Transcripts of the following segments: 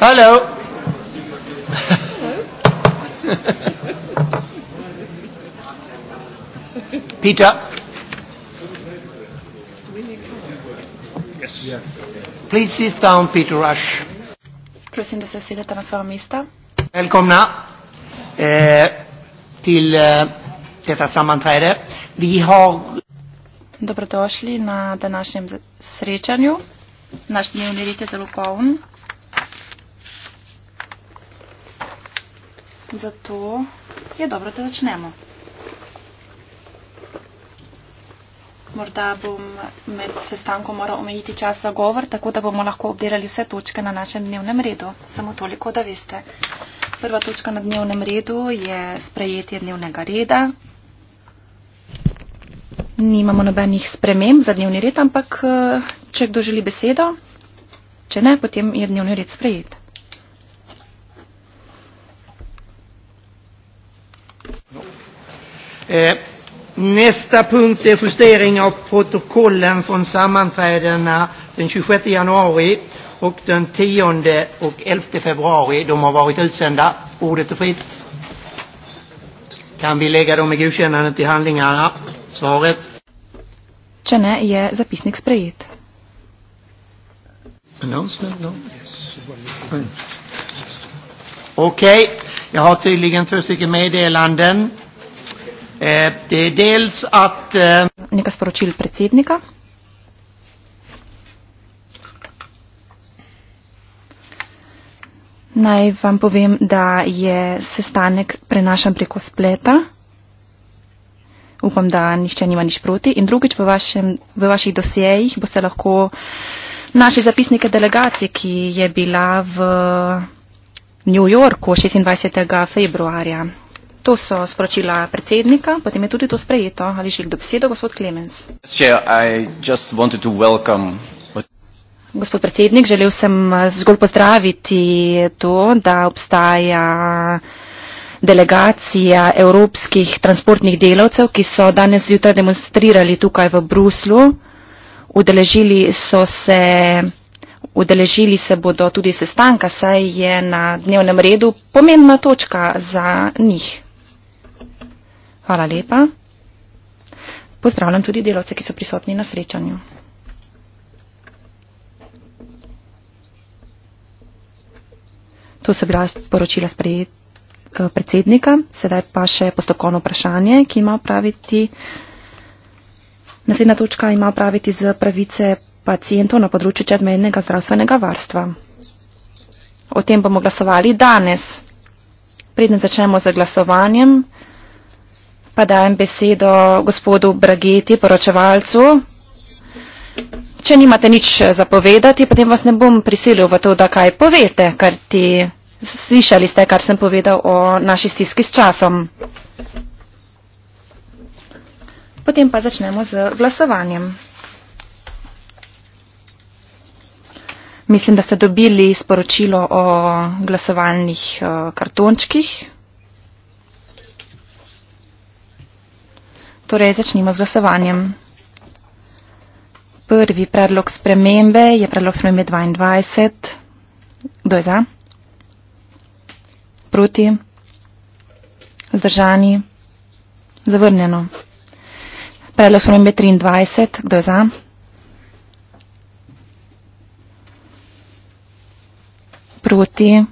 Hello. Peter. Please sit down, Peter Rush. Prosím da se sedete na svoje mesto. Välkomna eh, till eh, detta sammanträde. Vi har... Dobrodošli na današnjem srečanju. Naš dnevni rit je zelo poln. Zato je dobro, da začnemo. Morda bom med sestankom moral omejiti čas za govor, tako da bomo lahko obdelali vse točke na našem dnevnem redu. Samo toliko, da veste. Prva točka na dnevnem redu je sprejetje dnevnega reda. Nimamo nobenih sprememb za dnevni red, ampak eh, če kdo želi besedo, če ne, potem je dnevni red sprejet. Eh, nästa punkt är justering av protokollen från sammanträdena den 26 januari och den 10 och 11 februari. De har varit utsända. Ordet är fritt. Kan vi lägga dem i godkännande till handlingarna? Svaret? Če ne, je zapisnik sprejet. Announcement, no? Ja. Okej, okay. jag har tydligen två stycken meddelanden. Eh, er eh, Nekaj sporočil predsednika. Naj vam povem, da je sestanek prenašan preko spleta. Upam, da nišče nima nič proti. In drugič, v, vašem, v vaših dosjejih boste lahko našli zapisnike delegacije, ki je bila v New Yorku 26. februarja. To so sporočila predsednika, potem je tudi to sprejeto. Ali želi kdo besedo, gospod Klemens? Gospod predsednik, želel sem eh, zgolj pozdraviti to, da obstaja delegacija evropskih transportnih delavcev, ki so danes zjutraj demonstrirali tukaj v Bruslu. Udeležili so se. Udeležili se bodo tudi sestanka, saj je na dnevnem redu pomembna točka za njih. Hvala lepa. Pozdravljam tudi delavce, ki so prisotni na srečanju. To so bila poročila eh, predsednika. Sedaj pa še postopkovno vprašanje, ki ima opraviti. Naslednja točka ima opraviti z pravice pacijentov na področju čezmejnega zdravstvenega varstva. O tem bomo glasovali danes. Preden začnemo z glasovanjem pa dajem besedo gospodu Brageti, poročevalcu. Če nimate nič eh, zapovedati, potem vas ne bom prisilil v to, da kaj povete, ker ti slišali ste, kar sem povedal o naši stiski s časom. Potem pa začnemo z glasovanjem. Mislim, da ste dobili sporočilo o glasovalnih eh, kartončkih. torej začnimo z glasovanjem. Prvi predlog spremembe je predlog spremembe 22. Kdo je za? Proti? Zdržani? Zavrnjeno. Predlog spremembe 23. Kdo je za? Proti?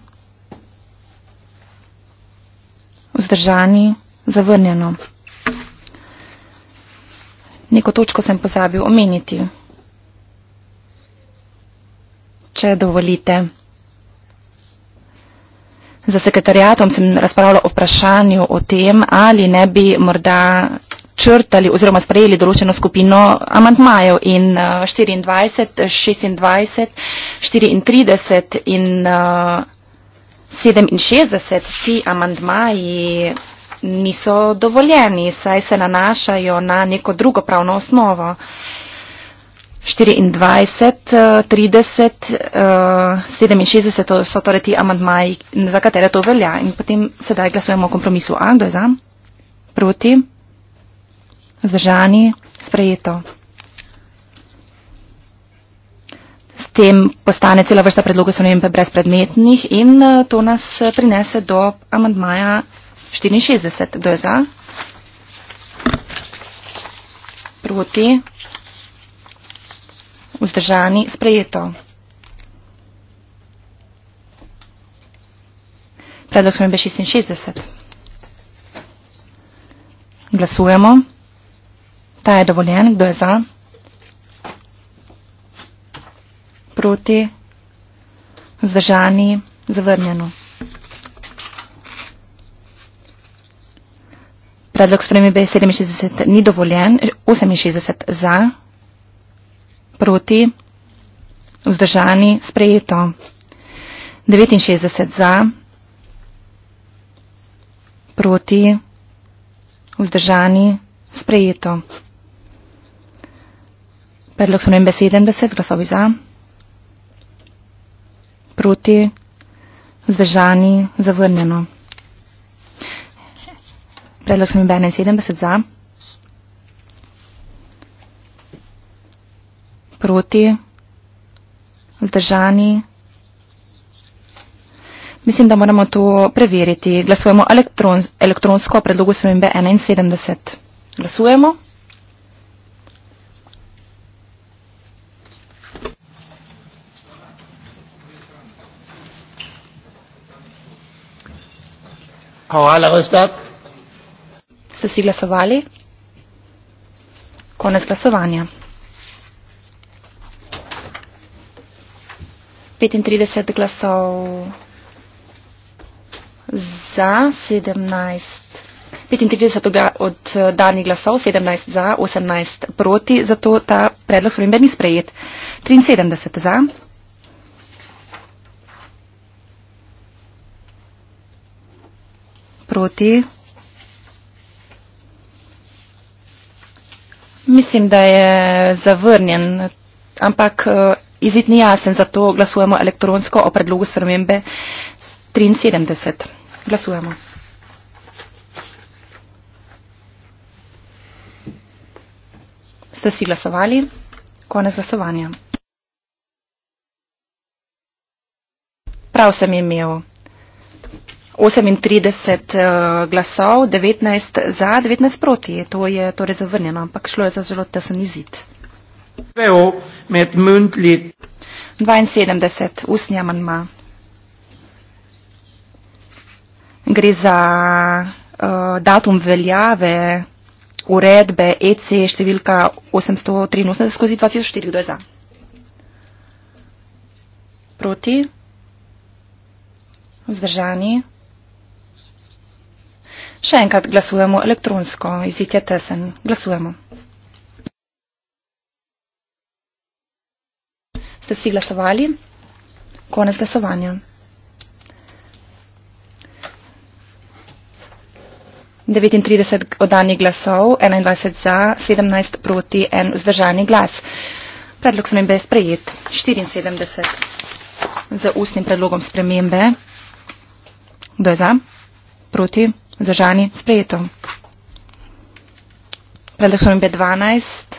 Vzdržani? Zavrnjeno. Neko točko sem pozabil omeniti. Če dovolite. Za sekretarjatom sem razpravljal o vprašanju o tem, ali ne bi morda črtali oziroma sprejeli določeno skupino amantmajev in 24, 26, 34 in 67 eh, ti amantmaji niso dovoljeni, saj se nanašajo na neko drugo pravno osnovo. 24, 30, 67 so torej ti amantmaji, za katere to velja. In potem sedaj glasujemo o kompromisu. A, kdo je za? Proti? Zdržani? Sprejeto. S tem postane cela vrsta predlogov, so ne vem, brezpredmetnih in eh, to nas eh, prinese do amantmaja 64, kdo je za? Proti. Vzdržani, sprejeto. Predlog HMB 66. Glasujemo. Ta je dovoljen, kdo je za? Proti. Vzdržani, zavrnjeno. predlog spremembe 67 ni dovoljen, 68 za, proti, vzdržani, sprejeto, 69 za, proti, vzdržani, sprejeto. Predlog spremembe 70, glasovi za, proti, vzdržani, zavrnjeno. Predlog sem 71 za. Proti. Zdržani. Mislim, da moramo to preveriti. Glasujemo elektron, elektronsko o predlogu spremembe 71. Glasujemo. Hvala, gospod. Ste si glasovali? Konec glasovanja. 35 glasov za, 17, 35 od eh, danih glasov, 17 za, 18 proti, zato ta predlog spremembe ni sprejet. 73 za. Proti. Mislim, da je zavrnjen, ampak eh, izid ni jasen, zato glasujemo elektronsko o predlogu spremembe 73. Glasujemo. Ste si glasovali? Konec glasovanja. Prav sem imel. 38 eh, glasov, 19 za, 19 proti. To je torej zavrnjeno, ampak šlo je za zelo tesen izid. 72 usni amanma. Gre za uh, datum veljave uredbe EC številka 883 skozi 2004. Kdo je za? Proti? Vzdržani? Še enkrat glasujemo elektronsko. Izid je tesen. Glasujemo. Ste vsi glasovali? Konec glasovanja. devetintrideset oddanih glasov, enaindvajset za, sedemnajst proti, en vzdržani glas. Predlog spremembe je sprejet. štiriinsedemdeset za ustnim predlogom spremembe. Kdo je za? Proti? zažani sprejeto. Predlog so mi 12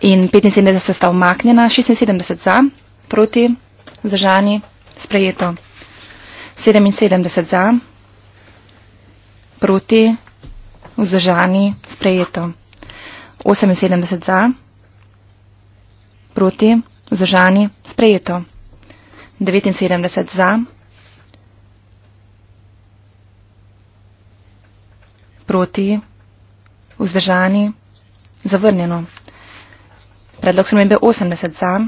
in 75 sta omaknjena, 76 za, proti, zažani sprejeto. 77 za, proti, vzdržani sprejeto. 78 za, proti, vzdržani sprejeto. 79 za, proti, vzdržani sprejeto. proti, vzdržani, zavrnjeno. Predlog spremembe 80 za,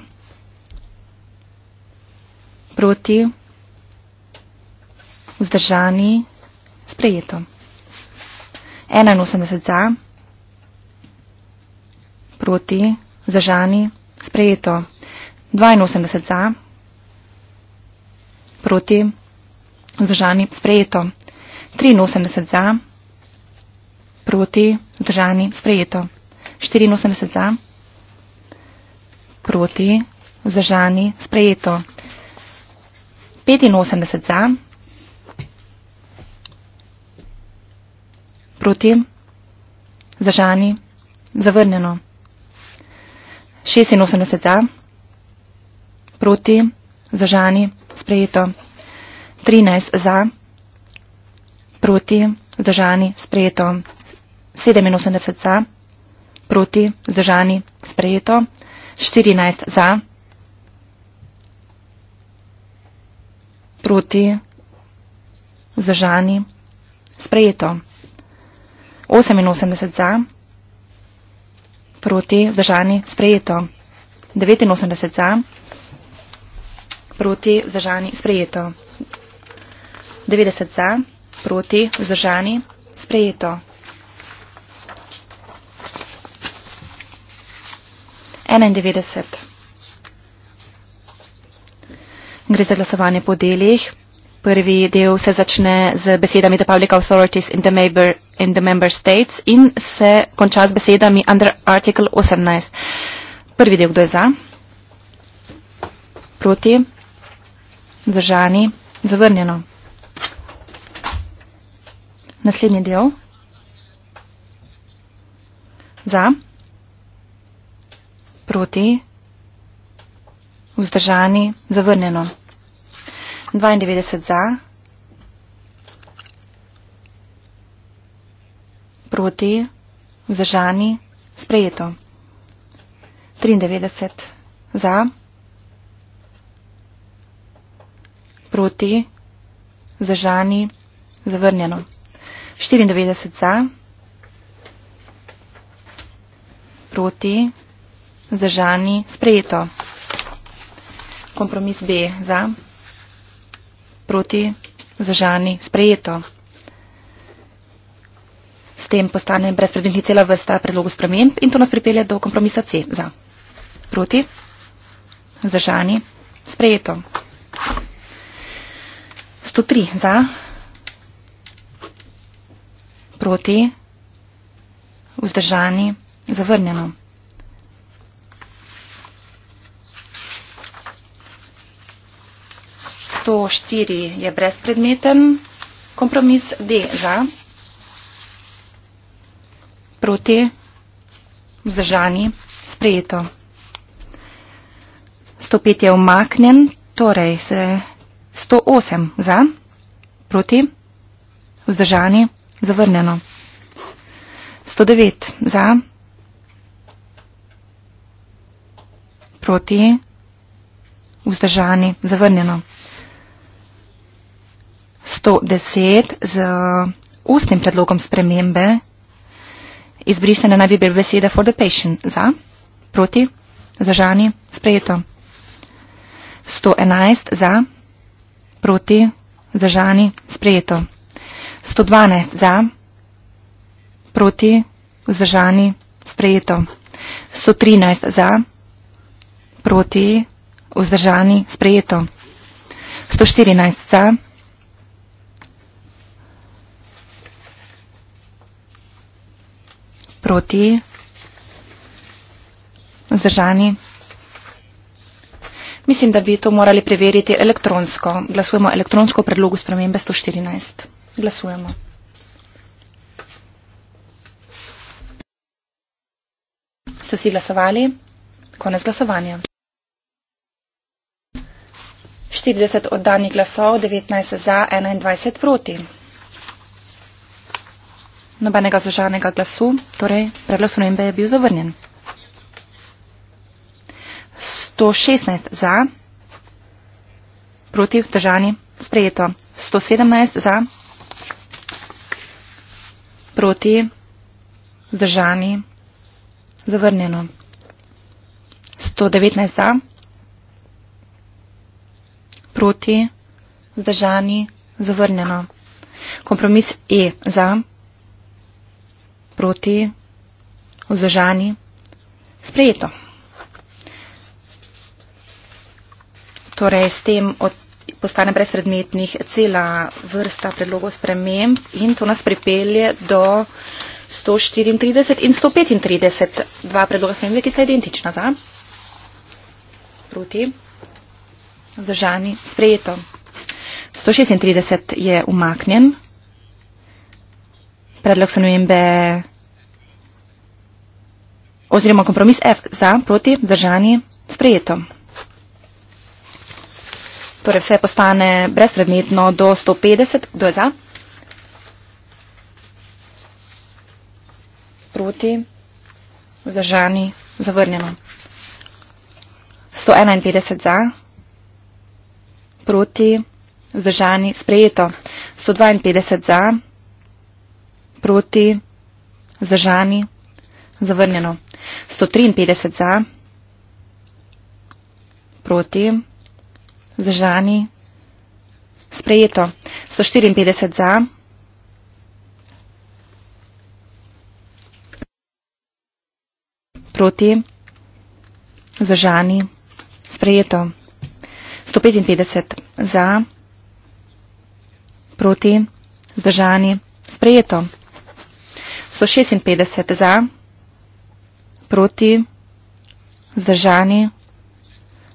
proti, vzdržani, sprejeto. 81 za, proti, vzdržani, sprejeto. 82 za, proti, vzdržani, sprejeto. 83 za, proti, vzdržani, sprejeto. Proti, vzdržani, sprejeto. 84 za. Proti, vzdržani, sprejeto. 85 za. Proti, vzdržani, zavrnjeno. 86 za. Proti, vzdržani, sprejeto. 13 za. Proti, vzdržani, sprejeto. 87 za, proti, zdržani, sprejeto, 14 za, proti, zdržani, sprejeto, 88 za, proti, zdržani, sprejeto, 89 za, proti, zdržani, sprejeto, 90 za, proti, zdržani, sprejeto. 91. Gre za glasovanje po delih. Prvi del se začne z besedami The Public Authorities in the, member, in the Member States in se konča z besedami Under Article 18. Prvi del, kdo je za? Proti? Zdržani? Zavrnjeno. Naslednji del. Za proti, vzdržani, zavrnjeno. 92 za, proti, vzdržani, sprejeto. 93 za, proti, vzdržani, zavrnjeno. 94 za, proti, Zdržani sprejeto. Kompromis B za. Proti. Zdržani sprejeto. S tem postane brezpredmetni cela vrsta predlogu sprememb in to nas pripelje do kompromisa C za. Proti. Zdržani sprejeto. 103 za. Proti. Vzdržani. Zavrnjeno. 104 je brezpredmeten. Kompromis D za, proti, vzdržani, sprejeto. 105 je omaknen, torej se 108 za, proti, vzdržani, zavrnjeno. 109 za, proti, vzdržani, zavrnjeno. 110 z ustnim predlogom spremembe. Izbrisena naj bi bila beseda for the patient. Za, proti, zažani, sprejeto. 111 za, proti, zažani, sprejeto. 112 za, proti, zažani, sprejeto. 113 za, proti, vzdržani, sprejeto. 114 za, proti, vzdržani, sprejeto. proti, zdržani. Mislim, da bi to morali preveriti elektronsko. Glasujemo elektronsko v predlogu spremembe 114. Glasujemo. Ste vsi glasovali? Konec glasovanja. 40 oddanih glasov, 19 za, 21 proti nobenega zdržanega glasu, torej predlog spremembe je bil zavrnjen. 116 za, proti vzdržani, sprejeto. 117 za, proti vzdržani, zavrnjeno. 119 za, proti vzdržani, zavrnjeno. Kompromis E za proti, vzdržani, sprejeto. Torej, s tem od, postane brezpredmetnih cela vrsta predlogov sprememb in to nas pripelje do 134 in 135, dva predloga sprememb, ki sta identična za, proti, vzdržani, sprejeto. 136 je umaknjen predlog sanujembe oziroma kompromis F za proti držanje sprejeto. Torej vse postane brezpredmetno do 150, kdo je za? Proti, vzdržani, zavrnjeno. 151 za, proti, vzdržani, sprejeto. 152 za proti, zažani, zavrnjeno. 153 za, proti, zažani, sprejeto. 154 za, proti, zažani, sprejeto. 155 za, proti, zdržani, sprejeto so 56 za, proti, zdržani,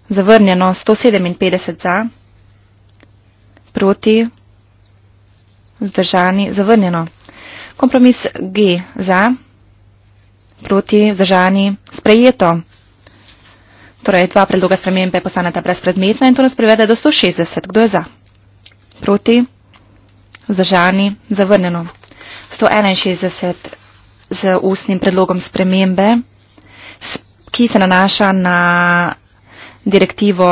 zavrnjeno 157 za, proti, zdržani, zavrnjeno. Kompromis G za, proti, zdržani, sprejeto. Torej, dva predloga spremembe postaneta brezpredmetna in to nas privede do 160. Kdo je za? Proti, zdržani, zavrnjeno. 161 z ustnim predlogom spremembe, ki se nanaša na direktivo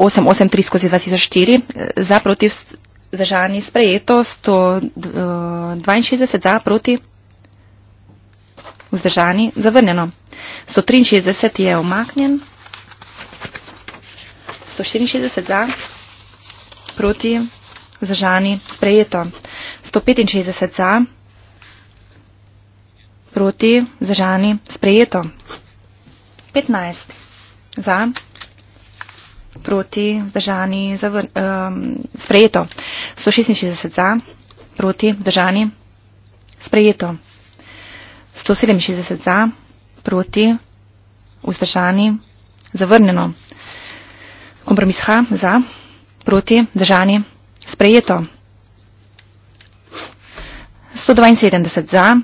883-2004 za proti vzdržani sprejeto, 162 eh, za proti vzdržani zavrnjeno. 163 je omaknjen, 164 za proti vzdržani sprejeto, 165 za proti, zažani, sprejeto. 15 za, proti, zažani, zavr, um, sprejeto. 166 za, proti, zažani, sprejeto. 167 za, proti, vzdržani, zavrnjeno. Kompromis H za, proti, zažani, sprejeto. 172 za,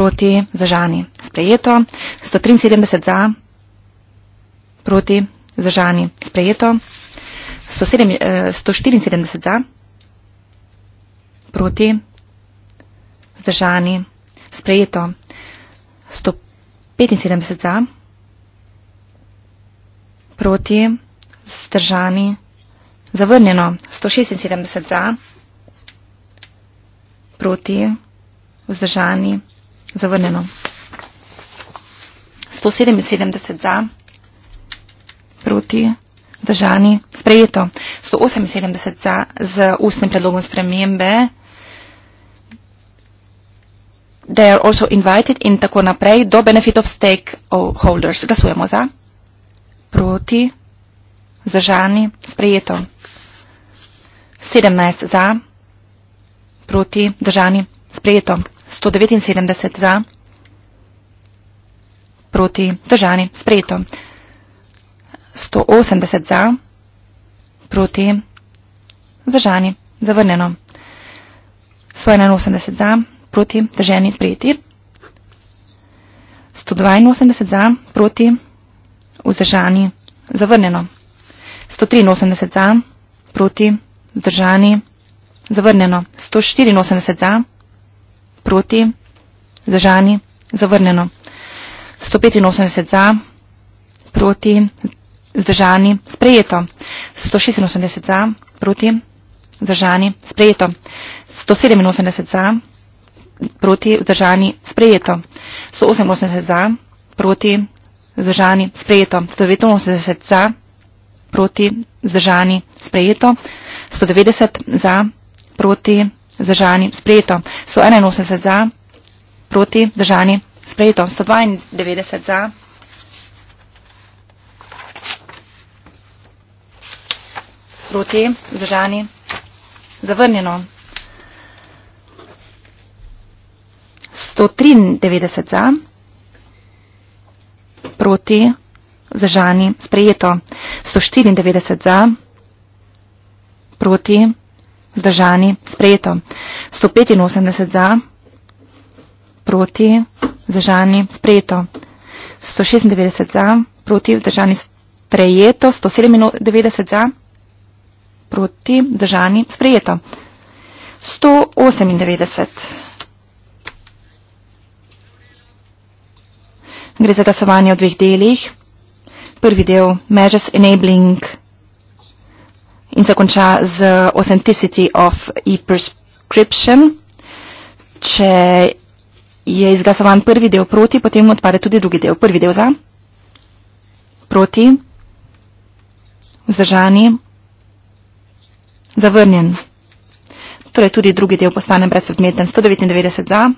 proti zažani. Sprejeto. 173 za proti zažani. Sprejeto. 107, 174 za proti zažani. Sprejeto. 175 za proti zdržani. Zavrnjeno. 176 za proti vzdržani. Zavrnjeno. 177 za, proti, držani, sprejeto. 178 za z ustnim predlogom spremembe. They are also invited in tako naprej do benefit of stakeholders. Glasujemo za, proti, zdržani, sprejeto. 17 za, proti, držani, sprejeto. 179 za, proti držani, sprejeto. 180 za, proti držani, zavrneno. 181 za, proti držani, sprejeti. 182 za, proti vzdržani, zavrneno. 183 za, proti vzdržani, zavrneno. 184 za, proti vzdržani, zavrneno proti, zdržani, zavrnjeno. 185 za, proti, zdržani, sprejeto. 186 za, proti, zdržani, sprejeto. 187 za, proti, zdržani, sprejeto. 188 za, proti, zdržani, sprejeto. 189 za, proti, zdržani, sprejeto. 190 za, proti, zdržani, sprejeto zdržani sprejeto. 181 za, proti, zdržani sprejeto. 192 za. Proti, zdržani, zavrnjeno. 193 za, proti, zdržani, sprejeto. 194 za, proti, zdržani. Zdržani, sprejeto. 185 za, proti, zdržani, sprejeto. 196 za, proti, zdržani, sprejeto. 197 za, proti, zdržani, sprejeto. 198. Gre za glasovanje v dveh delih. Prvi del, Measures Enabling in se konča z authenticity of e-prescription. Če je izglasovan prvi del proti, potem odpade tudi drugi del. Prvi del za, proti, vzdržani, zavrnjen. Torej tudi drugi del postane brezpredmeten. 199 za,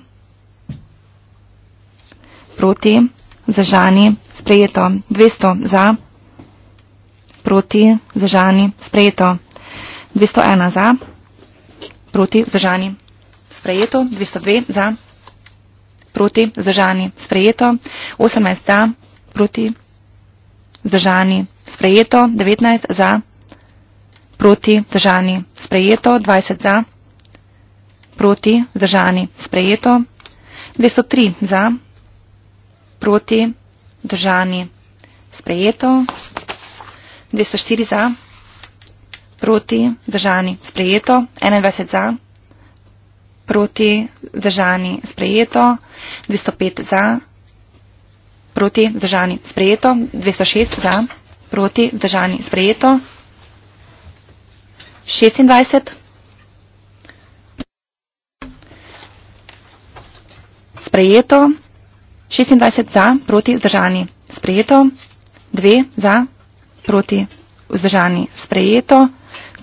proti, vzdržani, sprejeto, 200 za proti, zažani, sprejeto. 201 za, proti, zažani, sprejeto. 202 za, proti, zažani, sprejeto. 18 za, proti, zažani, sprejeto. 19 za, proti, zažani, sprejeto. 20 za, proti, zažani, sprejeto. 203 za, proti, zažani, sprejeto. 204 za, proti, držani, sprejeto, 21 za, proti, držani, sprejeto, 205 za, proti, držani, sprejeto, 206 za, proti, držani, sprejeto, 26, sprejeto, 26 za, proti, držani, sprejeto, 2 za, proti vzdržani sprejeto,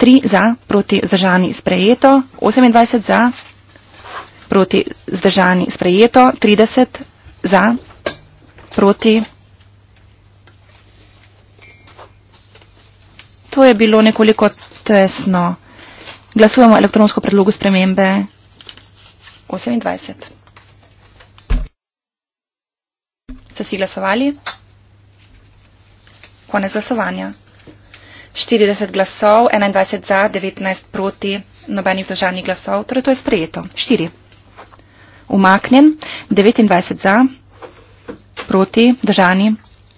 3 za proti vzdržani sprejeto, 28 za proti vzdržani sprejeto, 30 za proti. To je bilo nekoliko tesno. Glasujemo elektronsko predlogu spremembe 28. Ste si glasovali? Konec glasovanja. 40 glasov, 21 za, 19 proti, nobenih zdržanih glasov, torej to je sprejeto. 4. Umaknjen, 29 za, proti, držani,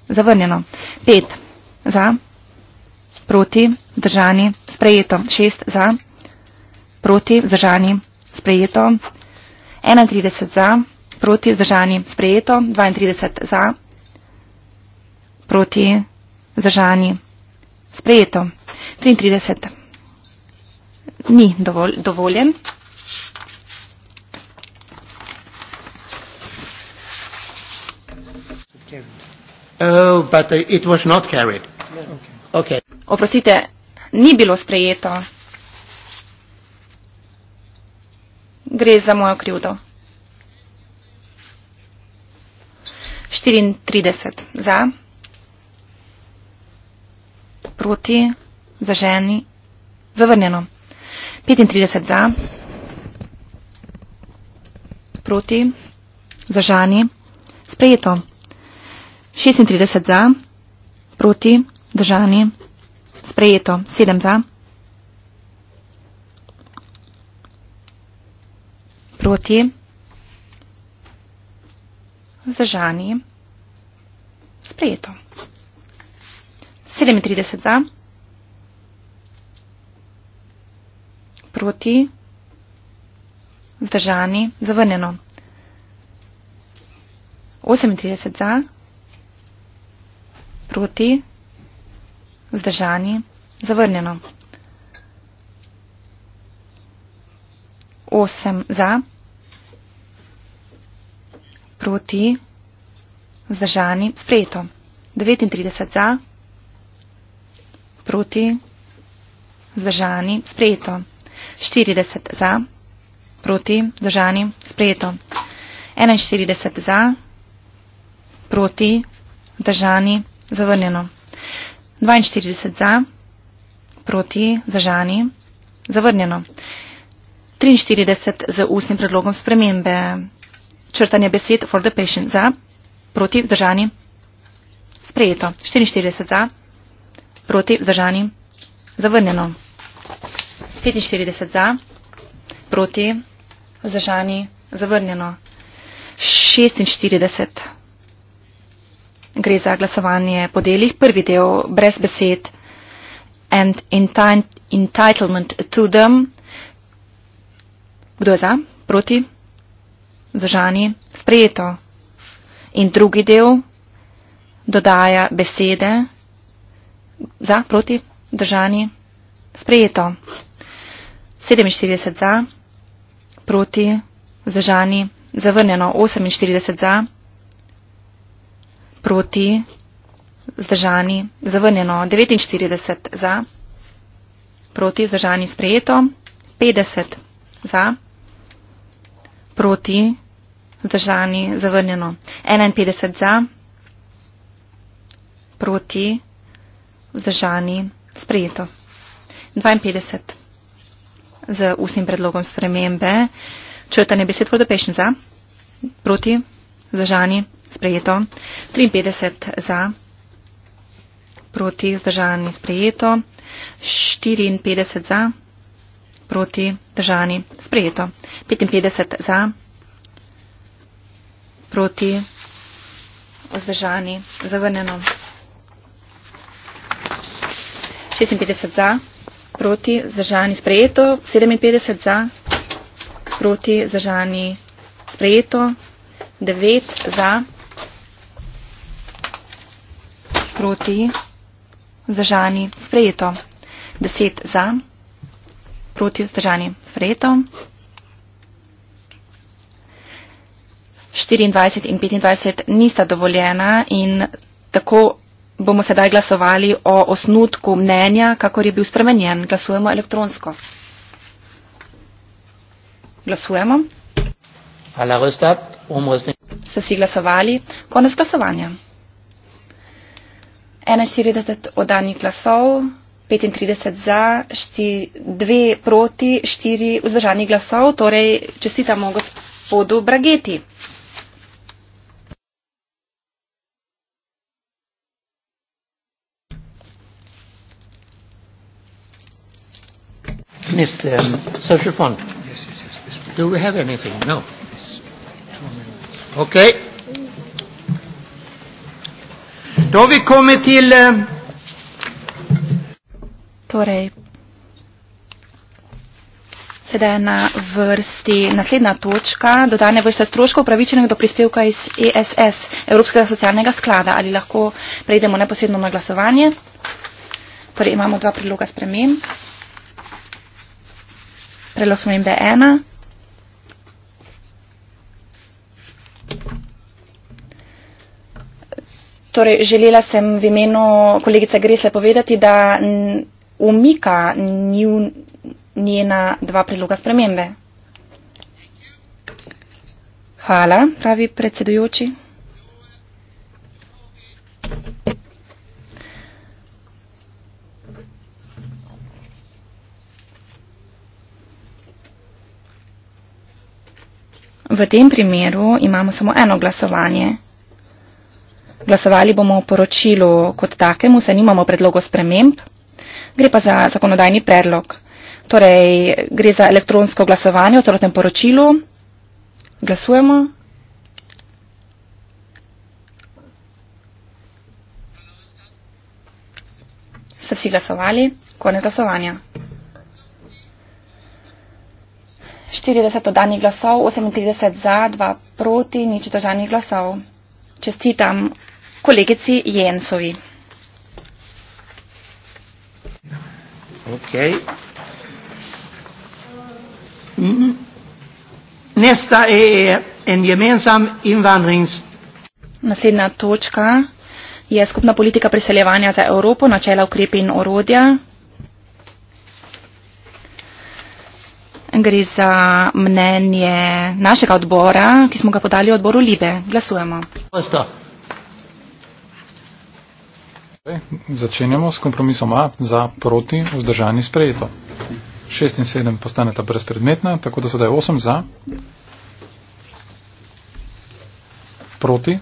zavrnjeno. 5 za, proti, držani, sprejeto. 6 za, proti, držani, sprejeto. 31 za, proti, držani, sprejeto. 32 za, proti, držani zažani. Sprejeto. 33. Ni dovolj, dovoljen. Oh, but it was not carried. No. Okay. Okay. Oprosite, ni bilo sprejeto. Gre za mojo krivdo. 34 za proti, zaženi, zavrnjeno. 35 za, proti, zaženi, sprejeto. 36 za, proti, zaženi, sprejeto. 7 za, proti, zaženi, sprejeto. 37 za. Proti. Vzdržani. Zavrnjeno. 38 za. Proti. Vzdržani. Zavrnjeno. 8 za. Proti. Vzdržani. Sprejeto. 39 za. Proti proti, zdržani, sprejeto. 40 za, proti, zdržani, sprejeto. 41 za, proti, zdržani, zavrnjeno. 42 za, proti, zdržani, zavrnjeno. 43 z ustnim predlogom spremembe. Črtanje besed for the patient za, proti, zdržani, sprejeto. 44 za. Proti vzdržani. Zavrnjeno. 45 za. Proti vzdržani. Zavrnjeno. 46. Gre za glasovanje po delih. Prvi del brez besed. And entitlement to them. Kdo je za? Proti. Zdržani. Sprejeto. In drugi del dodaja besede za, proti, držani, sprejeto. 47 za, proti, zažani, zavrnjeno. 48 za, proti, zdržani, zavrnjeno. 49 za, proti, zdržani, sprejeto. 50 za, proti, zdržani, zavrnjeno. 51 za, proti, zdržani, zavrnjeno vzdržani, sprejeto. 52. Z ustnim predlogom spremembe. Črtanje besed for the patient za. Proti. Vzdržani, sprejeto. 53 za. Proti. Vzdržani, sprejeto. 54 za. Proti. Vzdržani, sprejeto. 55 za. Proti. Vzdržani, zavrnjeno. 56 za, proti, zdržani, sprejeto, 57 za, proti, zdržani, sprejeto, 9 za, proti, zdržani, sprejeto, 10 za, proti, zdržani, sprejeto, 24 in 25 nista dovoljena in tako bomo sedaj glasovali o osnutku mnenja, kakor je bil spremenjen. Glasujemo elektronsko. Glasujemo. Ste si glasovali? Konec glasovanja. 41 oddanih glasov, 35 za, 2 proti, 4 vzdržanih glasov. Torej, čestitamo gospodu Brageti. Mr. Um, Social Fund. Yes, yes, yes, this Do we have anything? No. Okej. Okay. Då har vi kommit till... Um, torej. Sedaj na vrsti naslednja točka, dodane vrste stroškov upravičenih do prispevka iz ESS, Evropskega socialnega sklada. Ali lahko prejdemo neposredno na glasovanje? Torej imamo dva predloga spremem prelo spremembe ena. Torej, želela sem v imenu kolegice Gresle povedati, da umika njiv, njena dva predloga spremembe. Hvala, pravi predsedujoči. V tem primeru imamo samo eno glasovanje. Glasovali bomo o poročilu kot takemu, saj nimamo predlogo sprememb. Gre pa za zakonodajni predlog. Torej, gre za elektronsko glasovanje o celotnem poročilu. Glasujemo. Ste vsi glasovali? Konec glasovanja. 40 oddanih glasov, 38 za, 2 proti, nič držanih glasov. Čestitam kolegici Jensovi. Okay. Mm, Nesta je en jemensam invandrings. Naslednja točka je skupna politika priseljevanja za Evropo, načela ukrepi in orodja. gre za mnenje našega odbora, ki smo ga podali odboru Libe. Glasujemo. Torej, začenjamo s kompromisom A za proti vzdržani sprejeto. 6 in 7 postaneta brezpredmetna, tako da sedaj 8 za, proti,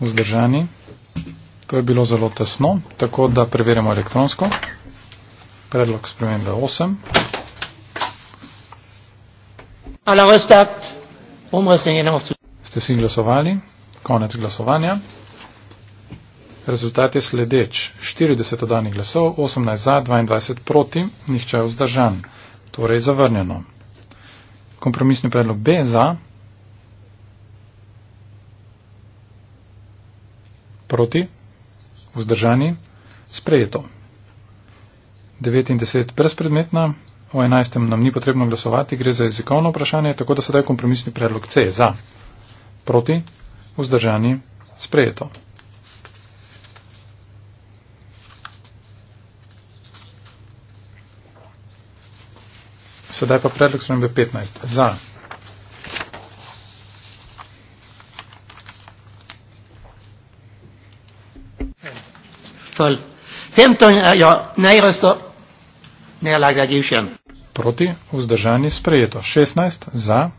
vzdržani. To je bilo zelo tesno, tako da preverjamo elektronsko predlog spremembe 8. Alors, restat, Ste si glasovali? Konec glasovanja. Rezultat je sledeč. 40 oddanih glasov, 18 za, 22 proti, nihče je vzdržan. Torej zavrnjeno. Kompromisni predlog B za. Proti. Vzdržani. Sprejeto. 9 in 10 brezpredmetna, o 11 nam ni potrebno glasovati, gre za jezikovno vprašanje, tako da sedaj kompromisni predlog C za, proti, vzdržani, sprejeto. Sedaj pa predlog sprembe 15. Za. Följ. 15, eh, ja, nej röster. Nela Gradivšen. Proti, vzdržani sprejeto. 16, za.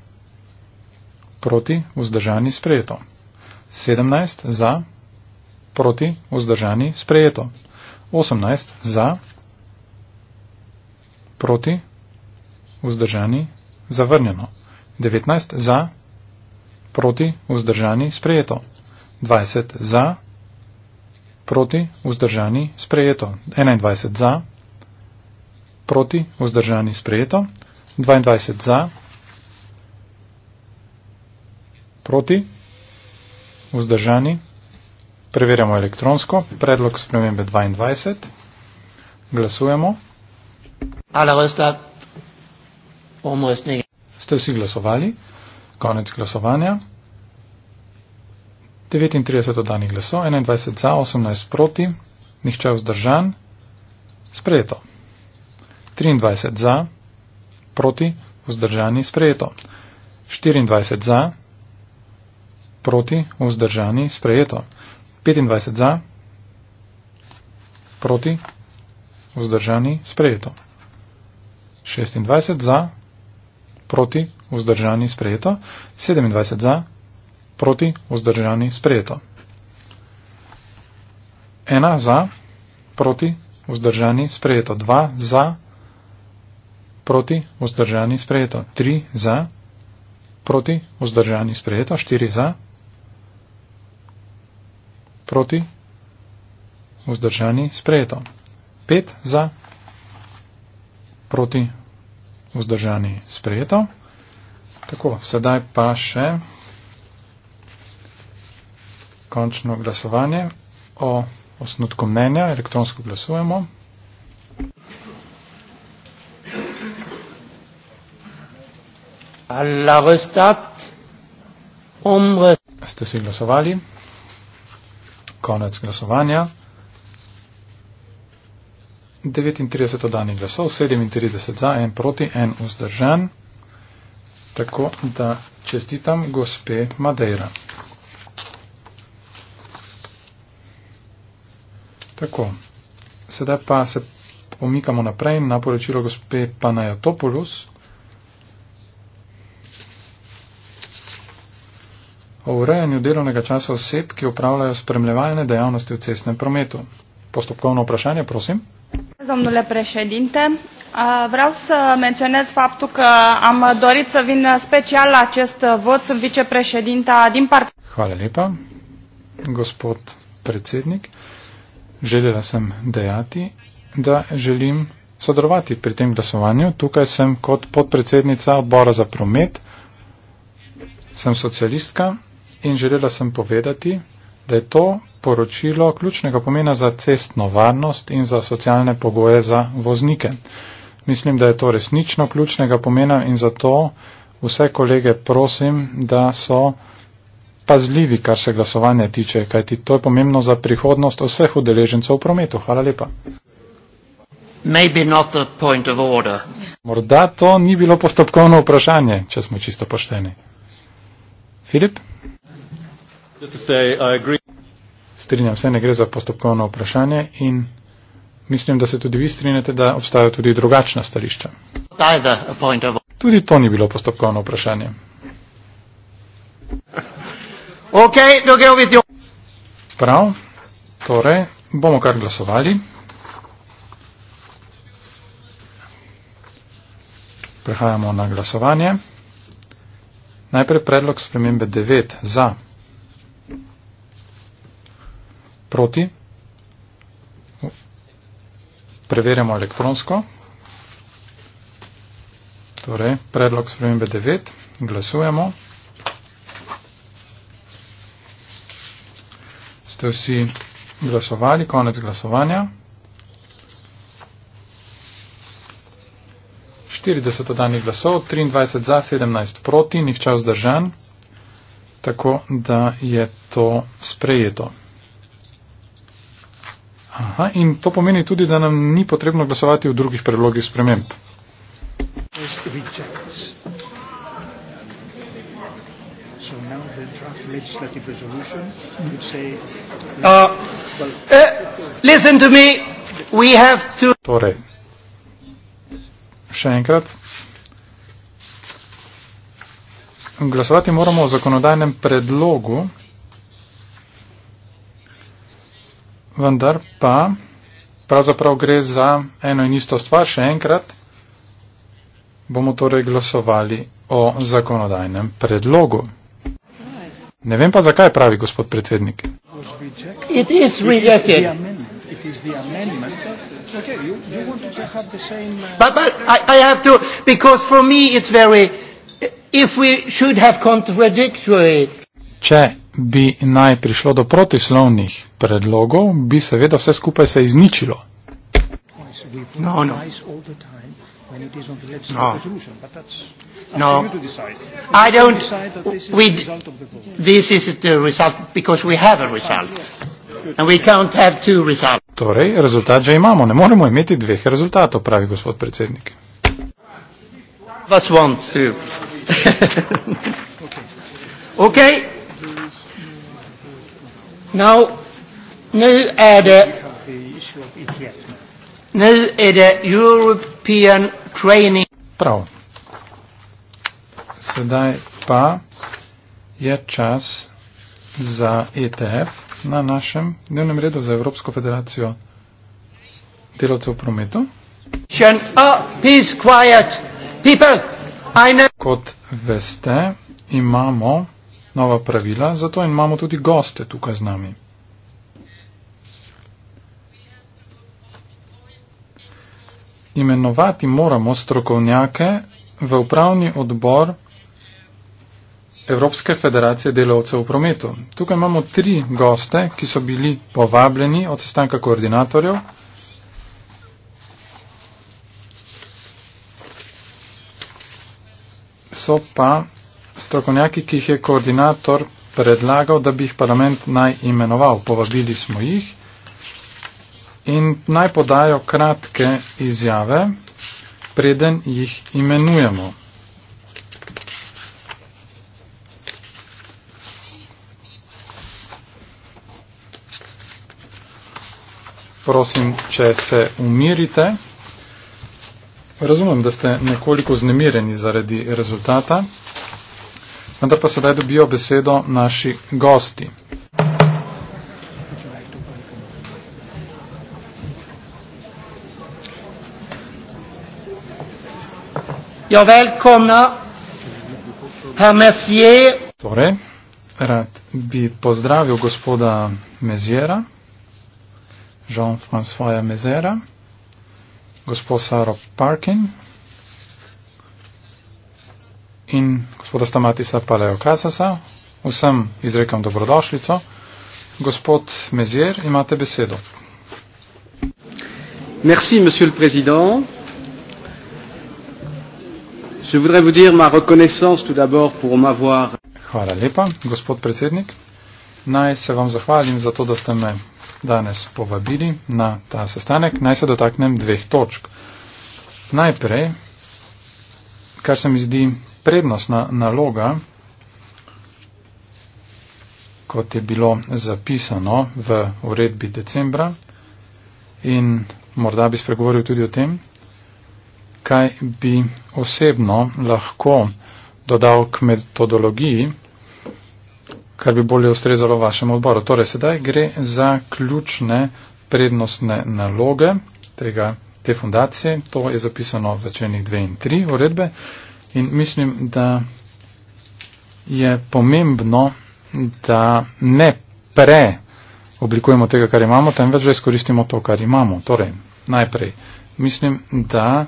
Proti, vzdržani sprejeto. 17, za. Proti, vzdržani sprejeto. 18, za. Proti, vzdržani zavrnjeno. 19, za. Proti, vzdržani sprejeto. 20, za. Proti, vzdržani sprejeto. 21, za proti, vzdržani sprejeto, 22 za, proti, vzdržani, preverjamo elektronsko, predlog spremembe 22, glasujemo. Ste vsi glasovali, konec glasovanja. 39 oddanih glasov, 21 za, 18 proti, nihče vzdržan, sprejeto. 23 za, proti, vzdržani, sprejeto. 24 za, proti, vzdržani, sprejeto. 25 za, proti, vzdržani, sprejeto. 26 za, proti, vzdržani, sprejeto. 27 za, proti, vzdržani, sprejeto. 1 za, proti, vzdržani, sprejeto. 2 za, proti, vzdržani, sprejeto proti, vzdržani, sprejeto, tri za, proti, vzdržani, sprejeto, štiri za, proti, vzdržani, sprejeto, pet za, proti, vzdržani, sprejeto. Tako, sedaj pa še končno glasovanje o osnutku mnenja, elektronsko glasujemo. alla röstat, omröstat. Ste si glasovali? Konec glasovanja. 39 oddanih glasov, 37 za, 1 proti, 1 vzdržan. Tako da čestitam gospe Madeira. Tako, sedaj pa se omikamo naprej na poročilo gospe Panajotopoulos, o urejanju delovnega časa oseb, ki upravljajo spremljevalne dejavnosti v cestnem prometu. Postopkovno vprašanje, prosim. Domnule președinte, vreau să menționez faptul că am dorit să vin special la acest vot, sunt vicepreședinta din partea... Hvala lepa, gospod predsednik. Želela sem dejati, da želim sodelovati pri tem glasovanju. Tukaj sem kot podpredsednica odbora za promet, sem socialistka, in želela sem povedati, da je to poročilo ključnega pomena za cestno varnost in za socialne pogoje za voznike. Mislim, da je to resnično ključnega pomena in zato vse kolege prosim, da so pazljivi, kar se glasovanja tiče, kajti to je pomembno za prihodnost vseh udeležencev v prometu. Hvala lepa. Morda to ni bilo postopkovno vprašanje, če smo čisto pošteni. Filip? Strinjam se, ne gre za postopkovno vprašanje in mislim, da se tudi vi strinjate, da obstajajo tudi drugačna stališča. Tudi to ni bilo postopkovno vprašanje. Prav, torej bomo kar glasovali. Prehajamo na glasovanje. Najprej predlog spremembe 9 za proti. Preverjamo elektronsko. Torej, predlog spremembe 9. Glasujemo. Ste vsi glasovali? Konec glasovanja. 40 danih glasov, 23 za, 17 proti, nihče vzdržan, tako da je to sprejeto. Aha, in to pomeni tudi, da nam ni potrebno glasovati v drugih predlogih sprememb. Uh, uh, torej, še enkrat. Glasovati moramo o zakonodajnem predlogu, vendar pa pravzaprav gre za eno in isto stvar. Še enkrat bomo torej glasovali o zakonodajnem predlogu. Ne vem pa, zakaj pravi gospod predsednik. Okay, you, you same, uh... but, but I, I to, Če bi naj prišlo do protislovnih predlogov, bi seveda vse skupaj se izničilo. No, no. No. No. I don't. We. This is the result because we have a result, and we can't have two results. Torej, rezultat že imamo. Ne moremo imeti dveh rezultatov, pravi gospod predsednik. What's one, two? okay. okay. Nou, nu är er det... Nu är er det European Training... Prav. Sedaj pa je čas za ETF na našem dnevnem redu za Evropsko federacijo delavcev prometu. Kot veste, imamo nova pravila, zato imamo tudi goste tukaj z nami. Imenovati moramo strokovnjake v upravni odbor Evropske federacije delovcev v prometu. Tukaj imamo tri goste, ki so bili povabljeni od sestanka koordinatorjev. So pa strokovnjaki, ki jih je koordinator predlagal, da bi jih parlament naj imenoval. Povabili smo jih in naj podajo kratke izjave, preden jih imenujemo. Prosim, če se umirite. Razumem, da ste nekoliko znemireni zaradi rezultata. Vendar pa sedaj dobijo besedo naši gosti. Ja, velkomna, Torej, rad bi pozdravil gospoda Mezjera, Jean-François Mezera, gospod Saro Parkin, in gospoda Stamatisa Paleokasasa. Vsem izrekam dobrodošlico. Gospod Mezier, imate besedo. Merci, monsieur le président. Je voudrais vous dire ma reconnaissance tout d'abord pour m'avoir. Hvala lepa, gospod predsednik. Naj se vam zahvalim za to, da ste me danes povabili na ta sestanek. Naj se dotaknem dveh točk. Najprej, kar se mi zdi prednostna naloga, kot je bilo zapisano v uredbi decembra in morda bi spregovoril tudi o tem, kaj bi osebno lahko dodal k metodologiji, kar bi bolje ustrezalo vašemu odboru. Torej, sedaj gre za ključne prednostne naloge tega, te fundacije. To je zapisano v členih 2 in 3 uredbe. In mislim, da je pomembno, da ne pre oblikujemo tega, kar imamo, temveč da izkoristimo to, kar imamo. Torej, najprej, mislim, da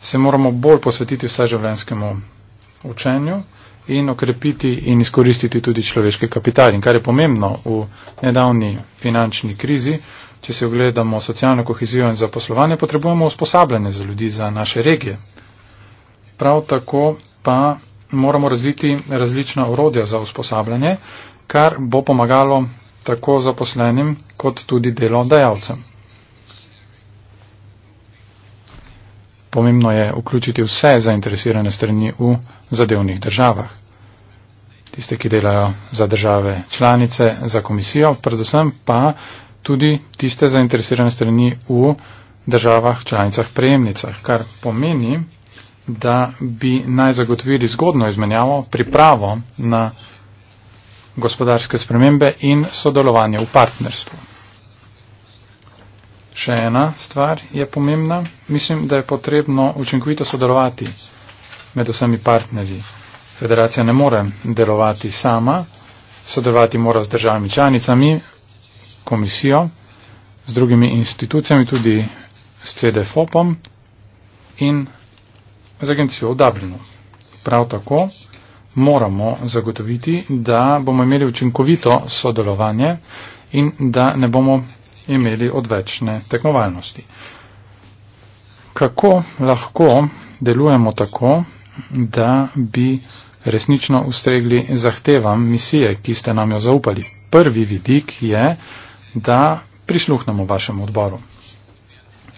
se moramo bolj posvetiti vseživljenskemu učenju in okrepiti in izkoristiti tudi človeški kapital. In kar je pomembno v nedavni finančni krizi, če se ogledamo socialno kohezijo in zaposlovanje, potrebujemo usposabljanje za ljudi, za naše regije, Prav tako pa moramo razviti različna orodja za usposabljanje, kar bo pomagalo tako zaposlenim kot tudi delodajalcem. Pomembno je vključiti vse zainteresirane strani v zadevnih državah. Tiste, ki delajo za države članice, za komisijo, predvsem pa tudi tiste zainteresirane strani v državah članicah prejemnicah, kar pomeni, da bi naj zagotovili zgodno izmenjavo, pripravo na gospodarske spremembe in sodelovanje v partnerstvu. Še ena stvar je pomembna. Mislim, da je potrebno učinkovito sodelovati med vsemi partnerji. Federacija ne more delovati sama, sodelovati mora z državami članicami, komisijo, z drugimi institucijami, tudi s CDFOPom in z agencijo v Dublinu. Prav tako moramo zagotoviti, da bomo imeli učinkovito sodelovanje in da ne bomo imeli odvečne tekmovalnosti. Kako lahko delujemo tako, da bi resnično ustregli zahtevam misije, ki ste nam jo zaupali? Prvi vidik je, da prisluhnemo vašem odboru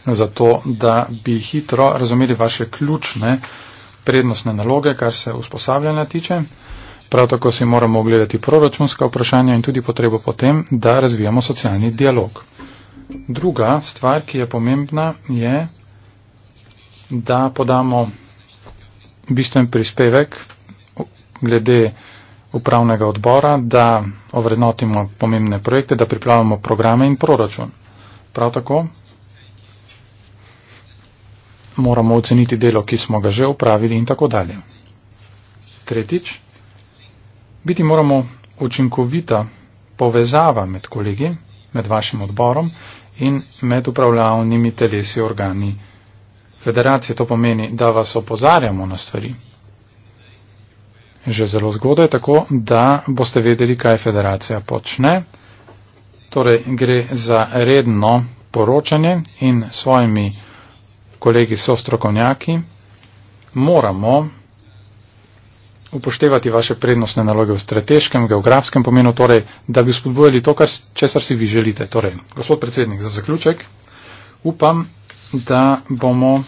zato, da bi hitro razumeli vaše ključne prednostne naloge, kar se usposabljanja tiče. Prav tako si moramo ogledati proračunska vprašanja in tudi potrebo potem, da razvijamo socialni dialog. Druga stvar, ki je pomembna, je, da podamo bistven prispevek glede upravnega odbora, da ovrednotimo pomembne projekte, da pripravimo programe in proračun. Prav tako moramo oceniti delo, ki smo ga že upravili in tako dalje. Tretjič, biti moramo učinkovita povezava med kolegi, med vašim odborom in med upravljavnimi telesi organi federacije. To pomeni, da vas opozarjamo na stvari. Že zelo zgodaj je tako, da boste vedeli, kaj federacija počne. Torej gre za redno poročanje in svojimi kolegi so strokovnjaki, moramo upoštevati vaše prednostne naloge v strateškem, geografskem pomenu, torej, da bi spodbojali to, kar, česar si vi želite. Torej, gospod predsednik, za zaključek, upam, da bomo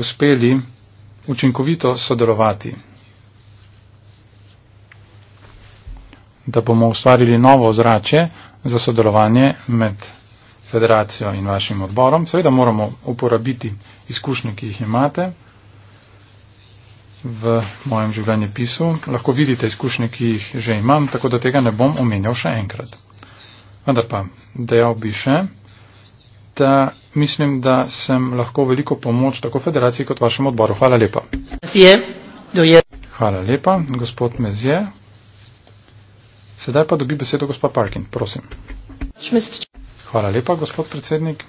uspeli učinkovito sodelovati, da bomo ustvarili novo ozrače za sodelovanje med federacijo in vašim odborom. Seveda moramo uporabiti izkušnje, ki jih imate v mojem življenjepisu. Lahko vidite izkušnje, ki jih že imam, tako da tega ne bom omenjal še enkrat. Vendar pa dejal bi še, da mislim, da sem lahko veliko pomoč tako federaciji kot vašem odboru. Hvala lepa. Hvala lepa, gospod Mezje. Sedaj pa dobi besedo gospod Parkin, prosim. Hvala lepa, gospod predsednik.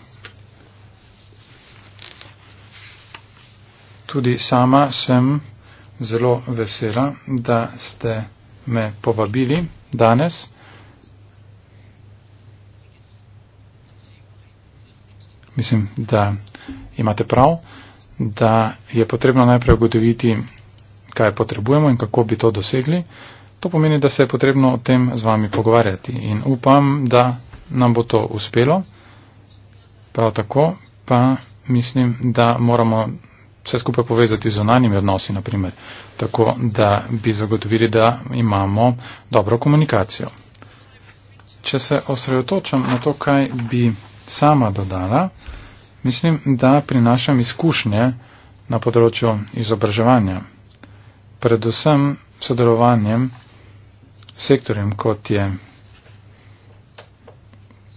Tudi sama sem zelo vesela, da ste me povabili danes. Mislim, da imate prav, da je potrebno najprej ugotoviti, kaj potrebujemo in kako bi to dosegli. To pomeni, da se je potrebno o tem z vami pogovarjati in upam, da nam bo to uspelo. Prav tako pa mislim, da moramo vse skupaj povezati z onanimi odnosi, naprimer, tako da bi zagotovili, da imamo dobro komunikacijo. Če se osredotočam na to, kaj bi sama dodala, mislim, da prinašam izkušnje na področju izobraževanja. Predvsem sodelovanjem sektorjem, kot je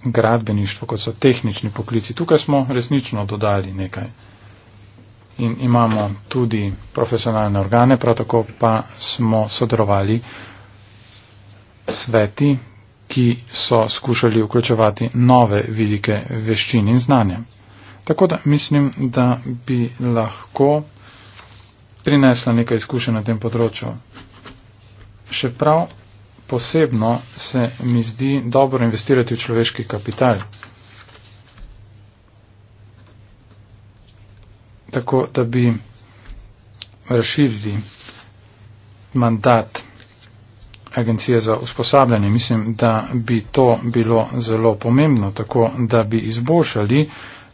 gradbeništvo, kot so tehnični poklici. Tukaj smo resnično dodali nekaj. In imamo tudi profesionalne organe, prav tako pa smo sodelovali sveti, ki so skušali vključevati nove vidike veščin in znanja. Tako da mislim, da bi lahko prinesla nekaj izkušenj na tem področju. Še prav posebno se mi zdi dobro investirati v človeški kapital. Tako, da bi razširili mandat Agencije za usposabljanje. Mislim, da bi to bilo zelo pomembno, tako da bi izboljšali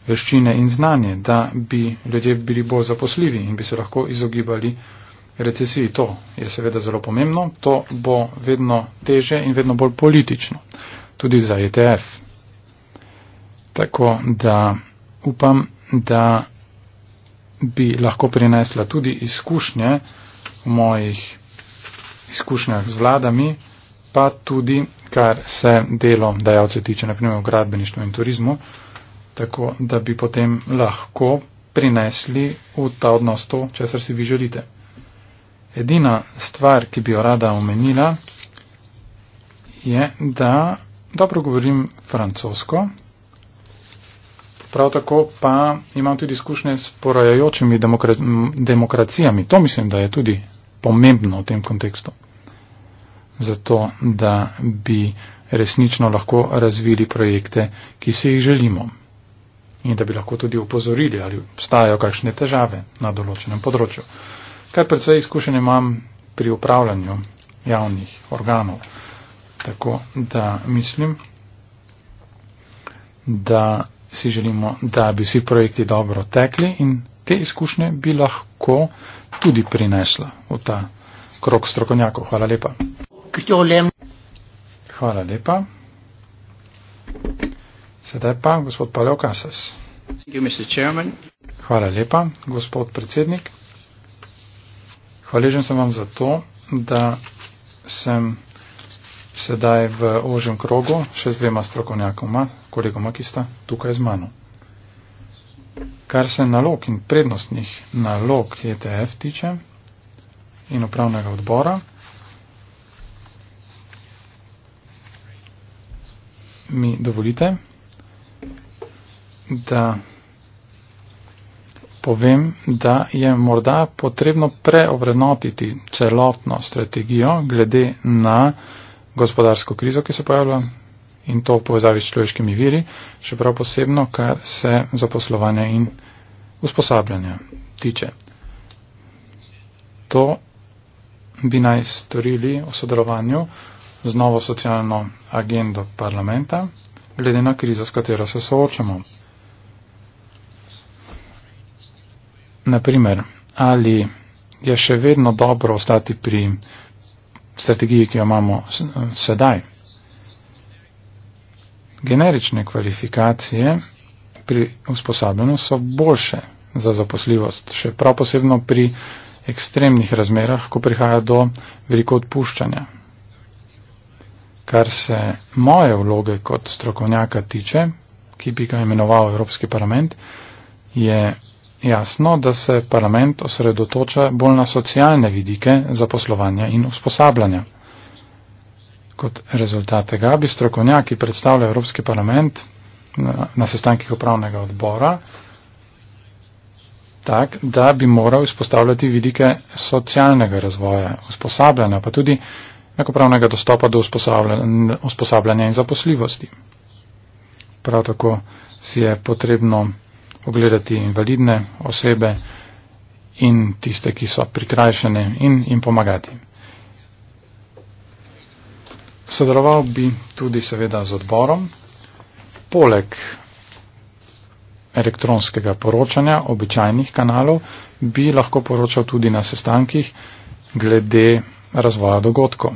veščine in znanje, da bi ljudje bili bolj zaposljivi in bi se lahko izogibali recesiji. To je seveda zelo pomembno. To bo vedno teže in vedno bolj politično. Tudi za ETF. Tako da upam, da bi lahko prinesla tudi izkušnje v mojih izkušnjah z vladami, pa tudi kar se delo dajalce tiče, naprimer v gradbeništvu in turizmu, tako da bi potem lahko prinesli v ta odnos to, česar si vi želite. Edina stvar, ki bi jo rada omenila, je, da dobro govorim francosko, prav tako pa imam tudi izkušnje s porajajočimi demokra demokracijami. To mislim, da je tudi pomembno v tem kontekstu. Zato, da bi resnično lahko razvili projekte, ki se jih želimo. In da bi lahko tudi upozorili, ali obstajajo kakšne težave na določenem področju. Kar predvsej izkušenje imam pri upravljanju javnih organov. Tako da mislim, da si želimo, da bi vsi projekti dobro tekli in te izkušnje bi lahko tudi prinesla v ta krok strokovnjakov. Hvala lepa. Hvala lepa. Sedaj pa gospod Paleo Kasas. Hvala lepa, gospod predsednik. Hvaležen sem vam za to, da sem sedaj v ožjem krogu še z dvema strokovnjakoma, kolegoma, ki sta tukaj z mano. Kar se nalog in prednostnih nalog ETF tiče in upravnega odbora, mi dovolite, da povem, da je morda potrebno preovrednotiti celotno strategijo glede na gospodarsko krizo, ki se pojavlja in to v povezavi s človeškimi viri, še prav posebno, kar se zaposlovanja in usposabljanja tiče. To bi naj storili v sodelovanju z novo socialno agendo parlamenta, glede na krizo, s katero se soočamo. Naprimer, ali je še vedno dobro ostati pri strategiji, ki jo imamo sedaj. Generične kvalifikacije pri usposabljanju so boljše za zaposljivost, še prav posebno pri ekstremnih razmerah, ko prihaja do veliko odpuščanja. Kar se moje vloge kot strokovnjaka tiče, ki bi ga imenoval Evropski parlament, je jasno, da se parlament osredotoča bolj na socialne vidike zaposlovanja in usposabljanja. Kot rezultat tega bi strokovnjaki predstavljali Evropski parlament na, na sestankih upravnega odbora, tak, da bi moral izpostavljati vidike socialnega razvoja, usposabljanja, pa tudi enakopravnega dostopa do usposabljanja in zaposljivosti. Prav tako si je potrebno ogledati invalidne osebe in tiste, ki so prikrajšene in jim pomagati. Sodeloval bi tudi seveda z odborom. Poleg elektronskega poročanja, običajnih kanalov, bi lahko poročal tudi na sestankih glede razvoja dogodkov.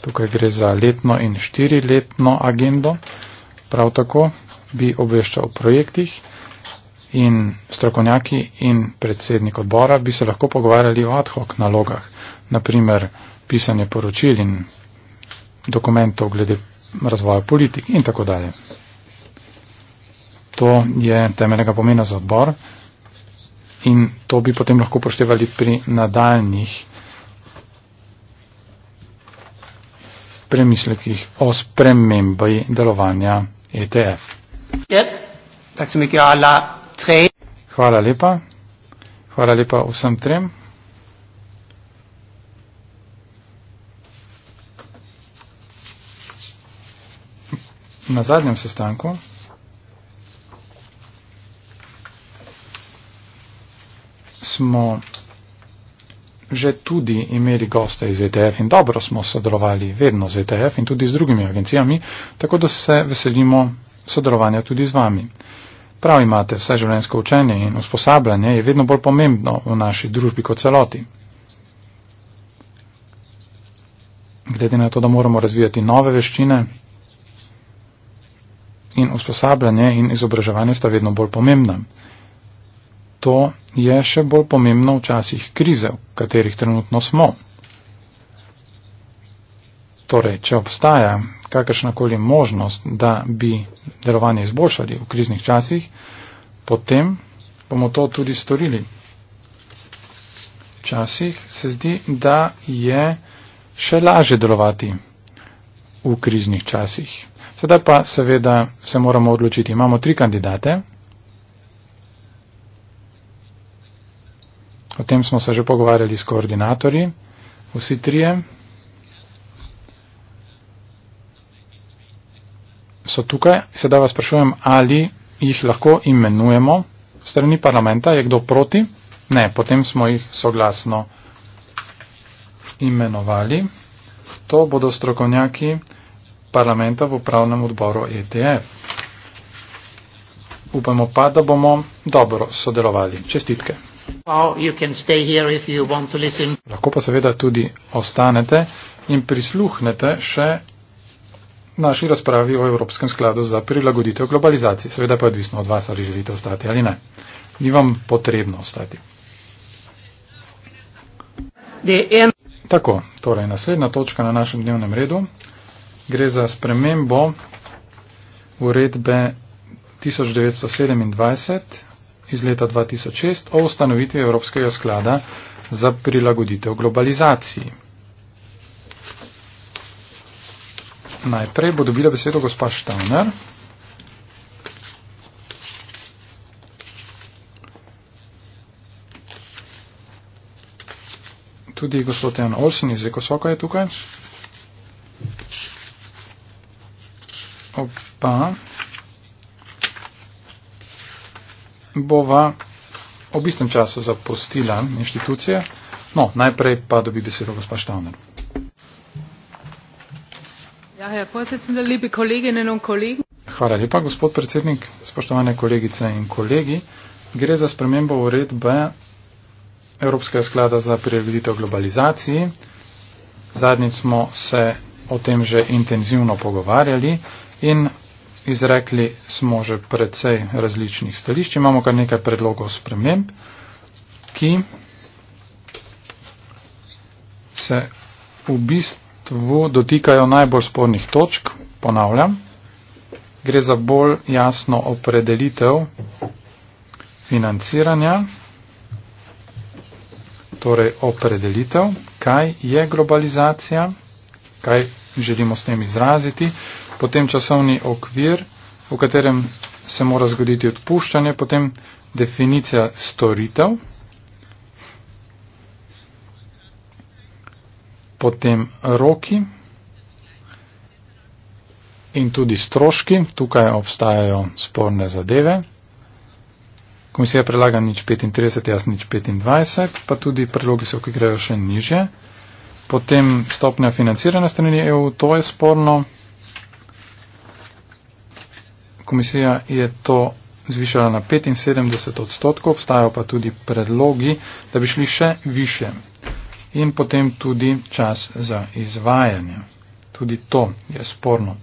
Tukaj gre za letno in štiriletno agendo, prav tako bi obveščal o projektih in strokovnjaki in predsednik odbora bi se lahko pogovarjali o ad hoc nalogah, naprimer pisanje poročil in dokumentov glede razvoja politik in tako dalje. To je temeljnega pomena za odbor in to bi potem lahko poštevali pri nadaljnih premislekih o spremembi delovanja ETF. Hvala lepa. Hvala lepa vsem trem. Na zadnjem sestanku smo že tudi imeli goste iz ETF in dobro smo sodelovali vedno z ETF in tudi z drugimi agencijami, tako da se veselimo sodelovanja tudi z vami. Prav imate, vse življenjsko učenje in usposabljanje je vedno bolj pomembno v naši družbi kot celoti. Glede na to, da moramo razvijati nove veščine in usposabljanje in izobraževanje sta vedno bolj pomembna. To je še bolj pomembno v časih krize, v katerih trenutno smo. Torej, če obstaja kakršnakoli možnost, da bi delovanje izboljšali v kriznih časih, potem bomo to tudi storili. Včasih se zdi, da je še laže delovati v kriznih časih. Sedaj pa seveda se moramo odločiti. Imamo tri kandidate. O tem smo se že pogovarjali s koordinatorji. Vsi trije. so tukaj. Sedaj vas sprašujem, ali jih lahko imenujemo strani parlamenta. Je kdo proti? Ne, potem smo jih soglasno imenovali. To bodo strokovnjaki parlamenta v upravnem odboru ETF. Upamo pa, da bomo dobro sodelovali. Čestitke. Lahko pa seveda tudi ostanete in prisluhnete še naši razpravi o Evropskem skladu za prilagoditev globalizaciji. Seveda pa je odvisno od vas, ali želite ostati ali ne. Ni vam potrebno ostati. Tako, torej naslednja točka na našem dnevnem redu. Gre za spremembo uredbe 1927 iz leta 2006 o ustanovitvi Evropskega sklada za prilagoditev globalizaciji. Najprej bo dobila besedo gospa Štavner. Tudi gospod Jan Olsen iz Ekosoka je tukaj. Opa. Bova ob istem času zapustila inštitucije. No, najprej pa dobi besedo gospa Štavner. Ja, Herr Vorsitzender, liebe Kolleginnen und Kollegen. Hvala lepa, gospod predsednik, spoštovane kolegice in kolegi. Gre za spremembo uredbe Evropskega sklada za prireditev globalizaciji. Zadnjič smo se o tem že intenzivno pogovarjali in izrekli smo že precej različnih stališč. Imamo kar nekaj predlogov sprememb, ki se v bistvu dvo, dotikajo najbolj spornih točk, ponavljam, gre za bolj jasno opredelitev financiranja, torej opredelitev, kaj je globalizacija, kaj želimo s tem izraziti, potem časovni okvir, v katerem se mora zgoditi odpuščanje, potem definicija storitev, potem roki in tudi stroški. Tukaj obstajajo sporne zadeve. Komisija predlaga nič 35, jaz nič 25, pa tudi predlogi so, ki grejo še niže. Potem stopnja financiranja strani EU, to je sporno. Komisija je to zvišala na 75 odstotkov, obstajajo pa tudi predlogi, da bi šli še više in potem tudi čas za izvajanje. Tudi to je sporno.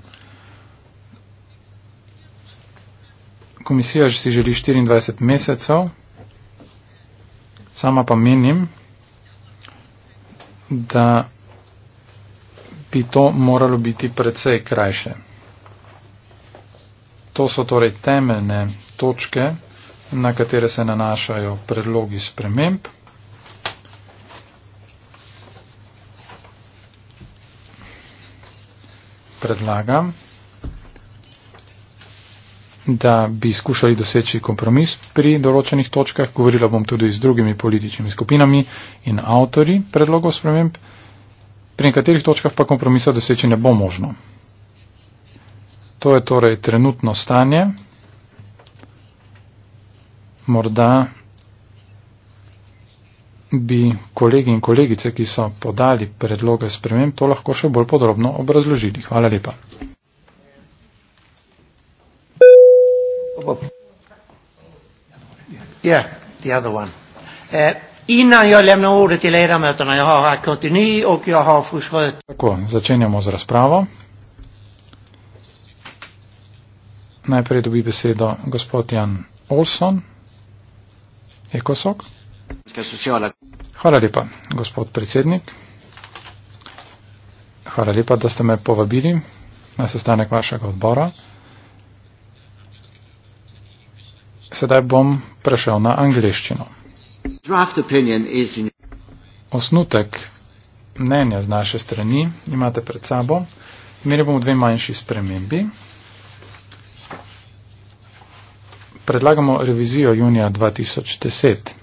Komisija si želi 24 mesecev, sama pa menim, da bi to moralo biti precej krajše. To so torej temeljne točke, na katere se nanašajo predlogi sprememb. predlagam, da bi skušali doseči kompromis pri določenih točkah. Govorila bom tudi z drugimi političnimi skupinami in avtori predlogov sprememb. Pri nekaterih točkah pa kompromisa doseči ne bo možno. To je torej trenutno stanje. Morda bi kolegi in kolegice, ki so podali predloge spremem, to lahko še bolj podrobno obrazložili. Hvala lepa. Ja, yeah, the other one. Eh, innan jag lämnar ordet till ledamöterna, jag har akut ny och jag har försökt. Tako, začenjamo z razpravo. Najprej dobi besedo gospod Jan Olsson. Ekosok. Ja. Hvala lepa, gospod predsednik. Hvala lepa, da ste me povabili na sestanek vašega odbora. Sedaj bom prešel na angliščino. Osnutek mnenja z naše strani imate pred sabo. Imeli bomo dve manjši spremembi. Predlagamo revizijo junija 2010.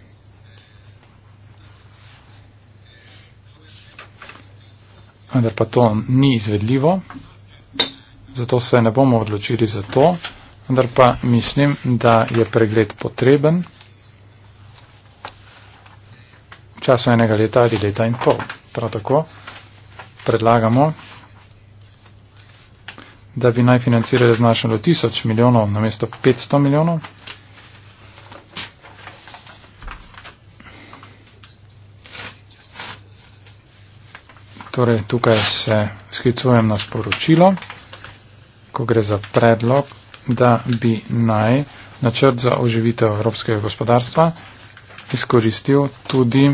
vendar pa to ni izvedljivo, zato se ne bomo odločili za to, vendar pa mislim, da je pregled potreben v času enega leta ali leta in pol. Prav tako predlagamo, da bi naj financirali znašalo tisoč milijonov namesto petsto milijonov. Torej, tukaj se sklicujem na sporočilo, ko gre za predlog, da bi naj načrt za oživitev evropskega gospodarstva izkoristil tudi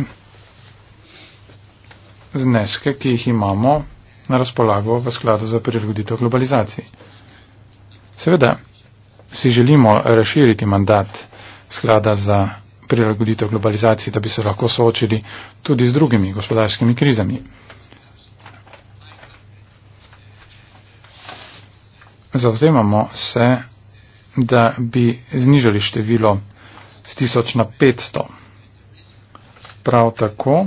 zneske, ki jih imamo na razpolago v skladu za prilagoditev globalizaciji. Seveda, si želimo razširiti mandat sklada za prilagoditev globalizaciji, da bi se lahko soočili tudi z drugimi gospodarskimi krizami. Zavzemamo se, da bi znižali število z 1000 na 500. Prav tako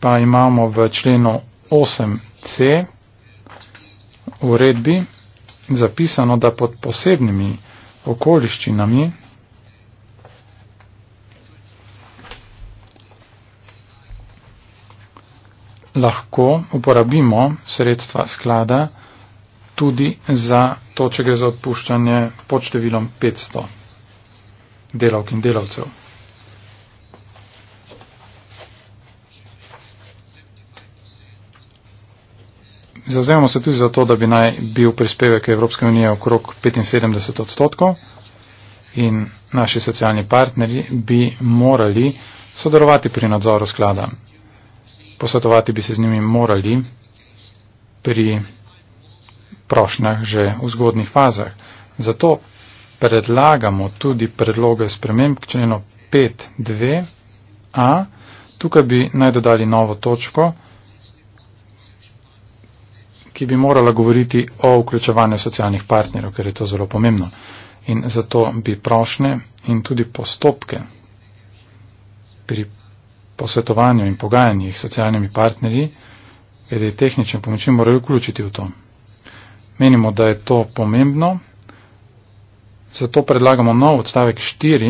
pa imamo v členu 8c uredbi zapisano, da pod posebnimi okoliščinami lahko uporabimo sredstva sklada, tudi za to, če gre za odpuščanje pod številom 500 delavk in delavcev. Zazemamo se tudi za to, da bi naj bil prispevek Evropske unije okrog 75 odstotkov in naši socialni partnerji bi morali sodelovati pri nadzoru sklada. Posvetovati bi se z njimi morali pri prošnjah že v zgodnih fazah. Zato predlagamo tudi predloge sprememb k členu 5.2a. Tukaj bi naj dodali novo točko, ki bi morala govoriti o vključevanju socialnih partnerjev, ker je to zelo pomembno. In zato bi prošnje in tudi postopke pri posvetovanju in pogajanjih s socialnimi partnerji, glede tehnične pomoči, morali vključiti v to. Menimo, da je to pomembno. Zato predlagamo nov odstavek 4,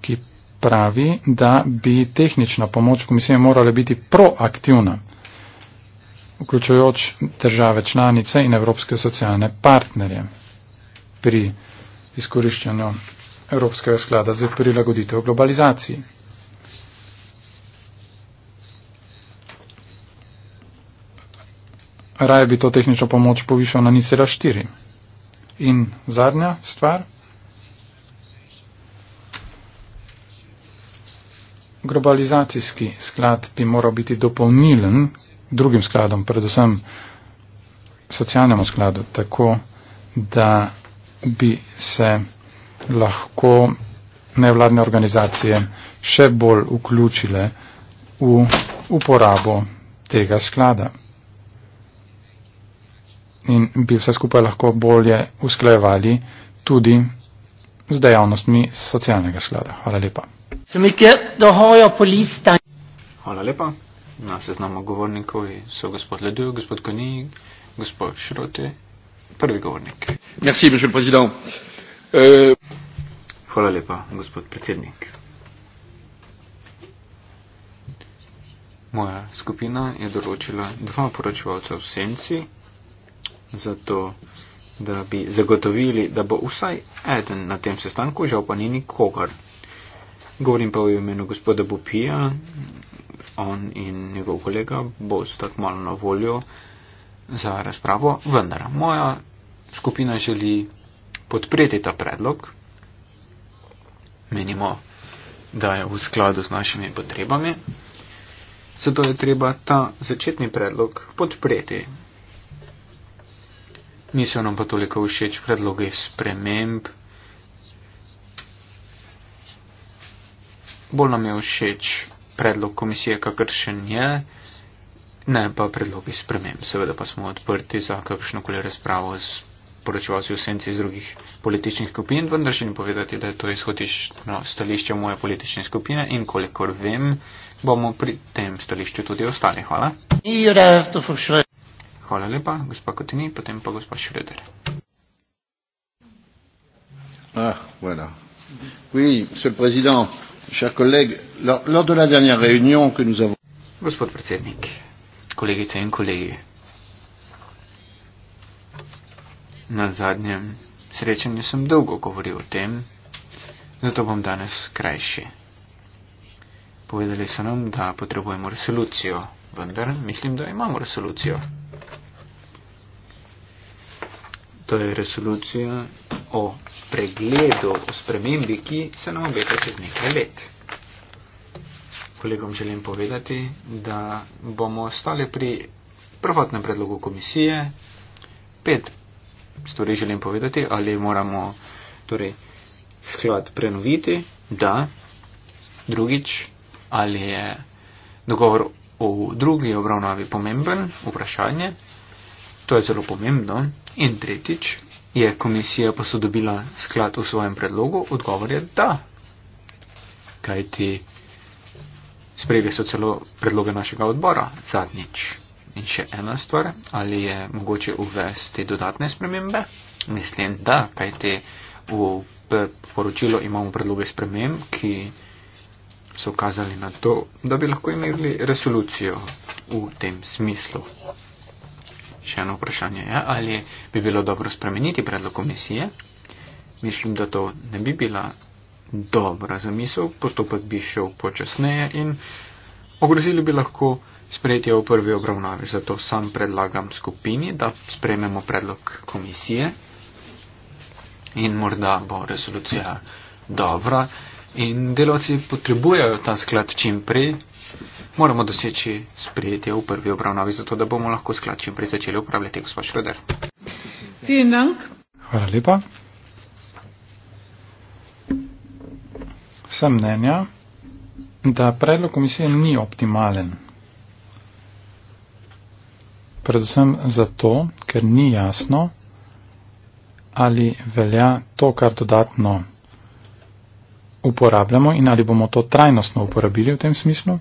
ki pravi, da bi tehnična pomoč komisije morala biti proaktivna, vključujoč države članice in evropske socialne partnerje pri izkoriščanju Evropskega sklada za prilagoditev globalizaciji. raje bi to tehnično pomoč povišal na nisela 4. In zadnja stvar. Globalizacijski sklad bi moral biti dopolnilen drugim skladom, predvsem socialnemu skladu, tako da bi se lahko nevladne organizacije še bolj vključile v uporabo tega sklada in bi vse skupaj lahko bolje usklajevali tudi z dejavnostmi socialnega sklada. Hvala lepa. Hvala lepa. Na seznamu govornikov so gospod Ledu, gospod Koni, gospod Šrote, prvi govornik. Merci, monsieur le président. Euh, Hvala lepa, gospod predsednik. Moja skupina je določila dva poročevalca v senci zato, da bi zagotovili, da bo vsaj eden na tem sestanku, žal pa ni nikogar. Govorim pa o imenu gospoda Bupija, on in njegov kolega bo tako malo na voljo za razpravo, vendar moja skupina želi podpreti ta predlog. Menimo, da je v skladu z našimi potrebami. Zato je treba ta začetni predlog podpreti niso nam pa toliko všeč predloge sprememb. Bolj nam je všeč predlog komisije, kakršen je, ne pa predlogi sprememb. Seveda pa smo odprti za kakršno koli razpravo s poročevalci v senci iz drugih političnih skupin, vendar še ni povedati, da je to izhodiščno stališče moje politične skupine in kolikor vem, bomo pri tem stališču tudi ostali. Hvala. Hvala lepa, gospod Kotini, potem pa gospod Šreder. Ah, voilà. Oui, monsieur le président, chers collègues, lors, lors de la dernière réunion que nous avons. Gospod predsednik, kolegice in kolegi. Na zadnjem srečanju sem dolgo govoril o tem, zato bom danes krajši. Povedali so nam, da potrebujemo resolucijo, vendar mislim, da imamo resolucijo. Mm -hmm. To je resolucija o pregledu, o spremembi, ki se nam obeta čez nekaj let. Kolegom želim povedati, da bomo ostali pri prvotnem predlogu komisije. Pet stvari želim povedati, ali moramo torej, sklad prenoviti, da drugič, ali je dogovor v drugi obravnavi pomemben, vprašanje. To je zelo pomembno. In tretjič, je komisija posodobila sklad v svojem predlogu, odgovor je da. Kaj ti sprejeli so celo predloge našega odbora zadnjič. In še ena stvar, ali je mogoče uvesti dodatne spremembe? Mislim, da, kaj ti v poročilo imamo predloge sprememb, ki so kazali na to, da bi lahko imeli resolucijo v tem smislu še eno vprašanje je, ali bi bilo dobro spremeniti predlog komisije. Mislim, da to ne bi bila dobra zamisel, postopek bi šel počasneje in ogrozili bi lahko sprejetje v prvi obravnavi. Zato sam predlagam skupini, da sprejmemo predlog komisije in morda bo resolucija dobra. In delavci potrebujejo ta sklad čim prej, moramo doseči sprejetje v prvi obravnavi, zato da bomo lahko sklad čim prej začeli upravljati, gospod Šroder. Hvala lepa. Sem mnenja, da predlog komisije ni optimalen. Predvsem zato, ker ni jasno, ali velja to, kar dodatno uporabljamo in ali bomo to trajnostno uporabili v tem smislu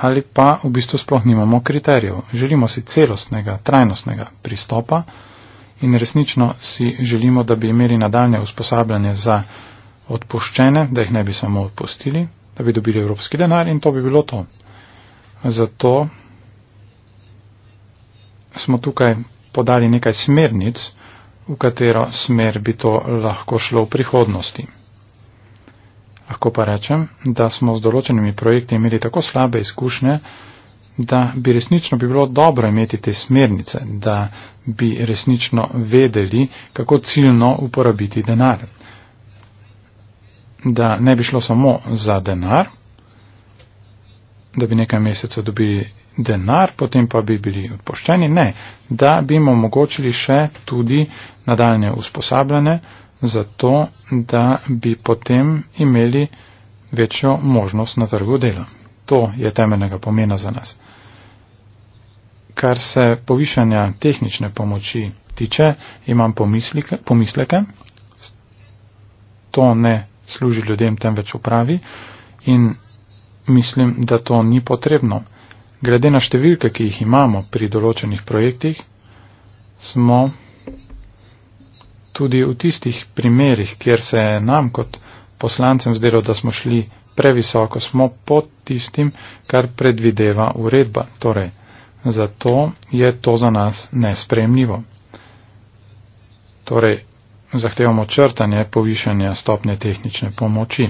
ali pa v bistvu sploh nimamo kriterijev. Želimo si celostnega, trajnostnega pristopa in resnično si želimo, da bi imeli nadaljne usposabljanje za odpuščene, da jih ne bi samo odpustili, da bi dobili evropski denar in to bi bilo to. Zato smo tukaj podali nekaj smernic, v katero smer bi to lahko šlo v prihodnosti. Lahko pa rečem, da smo z določenimi projekti imeli tako slabe izkušnje, da bi resnično bi bilo dobro imeti te smernice, da bi resnično vedeli, kako ciljno uporabiti denar. Da ne bi šlo samo za denar, da bi nekaj mesecev dobili denar, potem pa bi bili odpoščeni. Ne, da bi jim omogočili še tudi nadaljne usposabljanje, zato da bi potem imeli večjo možnost na trgu dela. To je temeljnega pomena za nas. Kar se povišanja tehnične pomoči tiče, imam pomislike, pomisleke, to ne služi ljudem, temveč upravi in mislim, da to ni potrebno. Glede na številke, ki jih imamo pri določenih projektih, smo tudi v tistih primerih, kjer se je nam kot poslancem zdelo, da smo šli previsoko, smo pod tistim, kar predvideva uredba. Torej, zato je to za nas nespremljivo. Torej, zahtevamo črtanje povišanja stopnje tehnične pomoči.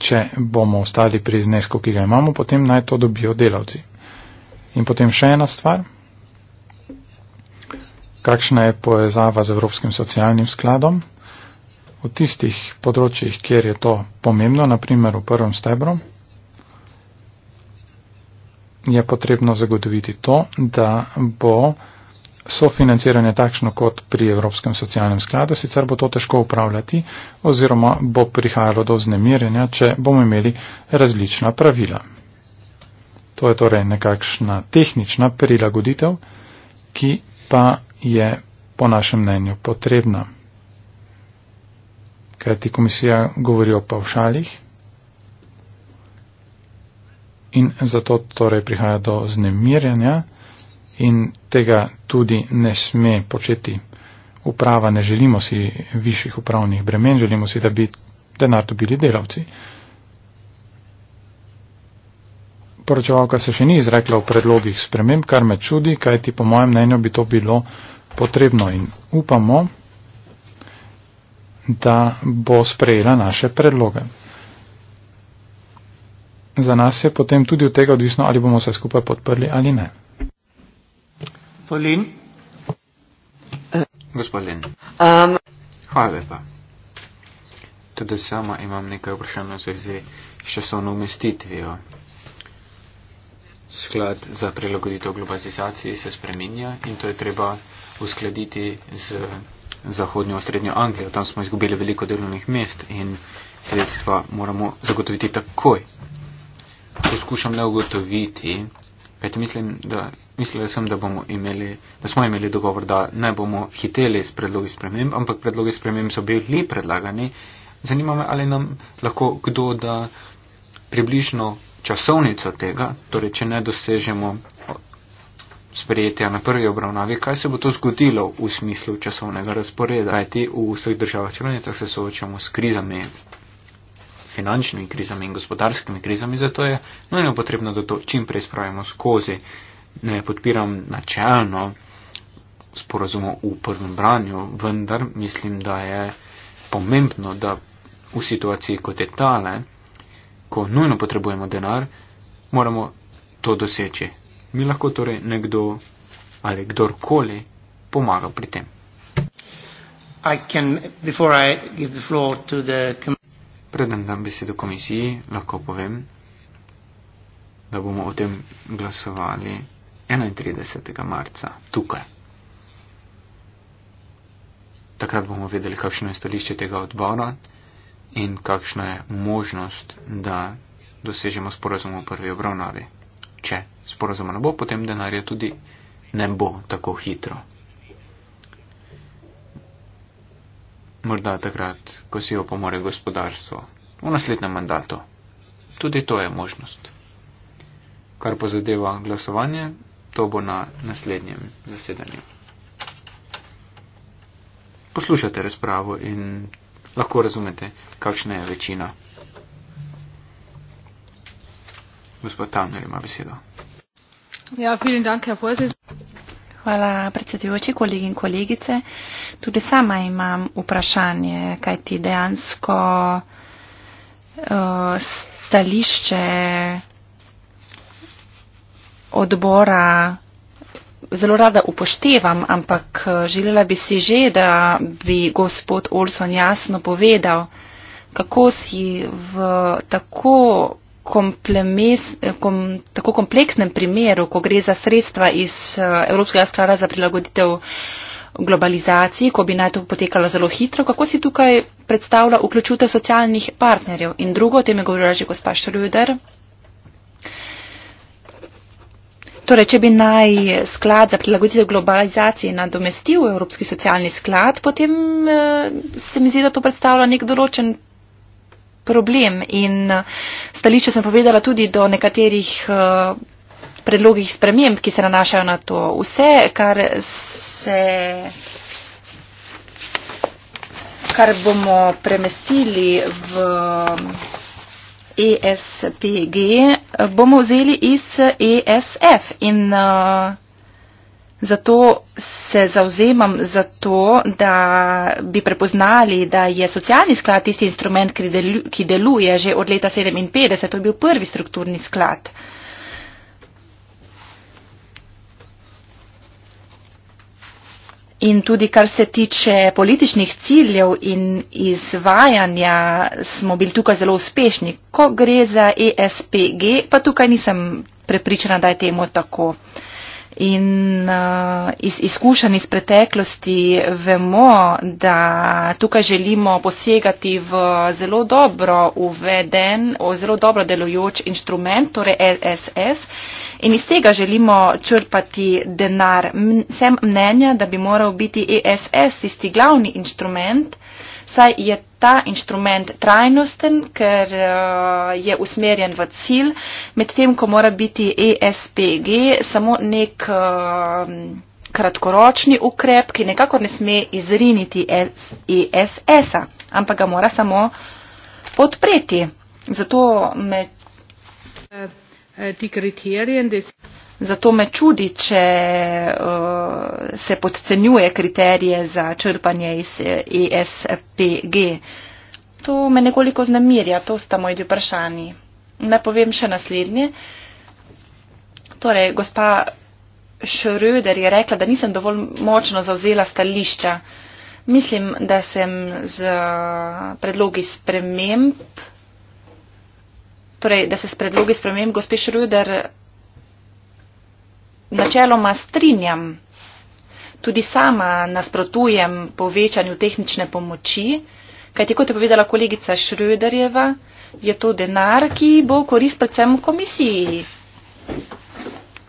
Če bomo ostali pri znesku, ki ga imamo, potem naj to dobijo delavci. In potem še ena stvar. Kakšna je povezava z Evropskim socialnim skladom? V tistih področjih, kjer je to pomembno, naprimer v prvem stebru, je potrebno zagotoviti to, da bo sofinanciranje takšno kot pri Evropskem socialnem skladu, sicer bo to težko upravljati oziroma bo prihajalo do znemirjenja, če bomo imeli različna pravila. To je torej nekakšna tehnična prilagoditev, ki pa je po našem mnenju potrebna. Kaj ti komisija govori o pavšalih in zato torej prihaja do znemirjanja in tega tudi ne sme početi uprava, ne želimo si višjih upravnih bremen, želimo si, da bi denar dobili delavci. poročevalka se še ni izrekla v predlogih sprememb, kar me čudi, kajti po mojem mnenju bi to bilo potrebno in upamo, da bo sprejela naše predloge. Za nas je potem tudi od tega odvisno, ali bomo vse skupaj podprli ali ne. Polin. Eh. Gospodin. Um. Hvala lepa. Tudi sama imam nekaj vprašanj v zvezi s časovno umestitvijo sklad za prilagoditev globalizaciji se spreminja in to je treba uskladiti z zahodnjo osrednjo Anglijo. Tam smo izgubili veliko delovnih mest in sredstva moramo zagotoviti takoj. Poskušam ne ugotoviti, kajti mislim, da, mislila sem, da, bomo imeli, da smo imeli dogovor, da ne bomo hiteli s predlogi sprememb, ampak predlogi sprememb so bili predlagani. Zanima me, ali nam lahko kdo da približno časovnico tega, torej če ne dosežemo sprejetja na prvi obravnavi, kaj se bo to zgodilo v smislu časovnega razporeda. Kajti v vseh državah članicah se soočamo s krizami, finančnimi krizami in gospodarskimi krizami, zato je nujno potrebno, da to čim prej spravimo skozi. Ne podpiram načelno sporozumo v prvem branju, vendar mislim, da je pomembno, da v situaciji kot je tale, ko nujno potrebujemo denar, moramo to doseči. Mi lahko torej nekdo ali kdorkoli pomaga pri tem. Preden dam besedo komisiji, lahko povem, da bomo o tem glasovali 31. marca tukaj. Takrat bomo vedeli, kakšno je stališče tega odbora in kakšna je možnost, da dosežemo sporazum v prvi obravnavi. Če sporazuma ne bo, potem denarja tudi ne bo tako hitro. Morda takrat, ko si jo pomore gospodarstvo, v naslednjem mandatu. Tudi to je možnost. Kar pa zadeva glasovanje, to bo na naslednjem zasedanju. Poslušate razpravo in Lahko razumete, kakšna je večina. Gospod Tavner ima besedo. Ja, dank, Hvala predsedujoči, kolegi in kolegice. Tudi sama imam vprašanje, kaj ti dejansko uh, stališče odbora zelo rada upoštevam, ampak eh, želela bi si že, da bi gospod Olson jasno povedal, kako si v tako, eh, kom, tako kompleksnem primeru, ko gre za sredstva iz eh, Evropskega sklada za prilagoditev globalizaciji, ko bi naj to potekalo zelo hitro, kako si tukaj predstavlja vključitev socialnih partnerjev. In drugo, o tem je govorila že gospa Šruder, Torej, če bi naj sklad za prilagoditev globalizacije nadomestil Evropski socialni sklad, potem eh, se mi zdi, da to predstavlja nek določen problem. In eh, stališče sem povedala tudi do nekaterih eh, predlogih sprememb, ki se nanašajo na to. Vse, kar se kar bomo premestili v ESPG, bomo vzeli iz ESF. In uh, zato se zauzemam za to, da bi prepoznali, da je socialni sklad tisti instrument, ki deluje že od leta 1957. To je bil prvi strukturni sklad. Uh, In tudi kar se tiče političnih ciljev in izvajanja, smo bili tukaj zelo uspešni. Ko gre za ESPG, pa tukaj nisem prepričana, da je temu tako. In uh, iz izkušenj iz preteklosti vemo, da tukaj želimo posegati v zelo dobro uveden, zelo dobro delujoč inštrument, torej LSS. E in iz tega želimo črpati denar. Sem mnenja, da bi moral biti ESS tisti glavni inštrument, saj je ta inštrument trajnosten, ker eh, je usmerjen v cilj, medtem ko mora biti ESPG samo nek eh, kratkoročni ukrep, ki nekako ne sme izriniti ESS-a, ampak ga mora samo podpreti. Zato me. Eh, Zato me čudi, če uh, se podcenjuje kriterije za črpanje iz ESPG. Eh, e to me nekoliko znamirja, to sta moji dve vprašanji. Ne povem še naslednje. Torej, gospa Šröder je rekla, da nisem dovolj močno zauzela stališča. Mislim, da sem z predlogi sprememb torej, da se s predlogi spremem, gospe Šruder, načeloma strinjam. Tudi sama nasprotujem povečanju tehnične pomoči, kajti kot je povedala kolegica Šruderjeva, je to denar, ki bo korist predvsem komisiji.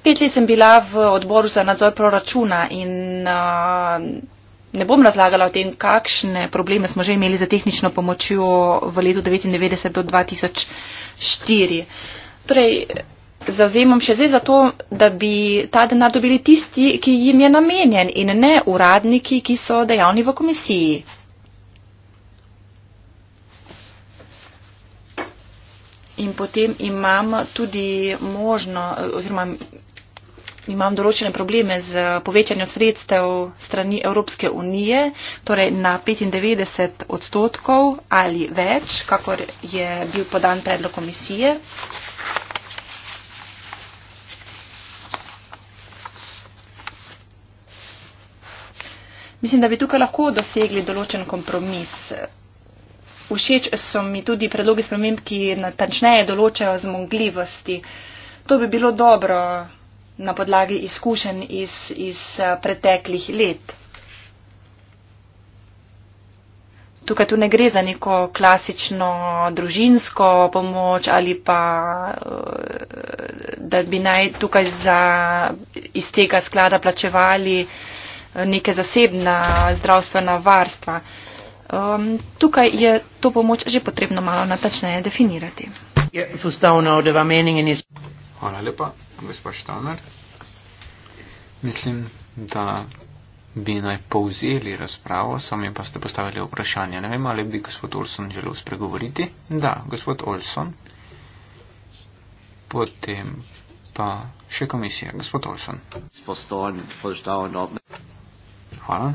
Pet let sem bila v odboru za nadzor proračuna in uh, Ne bom razlagala o tem, kakšne probleme smo že imeli za tehnično pomočjo v letu 99 do 2004. Torej, zauzemam še zdaj za to, da bi ta denar dobili tisti, ki jim je namenjen in ne uradniki, ki so dejavni v komisiji. In potem imam tudi možno, oziroma imam določene probleme z povečanjem sredstev strani Evropske unije, torej na 95 odstotkov ali več, kakor je bil podan predlog komisije. Mislim, da bi tukaj lahko dosegli določen kompromis. Všeč so mi tudi predlogi sprememb, ki natančneje določajo zmogljivosti. To bi bilo dobro na podlagi izkušenj iz, iz eh, preteklih let. Tukaj tu ne gre za neko klasično družinsko pomoč ali pa, eh, da bi naj tukaj za, iz tega sklada plačevali eh, neke zasebna zdravstvena varstva. Um, tukaj je to pomoč že potrebno malo natačneje definirati. Ja, Hvala lepa gospa Štanar. Mislim, da bi naj povzeli razpravo, sami pa ste postavili vprašanje. Ne vem, ali bi gospod Olson želel spregovoriti. Da, gospod Olson. Potem pa še komisija, gospod Olson. Hvala.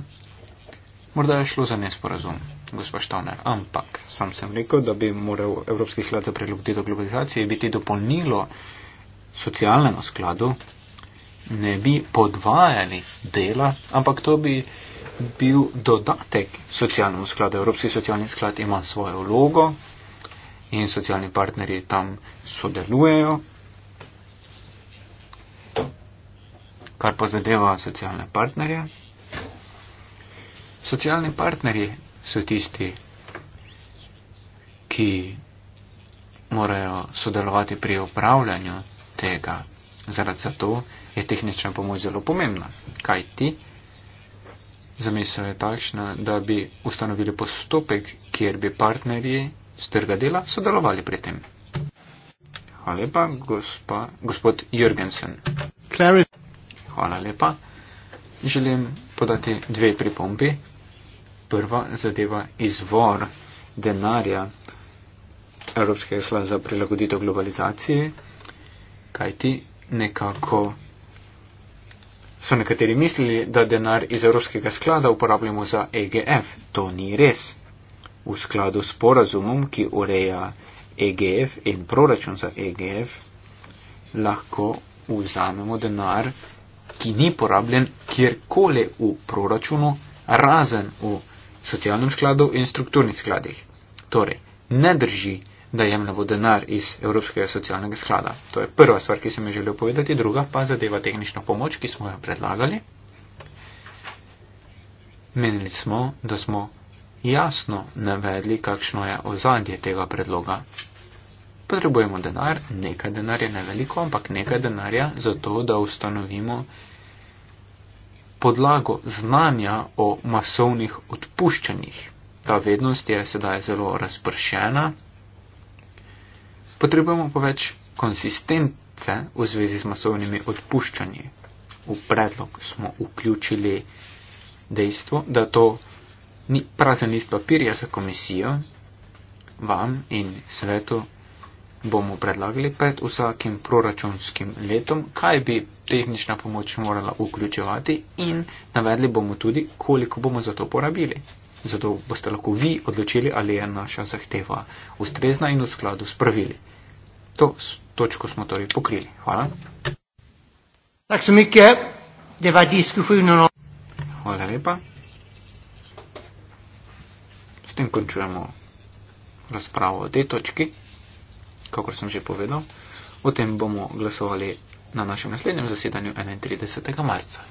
Morda je šlo za nesporazum, gospod Štavner, ampak sam sem rekel, da bi moral Evropski sklad za prilagoditev globalizacije biti dopolnilo socialnemu skladu ne bi podvajali dela, ampak to bi bil dodatek socialnemu skladu. Evropski socialni sklad ima svojo vlogo in socialni partnerji tam sodelujejo. Kar pa zadeva socialne partnerje. Socialni partnerji so tisti, ki morajo sodelovati pri upravljanju tega. Zaradi zato je tehnična pomoč zelo pomembna. Kaj ti? Zamisel je takšna, da bi ustanovili postopek, kjer bi partnerji z trga dela sodelovali pri tem. Hvala lepa, gospa, gospod Jürgensen. Clarity. Hvala lepa. Želim podati dve pripombi. Prva zadeva izvor denarja Evropskega sklada za prilagoditev globalizaciji kaj ti nekako so nekateri mislili, da denar iz Evropskega sklada uporabljamo za EGF. To ni res. V skladu s porazumom, ki ureja EGF in proračun za EGF, lahko vzamemo denar, ki ni porabljen kjerkoli v proračunu, razen v socialnem skladu in strukturnih skladih. Torej, ne drži, da jemlje bo denar iz Evropskega socialnega sklada. To je prva stvar, ki sem jo želel povedati, druga pa zadeva tehnično pomoč, ki smo jo predlagali. Menili smo, da smo jasno navedli, kakšno je ozadje tega predloga. Potrebujemo denar, nekaj denarja, ne veliko, ampak nekaj denarja, zato da ustanovimo podlago znanja o masovnih odpuščanjih. Ta vednost je sedaj zelo razpršena, Potrebujemo pa več konsistence v zvezi z masovnimi odpuščanji. V predlog smo vključili dejstvo, da to ni prazen list papirja za komisijo, vam in svetu bomo predlagali pred vsakim proračunskim letom, kaj bi tehnična pomoč morala vključevati in navedli bomo tudi, koliko bomo za to porabili zato boste lahko vi odločili, ali je naša zahteva ustrezna in v skladu s pravili. To s točko smo torej pokrili. Hvala. No. Hvala lepa. S tem končujemo razpravo o tej točki, kakor sem že povedal. O tem bomo glasovali na našem naslednjem zasedanju 31. marca.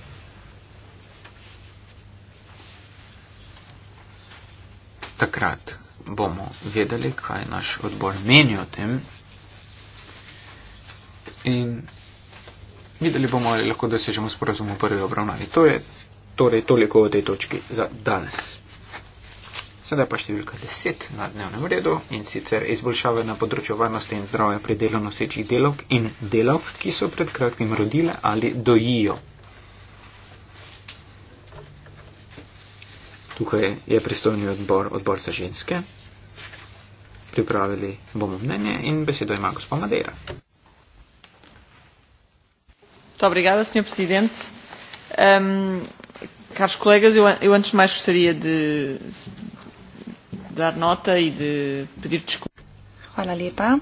takrat bomo vedeli, kaj naš odbor meni o tem in videli bomo, ali lahko dosežemo sporozum v prvi obravnavi. To je torej toliko o tej točki za danes. Sedaj pa številka 10 na dnevnem redu in sicer izboljšave na področju varnosti in zdravja pri delu nosečih delov in delov, ki so pred kratkim rodile ali dojijo. tukaj je pristojni odbor, odbor za ženske. Pripravili bomo mnenje in besedo ima gospod Madeira. Dobro, gada, senjor president. Um, ehm, caros colegas, eu, eu antes de mais gostaria de, de dar nota e de pedir desculpa. Hvala lepa.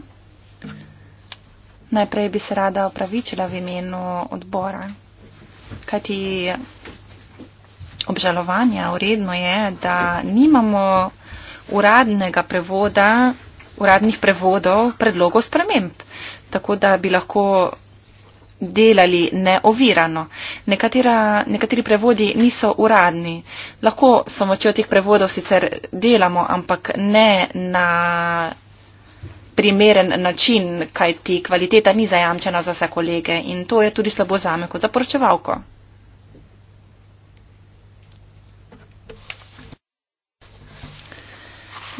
Najprej bi se rada opravičila v imenu odbora, kajti obžalovanja vredno je, da nimamo uradnega prevoda, uradnih prevodov predlogov sprememb, tako da bi lahko delali neovirano. Nekatera, nekateri prevodi niso uradni. Lahko s pomočjo teh prevodov sicer delamo, ampak ne na primeren način, kaj ti kvaliteta ni zajamčena za vse kolege in to je tudi slabo zame kot za poročevalko.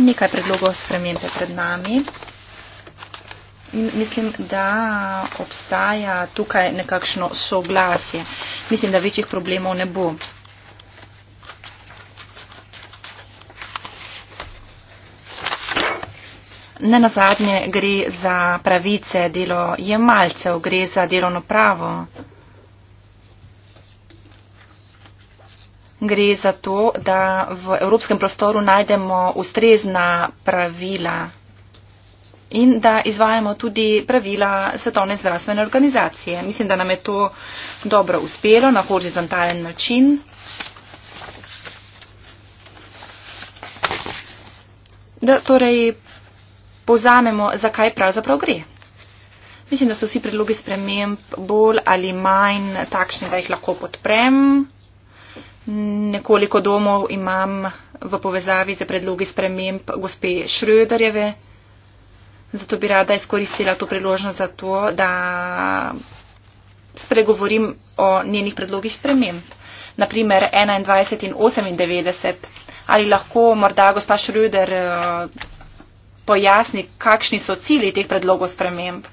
nekaj predlogov spremembe pred nami. In mislim, da obstaja tukaj nekakšno soglasje. Mislim, da večjih problemov ne bo. Ne nazadnje gre za pravice delo jemalcev, gre za delovno pravo. Gre za to, da v evropskem prostoru najdemo ustrezna pravila in da izvajamo tudi pravila Svetovne zdravstvene organizacije. Mislim, da nam je to dobro uspelo na horizontalen način. Da torej povzamemo, zakaj pravzaprav gre. Mislim, da so vsi predlogi sprememb bolj ali manj takšni, da jih lahko podprem. Nekoliko domov imam v povezavi za predlogi sprememb gospe Šröderjeve, zato bi rada izkoristila to priložnost za to, da spregovorim o njenih predlogih sprememb. Naprimer 21 in 98. Ali lahko morda gospa Šröder eh, pojasni, kakšni so cili teh predlogov sprememb?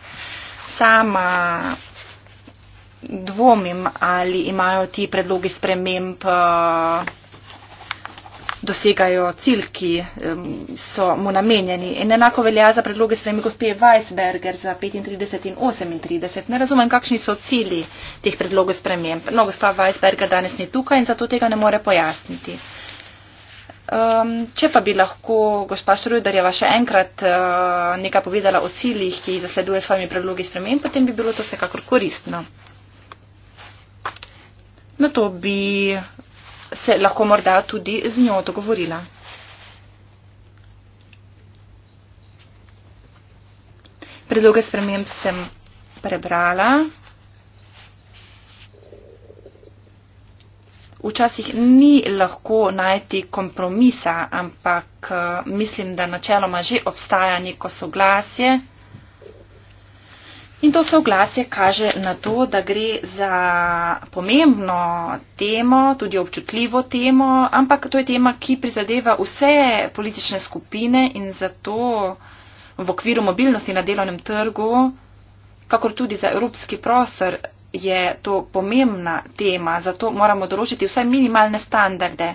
Sama dvomim, ali imajo ti predlogi sprememb, eh, dosegajo cilj, ki so mu namenjeni. In enako velja za predloge sprememb, kot pije Weisberger za 35 in 38. Ne razumem, kakšni so cilji teh predlogov sprememb. No, gospa Weisberger danes ni tukaj in zato tega ne more pojasniti. Um, če pa bi lahko gospa Šruderjeva še enkrat uh, nekaj povedala o ciljih, ki jih zasleduje s svojimi predlogi spremen, potem bi bilo to vsekakor koristno na to bi se lahko morda tudi z njo dogovorila. Predloge sprememb sem prebrala. Včasih ni lahko najti kompromisa, ampak eh, mislim, da načeloma že obstaja neko soglasje. In to soglasje kaže na to, da gre za pomembno temo, tudi občutljivo temo, ampak to je tema, ki prizadeva vse politične skupine in zato v okviru mobilnosti na delovnem trgu, kakor tudi za evropski prostor, je to pomembna tema. Zato moramo določiti vsaj minimalne standarde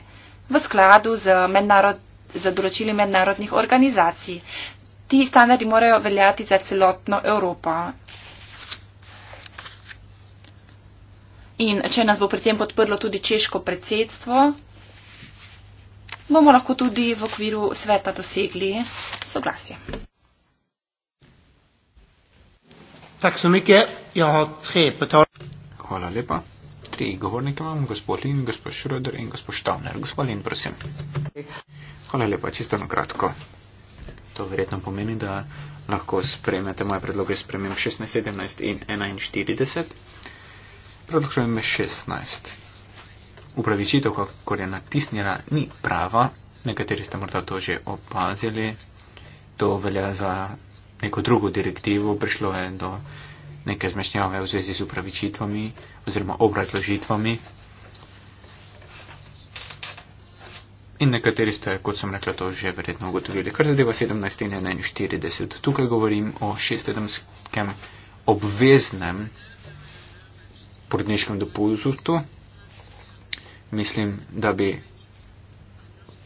v skladu z, mednarod, z določili mednarodnih organizacij ti standardi morajo veljati za celotno Evropo. In če nas bo pri tem podprlo tudi češko predsedstvo, bomo lahko tudi v okviru sveta dosegli soglasje. Hvala lepa. Tri govornike imam, gospod Lin, gospod Šröder in gospod Štavner. Gospod Lin, prosim. Hvala lepa, čisto na kratko to verjetno pomeni, da lahko sprejmete moje predloge sprememb 16, 17 in 41. Predlog sprememb 16. Upravičitev, kako je natisnjena, ni prava. Nekateri ste morda to že opazili. To velja za neko drugo direktivo. Prišlo je do neke zmešnjave v zvezi z upravičitvami oziroma obrazložitvami. In nekateri ste, kot sem rekla, to že verjetno ugotovili. Kar zadeva 17 in 41. Tukaj govorim o šestedemskem obveznem porodniškem dopustu. Mislim, da bi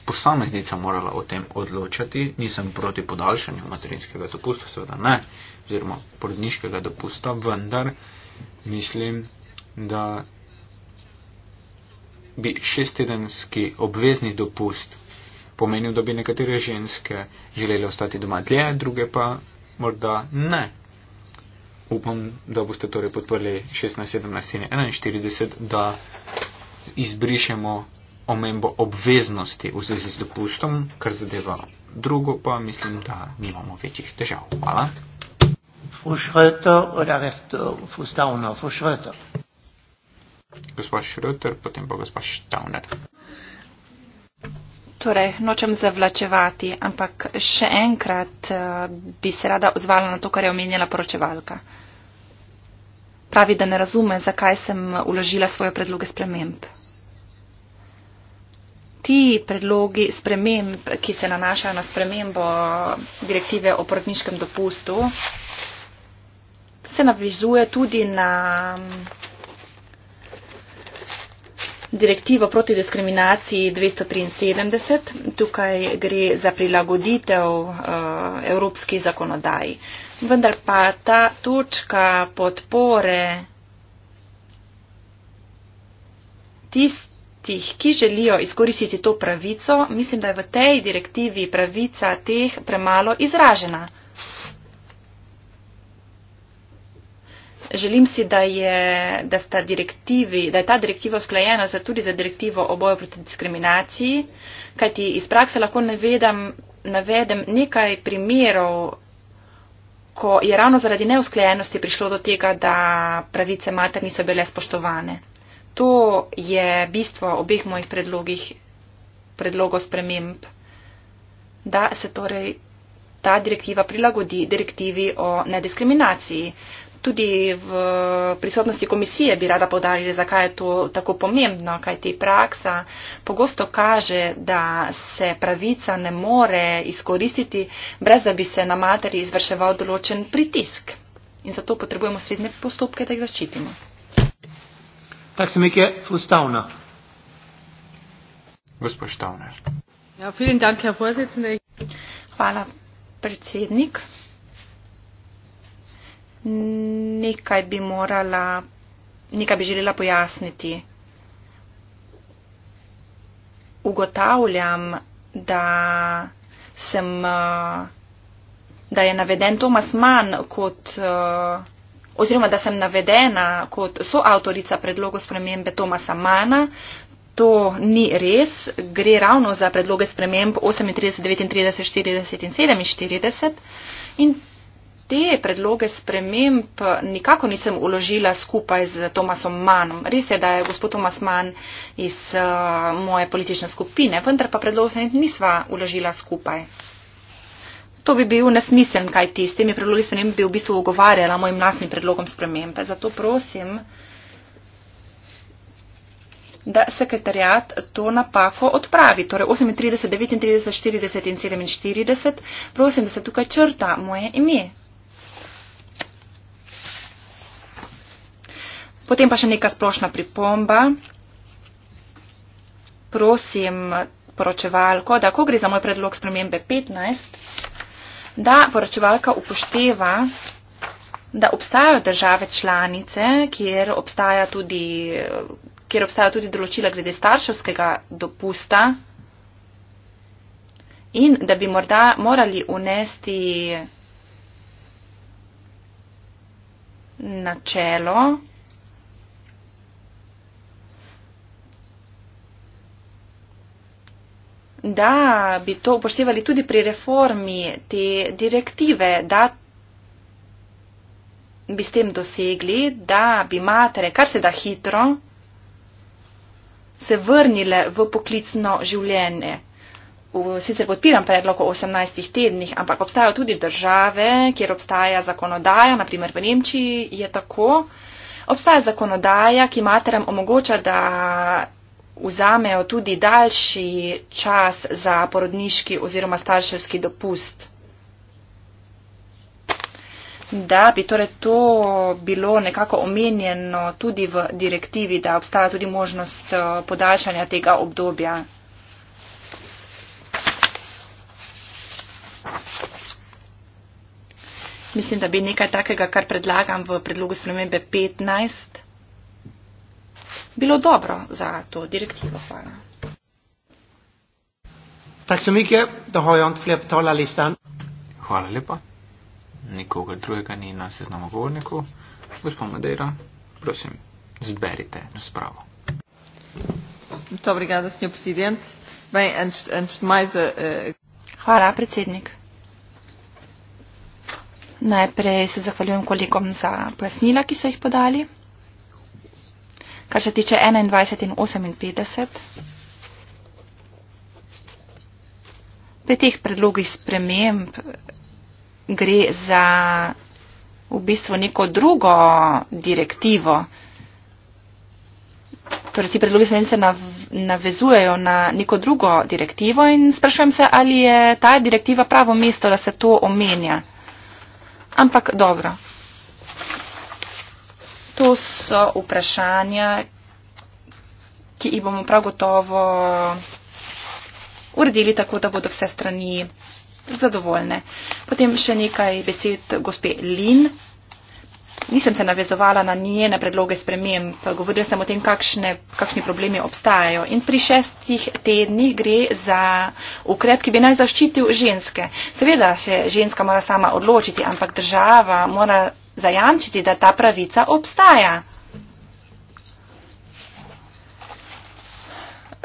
posameznica morala o tem odločati. Nisem proti podaljšanju materinskega dopusta, seveda ne, oziroma porodniškega dopusta, vendar mislim, da bi šestedenski obvezni dopust pomenil, da bi nekatere ženske želeli ostati doma dlje, druge pa morda ne. Upam, da boste torej podprli 16, 17 in 41, da izbrišemo omembo obveznosti v zvezi z dopustom, kar zadeva drugo, pa mislim, da nimamo večjih težav. Hvala. Fuschröter oder Rektor Fustauner Fuschröter gospa Šrotter, potem pa gospa Štavner. Torej, nočem zavlačevati, ampak še enkrat eh, bi se rada ozvala na to, kar je omenjala poročevalka. Pravi, da ne razume, zakaj sem uložila svoje predloge sprememb. Ti predlogi sprememb, ki se nanašajo na spremembo direktive o porodniškem dopustu, se navizuje tudi na direktivo proti diskriminaciji 273. Tukaj gre za prilagoditev eh, evropski zakonodaji. Vendar pa ta točka podpore tistih, ki želijo izkoristiti to pravico, mislim, da je v tej direktivi pravica teh premalo izražena. Želim si, da, je, da, da je ta direktiva usklajena za tudi za direktivo o boju proti diskriminaciji, kajti iz prakse lahko navedem, navedem nekaj primerov, ko je ravno zaradi neusklajenosti prišlo do tega, da pravice mater niso bile spoštovane. To je bistvo obeh mojih predlogih, predlogov sprememb, da se torej ta direktiva prilagodi direktivi o nediskriminaciji tudi v prisotnosti komisije bi rada povdarjali, zakaj je to tako pomembno, kaj ti praksa pogosto kaže, da se pravica ne more izkoristiti, brez da bi se na materi izvrševal določen pritisk. In zato potrebujemo srednje postopke, da jih zaščitimo. Tak se mi je ustavna. Gospod Štavner. Ja, vielen Dank, Herr Vorsitzende. Hvala, predsednik nekaj bi morala, nekaj bi želela pojasniti. Ugotavljam, da, sem, eh, da je naveden Tomas Mann kot, eh, oziroma da sem navedena kot soavtorica predlogu spremembe Tomasa Mana. To ni res, gre ravno za predloge sprememb 38, 39, 40 in 47. In te predloge sprememb nikako nisem uložila skupaj z Tomasom Manom. Res je, da je gospod Tomas Man iz uh, moje politične skupine, vendar pa predlogov sprememb nisva uložila skupaj. To bi bil nesmisel, kaj ti s temi predlogi sprememb bi v bistvu ogovarjala mojim lastnim predlogom spremembe. Zato prosim, da sekretarjat to napako odpravi. Torej 38, 39, 40 in 47. Prosim, da se tukaj črta moje ime. Potem pa še neka splošna pripomba. Prosim poročevalko, da ko gre za moj predlog spremembe 15, da poročevalka upošteva, da obstajajo države članice, kjer obstaja tudi, kjer obstaja tudi določila glede starševskega dopusta in da bi morda morali unesti načelo, da bi to upoštevali tudi pri reformi te direktive, da bi s tem dosegli, da bi matere kar se da hitro se vrnile v poklicno življenje. Sicer podpiram predlog o 18 tednih, ampak obstajajo tudi države, kjer obstaja zakonodaja, naprimer v Nemčiji je tako. Obstaja zakonodaja, ki materam omogoča, da vzamejo tudi daljši čas za porodniški oziroma starševski dopust. Da bi torej to bilo nekako omenjeno tudi v direktivi, da obstaja tudi možnost eh, podaljšanja tega obdobja. Mislim, da bi nekaj takega, kar predlagam v predlogu spremembe 15 bilo dobro za to direktivo. Hvala. Tak so mike, da hojo on flep tola listan. Hvala lepa. Nikogar drugega ni na seznamu govorniku. Gospod Madeira, prosim, zberite spravo. Muito obrigada, Sr. Presidente. Bem, antes, antes de mais... Uh, eh, uh... Eh, Olá, Presidente. Najprej se zahvaljujem kolegom za pojasnila, ki so jih podali. Kar se tiče 21 in 58, pri teh predlogih sprememb gre za v bistvu neko drugo direktivo. Torej, ti predlogi sprememb se nav, navezujejo na neko drugo direktivo in sprašujem se, ali je ta direktiva pravo mesto, da se to omenja. Ampak dobro to so vprašanja, ki jih bomo prav gotovo uredili tako, da bodo vse strani zadovoljne. Potem še nekaj besed gospe Lin. Nisem se navezovala na njene predloge sprememb, govorila sem o tem, kakšne, kakšni problemi obstajajo. In pri šestih tednih gre za ukrep, ki bi naj zaščitil ženske. Seveda se ženska mora sama odločiti, ampak država mora zajamčiti, da ta pravica obstaja.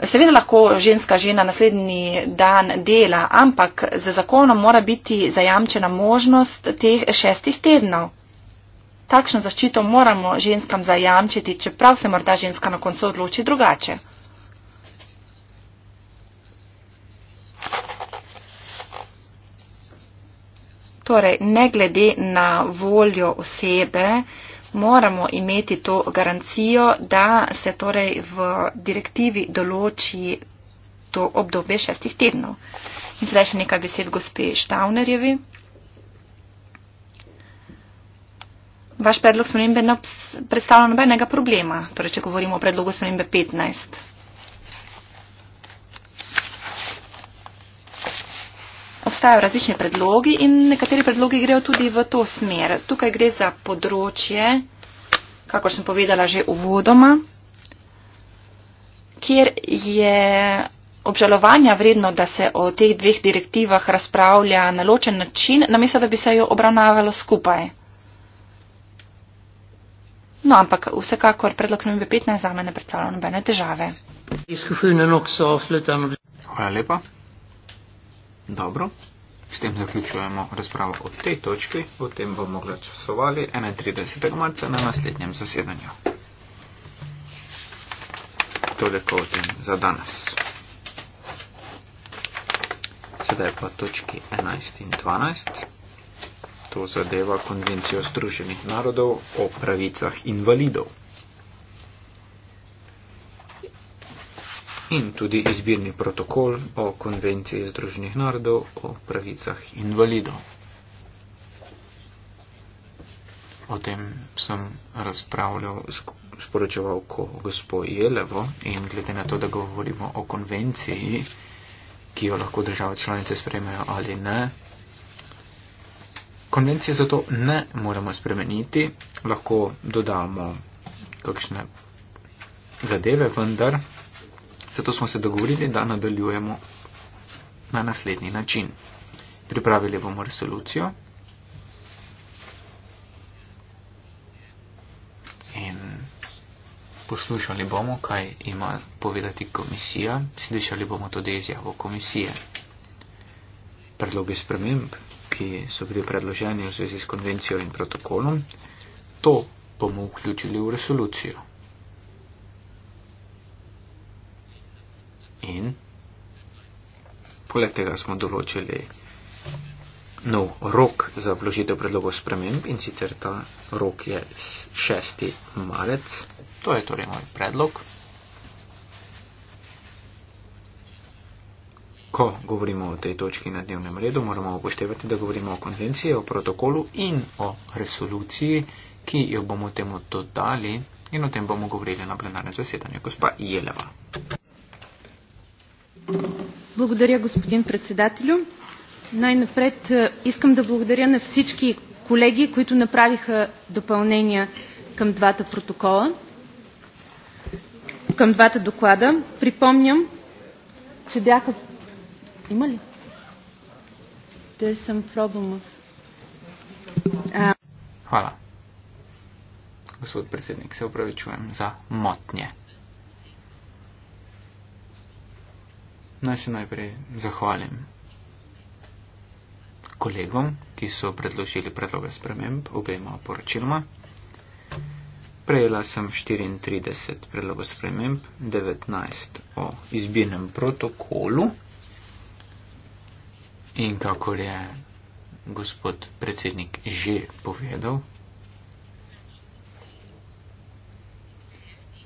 Seveda lahko ženska žena naslednji dan dela, ampak za zakonom mora biti zajamčena možnost teh šestih tednov. Takšno zaščito moramo ženskam zajamčiti, čeprav se morda ženska na koncu odloči drugače. Torej, ne glede na voljo osebe, moramo imeti to garancijo, da se torej v direktivi določi to obdobje šestih tednov. In zdaj še nekaj besed gospe Štavnerjevi. Vaš predlog spremembe ne predstavlja nobenega problema, torej, če govorimo o predlogu spremembe 15. obstajajo različni predlogi in nekateri predlogi grejo tudi v to smer. Tukaj gre za področje, kakor sem povedala že uvodoma, kjer je obžalovanja vredno, da se o teh dveh direktivah razpravlja na ločen način, namesto da bi se jo obravnavalo skupaj. No, ampak vsekakor predlog nr. 15 za me ne predstavlja nobene težave. Hvala lepa. Dobro. S tem zaključujemo razpravo o tej točki. O tem bomo glasovali 31. marca na naslednjem zasedanju. Toliko o tem za danes. Sedaj pa točki 11 in 12. To zadeva konvencijo Združenih narodov o pravicah invalidov. in tudi izbirni protokol o konvenciji Združenih narodov o pravicah invalidov. O tem sem razpravljal, sporočeval ko gospo Jelevo in glede na to, da govorimo o konvenciji, ki jo lahko države članice spremejo ali ne, konvencije zato ne moramo spremeniti, lahko dodamo kakšne zadeve, vendar Zato smo se dogovorili, da nadaljujemo na naslednji način. Pripravili bomo resolucijo in poslušali bomo, kaj ima povedati komisija. Slišali bomo tudi izjavo komisije. Predloge sprememb, ki so bili predloženi v zvezi s konvencijo in protokolom, to bomo vključili v resolucijo. in poleg tega smo določili nov rok za vložitev predlogov sprememb in sicer ta rok je 6. marec. To je torej moj predlog. Ko govorimo o tej točki na dnevnem redu, moramo upoštevati, da govorimo o konvenciji, o protokolu in o resoluciji, ki jo bomo temu dodali in o tem bomo govorili na plenarnem zasedanju. Gospa Jeleva. Благодаря, господин председателю. Най-напред искам да благодаря на всички колеги, които направиха допълнения към двата протокола, към двата доклада. Припомням, че бяха... Има ли? There's some problem of... Хвала. Господин председник, се оправи, чуем за мотния. naj se najprej zahvalim kolegom, ki so predložili predloge sprememb obema poročiloma. Prejela sem 34 predlogov sprememb, 19 o izbirnem protokolu in kakor je gospod predsednik že povedal,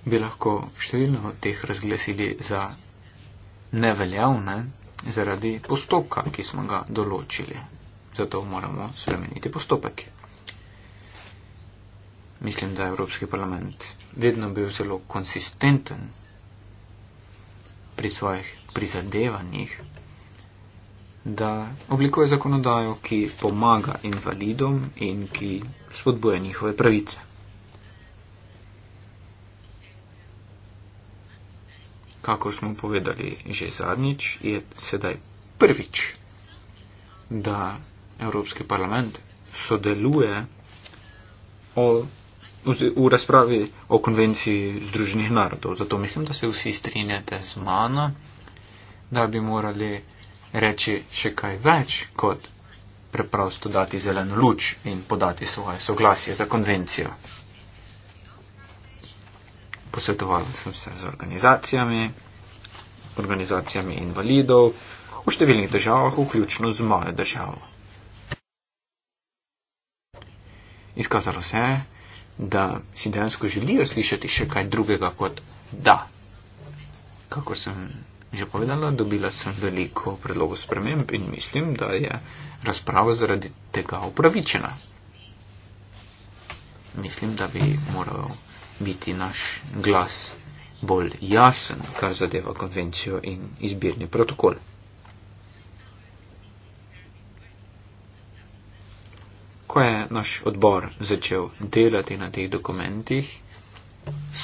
bi lahko številno od teh razglasili za neveljavne zaradi postopka, ki smo ga določili. Zato moramo spremeniti postopek. Mislim, da je Evropski parlament vedno bil zelo konsistenten pri svojih prizadevanjih, da oblikuje zakonodajo, ki pomaga invalidom in ki spodbuja njihove pravice. kako smo povedali že zadnjič, je sedaj prvič, da Evropski parlament sodeluje o, v razpravi o konvenciji Združenih narodov. Zato mislim, da se vsi strinjate z mano, da bi morali reči še kaj več kot preprosto dati zeleno luč in podati svoje soglasje za konvencijo posvetoval sem se z organizacijami, organizacijami invalidov v številnih državah, vključno z mojo državo. Izkazalo se je, da si dejansko želijo slišati še kaj drugega kot da. Kako sem že povedala, dobila sem veliko predlogov sprememb in mislim, da je razprava zaradi tega upravičena. Mislim, da bi moral biti naš glas bolj jasen, kar zadeva konvencijo in izbirni protokol. Ko je naš odbor začel delati na teh dokumentih,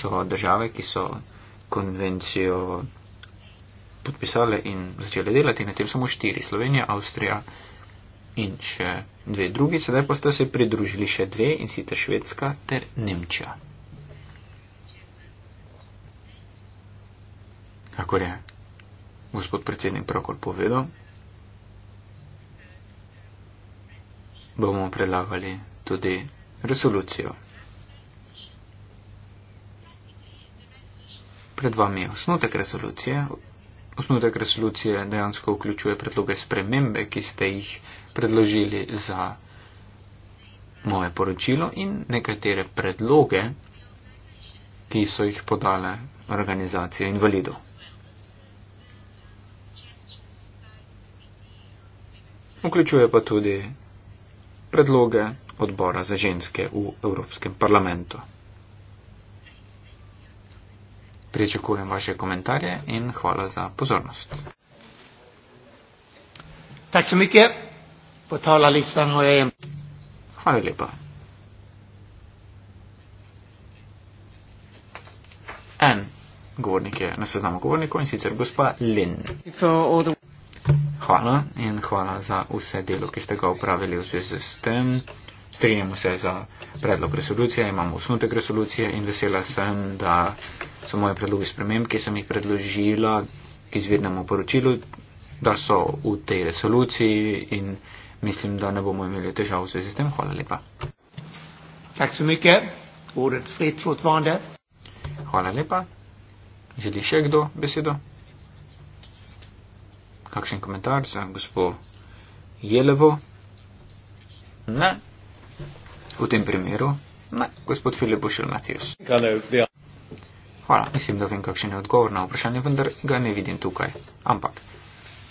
so države, ki so konvencijo podpisale in začele delati, na tem samo štiri, Slovenija, Avstrija in še dve drugi, sedaj pa sta se pridružili še dve in sicer Švedska ter Nemčija. kakor je gospod predsednik pravkor povedal, bomo predlagali tudi resolucijo. Pred vami je osnutek resolucije. Osnutek resolucije dejansko vključuje predloge spremembe, ki ste jih predložili za moje poročilo in nekatere predloge, ki so jih podale organizacije invalidov. vključuje pa tudi predloge odbora za ženske v Evropskem parlamentu. Pričakujem vaše komentarje in hvala za pozornost. Hvala lepa. En govornik je na seznamu govornikov in sicer gospa Lin hvala in hvala za vse delo, ki ste ga upravili v zvezi s tem. Strinjamo se za predlog resolucije, imamo osnutek resolucije in vesela sem, da so moje predloge sprememb, ki sem jih predložila, ki izvirnemo poročilu, da so v tej resoluciji in mislim, da ne bomo imeli težav v zvezi s tem. Hvala lepa. Hvala lepa. Želi še kdo besedo? kakšen komentar za gospo Jelevo? Ne. V tem primeru? Ne. Gospod Filip Bušil Matijus. Hvala, mislim, da vem, kakšen je odgovor na vprašanje, vendar ga ne vidim tukaj. Ampak,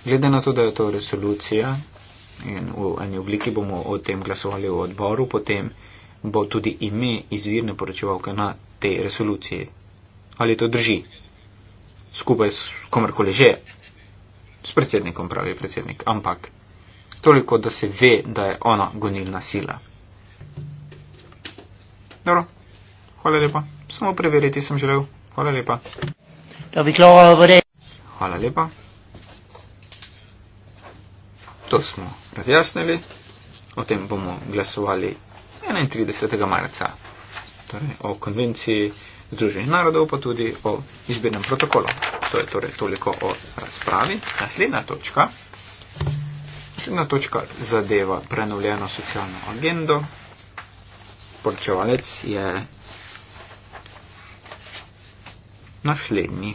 glede na to, da je to resolucija in v eni obliki bomo o tem glasovali v odboru, potem bo tudi ime izvirne poročevalke na tej resoluciji. Ali to drži? Skupaj s komerkoli že, s predsednikom, pravi predsednik, ampak toliko, da se ve, da je ona gonilna sila. Dobro, hvala lepa. Samo preveriti sem želel. Hvala lepa. Hvala lepa. To smo razjasnili. O tem bomo glasovali 31. marca. Torej o konvenciji Združenih narodov, pa tudi o izbirnem protokolu. To je torej toliko o razpravi. Naslednja točka. Naslednja točka zadeva prenovljeno socialno agendo. Poročevalec je naslednji.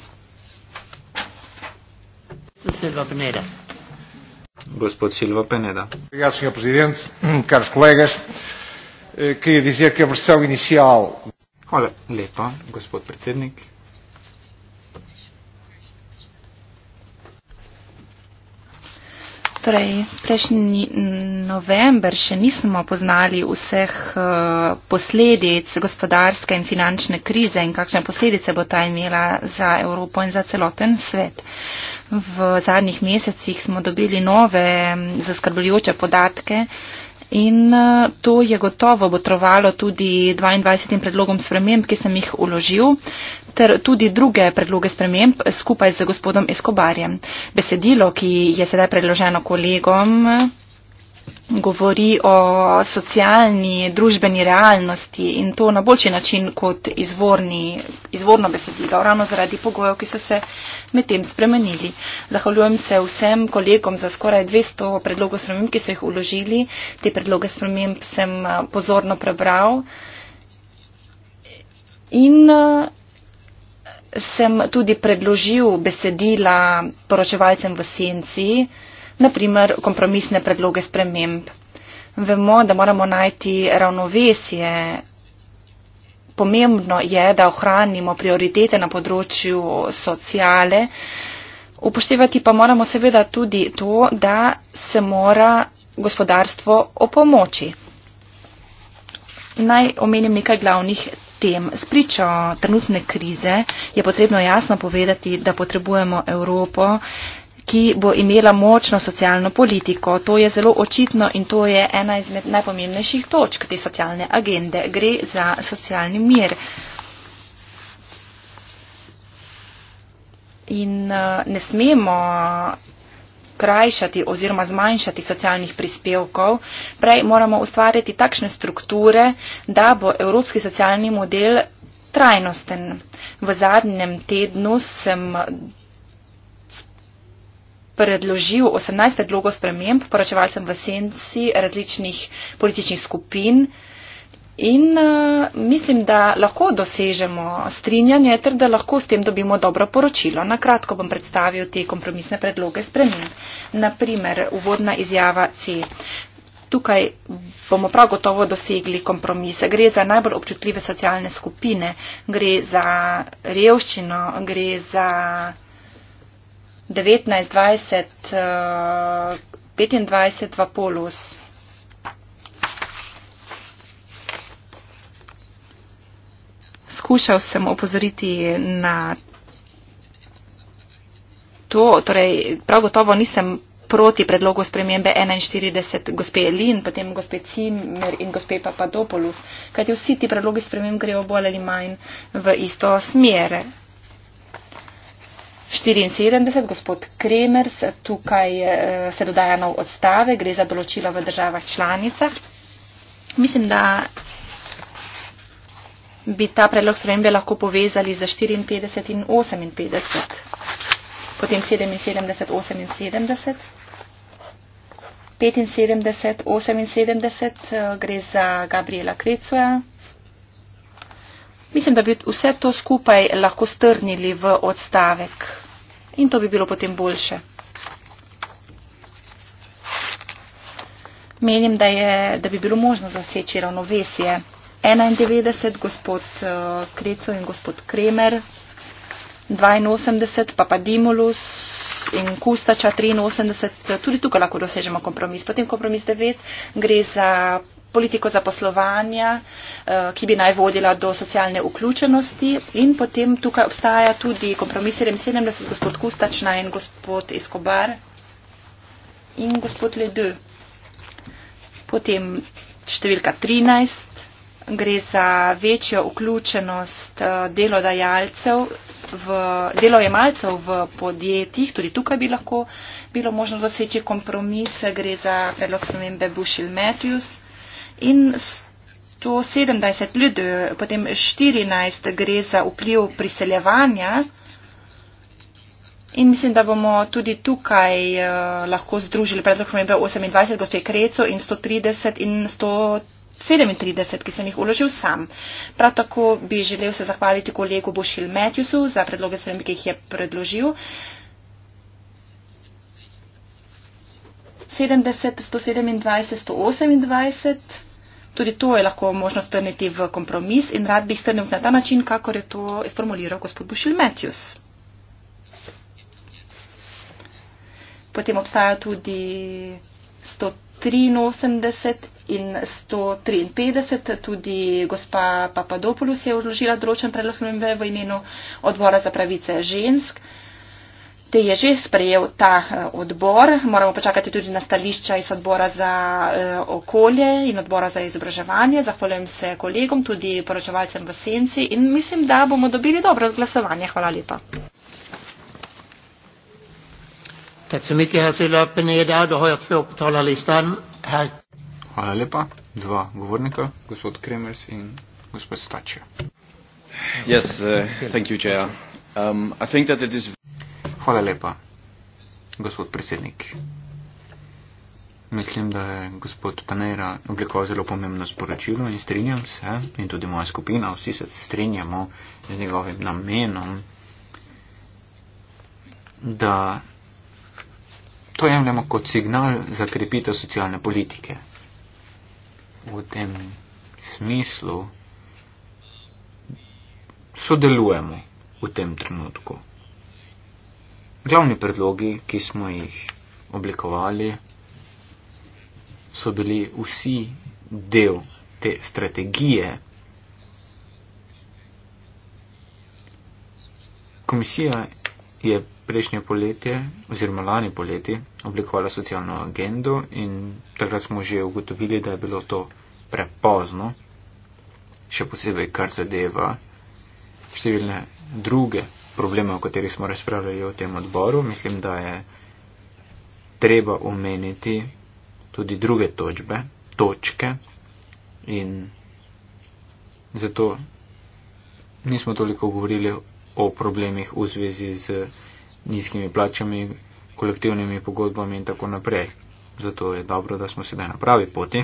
Gospod Silva Peneda. Obrigado, Sr. Presidente, caros colegas. Eh, queria dizer que a versão inicial. Hvala lepa, gospod predsednik. Torej, prejšnji november še nismo poznali vseh eh, posledic gospodarske in finančne krize in kakšne posledice bo ta imela za Evropo in za celoten svet. V zadnjih mesecih smo dobili nove zaskrbljujoče podatke, In eh, to je gotovo botrovalo tudi 22 predlogom sprememb, ki sem jih uložil ter tudi druge predloge sprememb skupaj z gospodom Eskobarjem. Besedilo, ki je sedaj predloženo kolegom, govori o socialni, družbeni realnosti in to na boljši način kot izvorni, izvorno besedilo, ravno zaradi pogojev, ki so se med tem spremenili. Zahvaljujem se vsem kolegom za skoraj 200 predlogov sprememb, ki so jih uložili. Te predloge sprememb sem pozorno prebral. In sem tudi predložil besedila poročevalcem v senci naprimer kompromisne predloge sprememb. Vemo, da moramo najti ravnovesje. Pomembno je, da ohranimo prioritete na področju sociale. Upoštevati pa moramo seveda tudi to, da se mora gospodarstvo opomoči. Naj omenim nekaj glavnih tem. Spričo trenutne krize je potrebno jasno povedati, da potrebujemo Evropo, ki bo imela močno socialno politiko. To je zelo očitno in to je ena izmed najpomembnejših točk te socialne agende. Gre za socialni mir. In uh, ne smemo krajšati oziroma zmanjšati socialnih prispevkov. Prej moramo ustvariti takšne strukture, da bo evropski socialni model trajnosten. V zadnjem tednu sem predložil 18 predlogov sprememb poročevalcem v senci različnih političnih skupin in uh, mislim, da lahko dosežemo strinjanje ter da lahko s tem dobimo dobro poročilo. Na kratko bom predstavil te kompromisne predloge sprememb. Naprimer, uvodna izjava C. Tukaj bomo prav gotovo dosegli kompromise. Gre za najbolj občutljive socialne skupine, gre za revščino, gre za 19, 20, 25 v polus. Skušal sem opozoriti na to, torej prav gotovo nisem proti predlogu spremembe 41 gospe Lin, potem gospe Cimer in gospe Papadopoulos, kajti vsi ti predlogi spremem grejo bolj ali manj v isto smer. 74, gospod Kremers, tukaj eh, se dodaja nov odstave, gre za določila v državah članicah. Mislim, da bi ta predlog spremembe lahko povezali za 54 in 58, potem 77, 78, 75, 78, gre za Gabriela Krecoja. Mislim, da bi vse to skupaj lahko strnili v odstavek in to bi bilo potem boljše. Menim, da, je, da bi bilo možno doseči ravnovesje. 91 gospod eh, Kreco in gospod Kremer, 82 Papadimulus in Kustača, 83, tudi tukaj lahko dosežemo kompromis. Potem kompromis 9 gre za politiko zaposlovanja, eh, ki bi naj vodila do socialne vključenosti. In potem tukaj obstaja tudi kompromis 77, gospod Kustačna in gospod Escobar in gospod Ledu. Potem številka 13 gre za večjo vključenost eh, delodajalcev v delojemalcev v podjetjih. Tudi tukaj bi lahko bilo možno doseči kompromis. Gre za predlog spremembe Bushil Matthews in 170 ljudi, potem 14 gre za vpliv priseljevanja. In mislim, da bomo tudi tukaj eh, lahko združili predlog spremembe 28 gospe Kreco in 130 in 137, ki sem jih uložil sam. Prav tako bi želel se zahvaliti kolegu Bošil Matjusu za predloge sprememb, ki jih je predložil. 70, 127, 128. Tudi to je lahko možno strniti v kompromis in rad bi strnil na ta način, kakor je to formuliral gospod Bušil Matthews. Potem obstaja tudi 183 in 153, tudi gospa Papadopoulos je vložila določen predlog v imenu odbora za pravice žensk. Uh, te je že sprejel ta eh, odbor. Moramo počakati tudi na stališča iz odbora za eh, okolje in odbora za izobraževanje. Zahvaljujem se kolegom, tudi poročevalcem v senci in mislim, da bomo dobili dobro odglasovanje. Hvala lepa. Er Hvala lepa. Dva govornika, gospod Kremers in gospod Stačja. Yes, uh, Hvala lepa, gospod predsednik. Mislim, da je gospod Panera oblikoval zelo pomembno sporočilo in strinjam se, in tudi moja skupina, vsi se strinjamo z njegovim namenom, da to jemljamo kot signal za krepitev socialne politike. V tem smislu sodelujemo v tem trenutku glavni predlogi, ki smo jih oblikovali, so bili vsi del te strategije. Komisija je prejšnje poletje oziroma lani poletje oblikovala socialno agendo in takrat smo že ugotovili, da je bilo to prepozno, še posebej kar zadeva številne druge probleme, o katerih smo razpravljali v tem odboru. Mislim, da je treba omeniti tudi druge točbe, točke in zato nismo toliko govorili o problemih v zvezi z nizkimi plačami, kolektivnimi pogodbami in tako naprej. Zato je dobro, da smo sedaj na pravi poti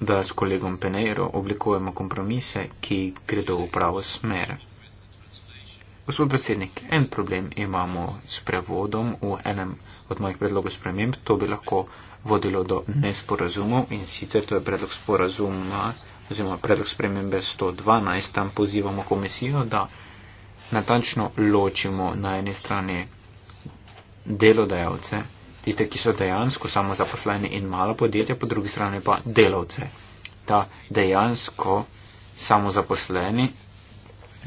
da s kolegom Peneiro oblikujemo kompromise, ki gredo v pravo smer. Gospod predsednik, en problem imamo s prevodom v enem od mojih predlogov sprememb. To bi lahko vodilo do nesporazumov in sicer to je predlog sporazuma oziroma predlog spremembe 112. Tam pozivamo komisijo, da natančno ločimo na eni strani delodajalce tiste, ki so dejansko samozaposleni in mala podjetja, po drugi strani pa delavce. Ta dejansko samozaposleni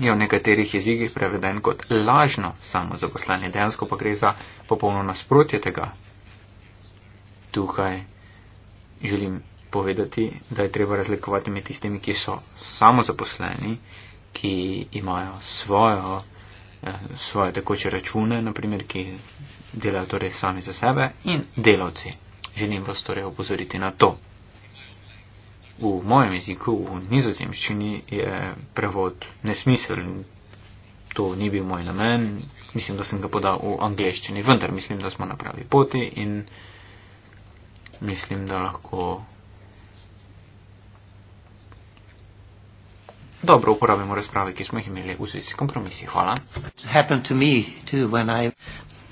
je v nekaterih jezikih preveden kot lažno samozaposleni. Dejansko pa gre za popolno nasprotje tega. Tukaj želim povedati, da je treba razlikovati med tistimi, ki so samozaposleni, ki imajo svojo, eh, svoje tekoče račune, naprimer, ki delajo torej sami za sebe in delavci. Želim vas torej opozoriti na to. V mojem jeziku, v nizozemščini, je prevod nesmiseln. To ni bil moj namen. Mislim, da sem ga podal v angleščini, vendar mislim, da smo na pravi poti in mislim, da lahko dobro uporabimo razprave, ki smo jih imeli v zvezi s kompromisi. Hvala.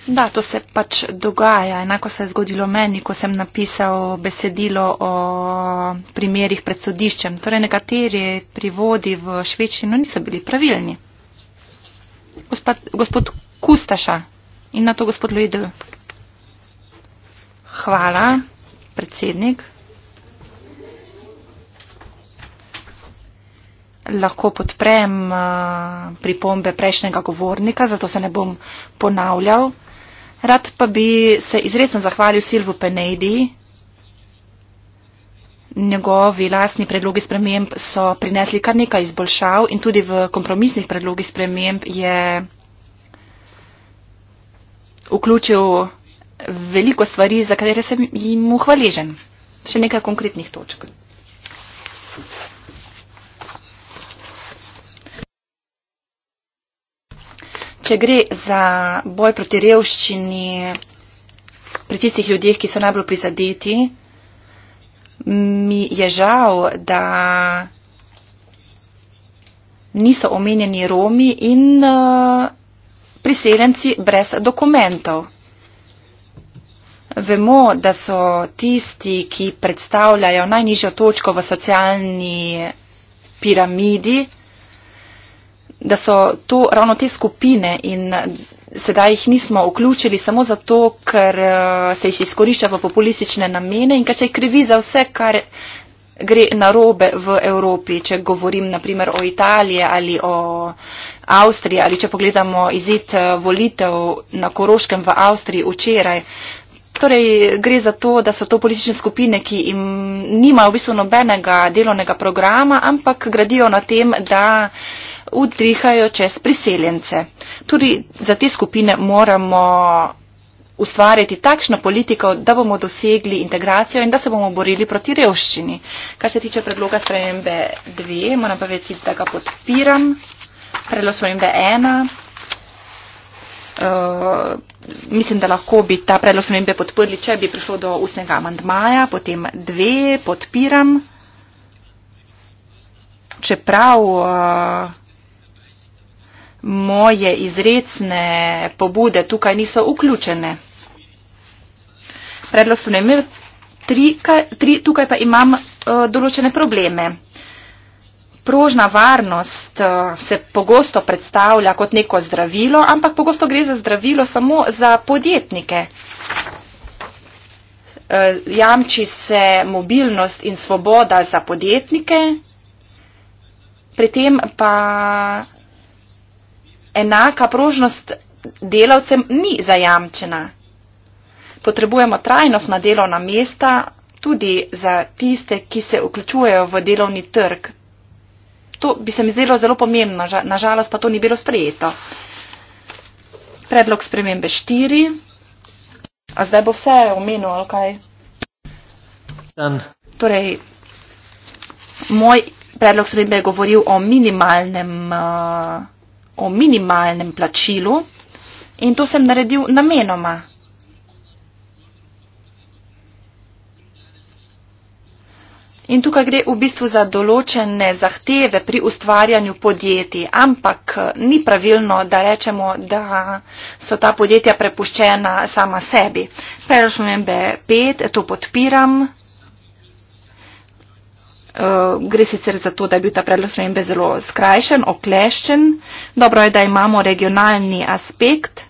Da, to se pač dogaja. Enako se je zgodilo meni, ko sem napisal besedilo o primerjih pred sodiščem. Torej, nekateri privodi v švečino niso bili pravilni. Gospod, gospod Kustaša in na to gospod Lojdel. Hvala, predsednik. Lahko podprem uh, pripombe prejšnjega govornika, zato se ne bom ponavljal. Rad pa bi se izredno zahvalil Silvu Penedi. Njegovi lastni predlogi sprememb so prinesli kar nekaj izboljšav in tudi v kompromisnih predlogih sprememb je vključil veliko stvari, za katere sem jim hvaležen. Še nekaj konkretnih točk. če gre za boj proti revščini pri tistih ljudeh, ki so najbolj prizadeti, mi je žal, da niso omenjeni Romi in eh, priseljenci brez dokumentov. Vemo, da so tisti, ki predstavljajo najnižjo točko v socialni piramidi, da so to ravno te skupine in sedaj jih nismo vključili samo zato, ker eh, se jih izkorišča v populistične namene in ker se jih krivi za vse, kar gre na robe v Evropi, če govorim naprimer o Italiji ali o Avstriji ali če pogledamo izid eh, volitev na Koroškem v Avstriji včeraj. Torej, gre za to, da so to politične skupine, ki jim nimajo v bistvu nobenega delovnega programa, ampak gradijo na tem, da uh, udrihajo čez priseljence. Tudi za te skupine moramo ustvariti takšno politiko, da bomo dosegli integracijo in da se bomo borili proti revščini. Kar se tiče predloga spremembe 2, moram povedati, da ga podpiram. Predlog spremembe 1. Uh, eh, mislim, da lahko bi ta predlog spremembe podprli, če bi prišlo do ustnega amandmaja. Potem 2 podpiram. Čeprav. Uh, moje izrecne pobude tukaj niso vključene. Predlog sem imel tri, tri, tukaj pa imam uh, določene probleme. Prožna varnost uh, se pogosto predstavlja kot neko zdravilo, ampak pogosto gre za zdravilo samo za podjetnike. Uh, jamči se mobilnost in svoboda za podjetnike, pri tem pa enaka prožnost delavcem ni zajamčena. Potrebujemo trajnostna delovna mesta tudi za tiste, ki se vključujejo v delovni trg. To bi se mi zdelo zelo pomembno, nažalost pa to ni bilo sprejeto. Predlog spremembe 4. A zdaj bo vse omenil, ali kaj? Dan. Torej, moj predlog spremembe je govoril o minimalnem. Uh, o minimalnem plačilu in to sem naredil namenoma. In tukaj gre v bistvu za določene zahteve pri ustvarjanju podjetij, ampak eh, ni pravilno, da rečemo, da so ta podjetja prepuščena sama sebi. Peršumem B5, to podpiram. Eh, gre sicer za to, da je bil ta predlog spremembe zelo skrajšen, okleščen. Dobro je, da imamo regionalni aspekt.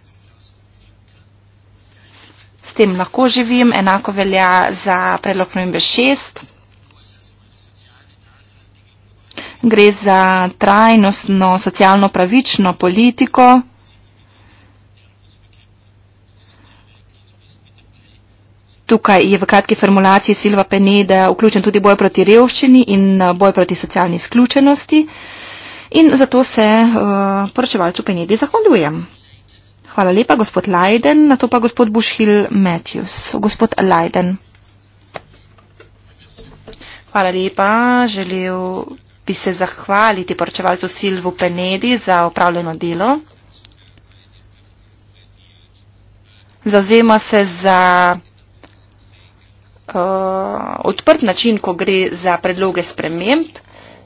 S tem lahko živim, enako velja za predlog spremembe 6. Gre za trajnostno socialno pravično politiko. Tukaj je v kratki formulaciji Silva Peneda vključen tudi boj proti revščini in eh, boj proti socialni izključenosti. In zato se uh, poročevalcu Penedi zahvaljujem. Hvala lepa, gospod Leiden, na to pa gospod Bushil Matthews. Gospod Leiden. Hvala lepa, želel bi se zahvaliti poročevalcu Silvu Penedi za opravljeno delo. Zauzema se za Eh, odprt način, ko gre za predloge sprememb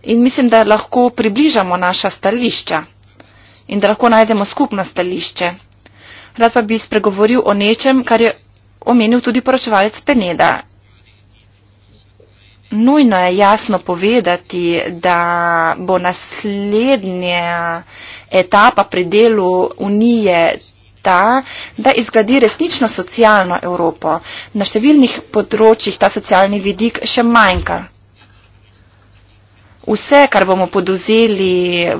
in mislim, da lahko približamo naša stališča in da lahko najdemo skupno stališče. Rad pa bi spregovoril o nečem, kar je omenil tudi poročevalec Peneda. Nujno je jasno povedati, da bo naslednja etapa pri delu unije ta, da izgradi resnično socialno Evropo. Na številnih področjih ta socialni vidik še manjka. Vse, kar bomo poduzeli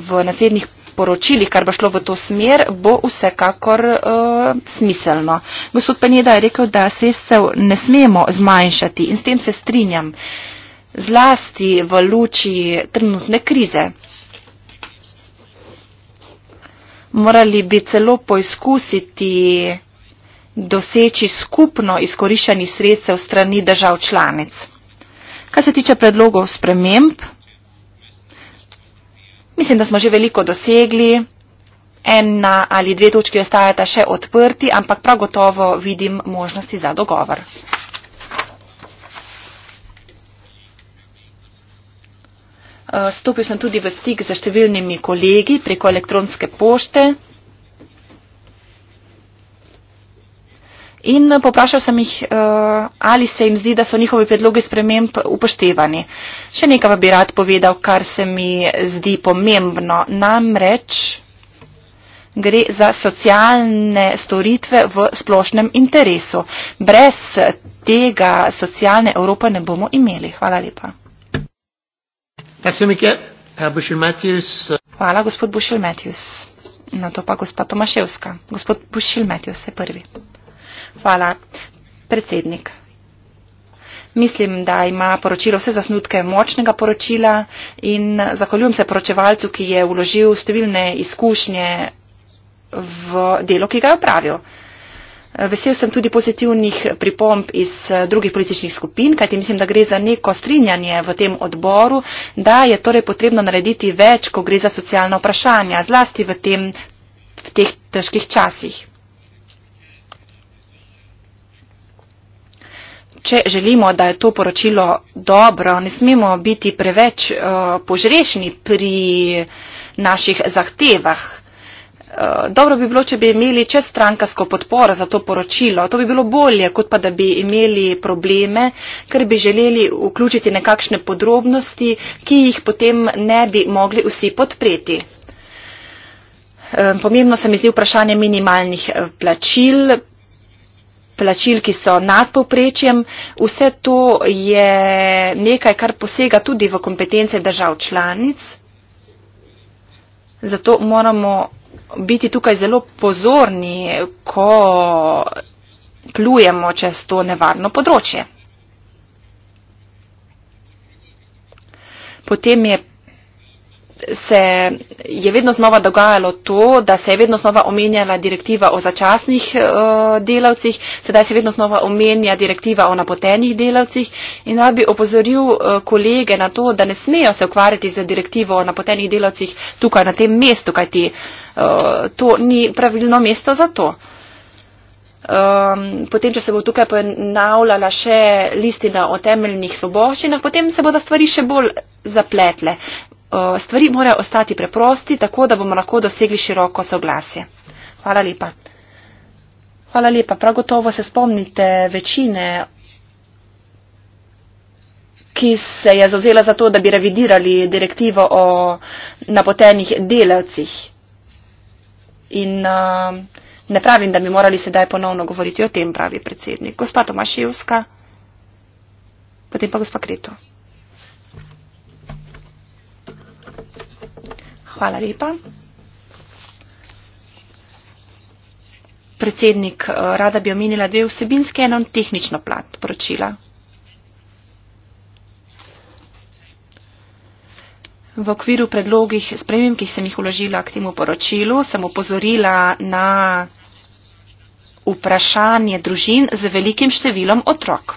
v naslednjih poročilih, kar bo šlo v to smer, bo vsekakor uh, smiselno. Gospod Peneda je rekel, da sredstev ne smemo zmanjšati in s tem se strinjam. Zlasti v luči trenutne krize morali bi celo poizkusiti doseči skupno izkoriščanje sredstev strani držav članic. Kar se tiče predlogov sprememb, mislim, da smo že veliko dosegli. Ena ali dve točki ostajata še odprti, ampak prav gotovo vidim možnosti za dogovor. Eh, stopil sem tudi v stik z številnimi kolegi preko elektronske pošte. In poprašal sem jih, eh, ali se jim zdi, da so njihovi predlogi sprememb upoštevani. Še nekaj bi rad povedal, kar se mi zdi pomembno. Namreč gre za socialne storitve v splošnem interesu. Brez tega socialne Evrope ne bomo imeli. Hvala lepa. Tak se mi je, Bušil Matthews. Äh, Hvala, gospod Bušil Matthews. Na to pa gospod Tomaševska. Gospod Bušil Matthews, se prvi. Hvala, predsednik. Mislim, da ima poročilo vse zasnutke močnega poročila in zakoljujem se poročevalcu, ki je uložil številne izkušnje v delo, ki ga je opravil. Vesel sem tudi pozitivnih pripomb iz eh, drugih političnih skupin, kajti mislim, da gre za neko strinjanje v tem odboru, da je torej potrebno narediti več, ko gre za socialna vprašanja, zlasti v, tem, v teh težkih časih. Če želimo, da je to poročilo dobro, ne smemo biti preveč uh, požrešni pri naših zahtevah. Eh, dobro bi bilo, če bi imeli čestrankarsko podporo za to poročilo. To bi bilo bolje, kot pa da bi imeli probleme, ker bi želeli vključiti nekakšne podrobnosti, ki jih potem ne bi mogli vsi podpreti. Eh, pomembno se mi zdi vprašanje minimalnih eh, plačil, plačil, ki so nad povprečjem. Vse to je nekaj, kar posega tudi v kompetence držav članic. Zato moramo biti tukaj zelo pozorni, ko plujemo čez to nevarno področje. Potem je se je vedno znova dogajalo to, da se je vedno znova omenjala direktiva o začasnih uh, delavcih, sedaj se vedno znova omenja direktiva o napotenih delavcih in rad bi opozoril uh, kolege na to, da ne smejo se ukvarjati z direktivo o napotenih delavcih tukaj na tem mestu, kajti uh, to ni pravilno mesto za to. Um, potem, če se bo tukaj ponavljala še listina o temeljnih svoboščinah, potem se bodo stvari še bolj zapletle. Eh, stvari morajo ostati preprosti, tako da bomo lahko dosegli široko soglasje. Hvala lepa. Hvala lepa. Prav gotovo se spomnite večine, ki se je zauzela za to, da bi revidirali direktivo o napotenih delavcih. In eh, ne pravim, da bi morali sedaj ponovno govoriti o tem, pravi predsednik. Gospa Tomaševska, potem pa gospa Kreto. Hvala lepa. Predsednik, eh, rada bi omenila dve vsebinske, eno tehnično plat poročila. V okviru predlogih spremem, ki sem jih uložila k temu poročilu, sem upozorila na vprašanje družin z velikim številom otrok.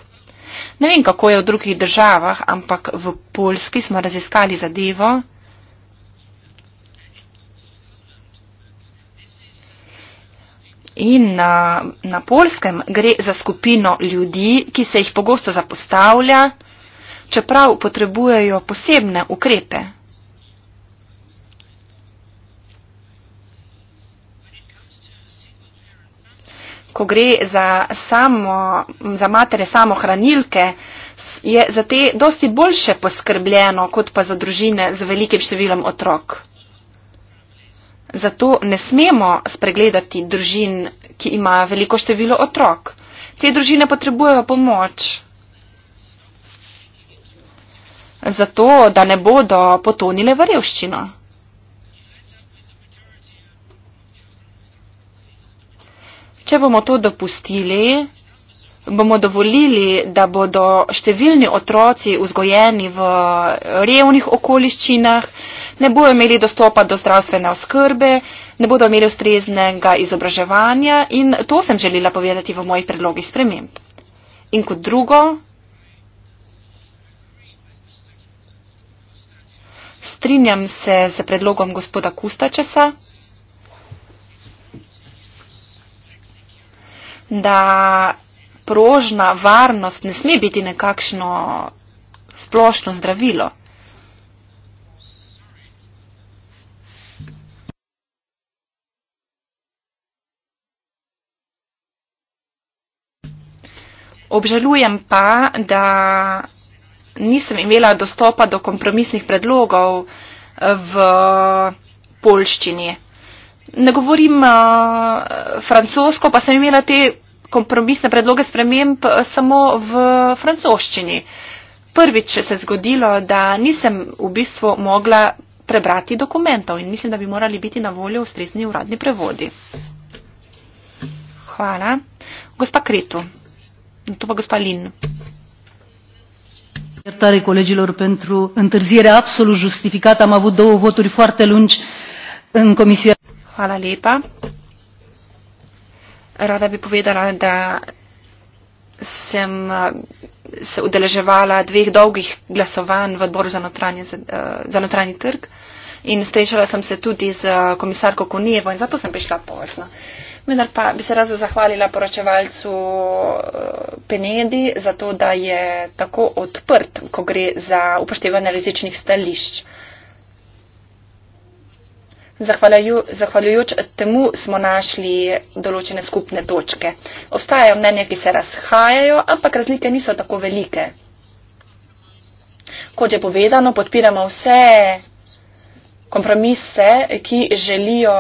Ne vem, kako je v drugih državah, ampak v Polski smo raziskali zadevo. In na, na polskem gre za skupino ljudi, ki se jih pogosto zapostavlja, čeprav potrebujejo posebne ukrepe. Ko gre za, samo, za matere samohranilke, je za te dosti boljše poskrbljeno, kot pa za družine z velikim številom otrok. Zato ne smemo spregledati družin, ki imajo veliko število otrok. Te družine potrebujejo pomoč. Zato, da ne bodo potonile v revščino. Če bomo to dopustili, bomo dovolili, da bodo številni otroci vzgojeni v revnih okoliščinah, ne bodo imeli dostopa do zdravstvene oskrbe, ne bodo imeli ustreznega izobraževanja in to sem želela povedati v mojih predlogih sprememb. In kot drugo, strinjam se z predlogom gospoda Kustačesa, da prožna varnost ne sme biti nekakšno splošno zdravilo. Obžalujem pa, da nisem imela dostopa do kompromisnih predlogov eh, v polščini. Ne govorim uh, francosko, pa sem imela te kompromisne predloge sprememb eh, samo v francoščini. Prvič se je zgodilo, da nisem v bistvu mogla prebrati dokumentov in mislim, da bi morali biti na voljo ustrezni uradni prevodi. Hvala. Gospa Kretu. To pa gospa Lin. Iertare colegilor pentru întârziere absolut justificată. Am avut două voturi foarte lungi în comisia. Hvala lepa. Rada bi povedala, da sem eh, se udeleževala dveh dolgih glasovanj v odboru za notranji, eh, za notranji trg in srečala sem se tudi z eh, komisarko Konijevo in zato sem prišla pozno. Vendar pa bi se rada zahvalila poročevalcu Penedi za to, da je tako odprt, ko gre za upoštevanje različnih stališč. Zahvaljujoč temu smo našli določene skupne točke. Obstajajo mnenja, ki se razhajajo, ampak razlike niso tako velike. Kot je povedano, podpiramo vse kompromise, ki želijo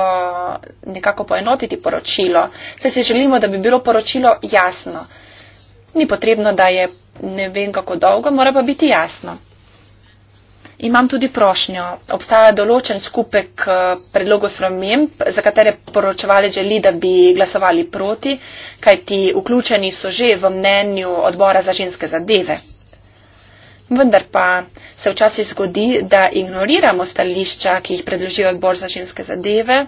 nekako poenotiti poročilo. Saj si želimo, da bi bilo poročilo jasno. Ni potrebno, da je ne vem kako dolgo, mora pa biti jasno. Imam tudi prošnjo. Obstaja določen skupek eh, predlogov sprememb, za katere poročevalec želi, da bi glasovali proti, kajti vključeni so že v mnenju odbora za ženske zadeve. Vendar pa se včasih zgodi, da ignoriramo stališča, ki jih predloži odbor za ženske zadeve.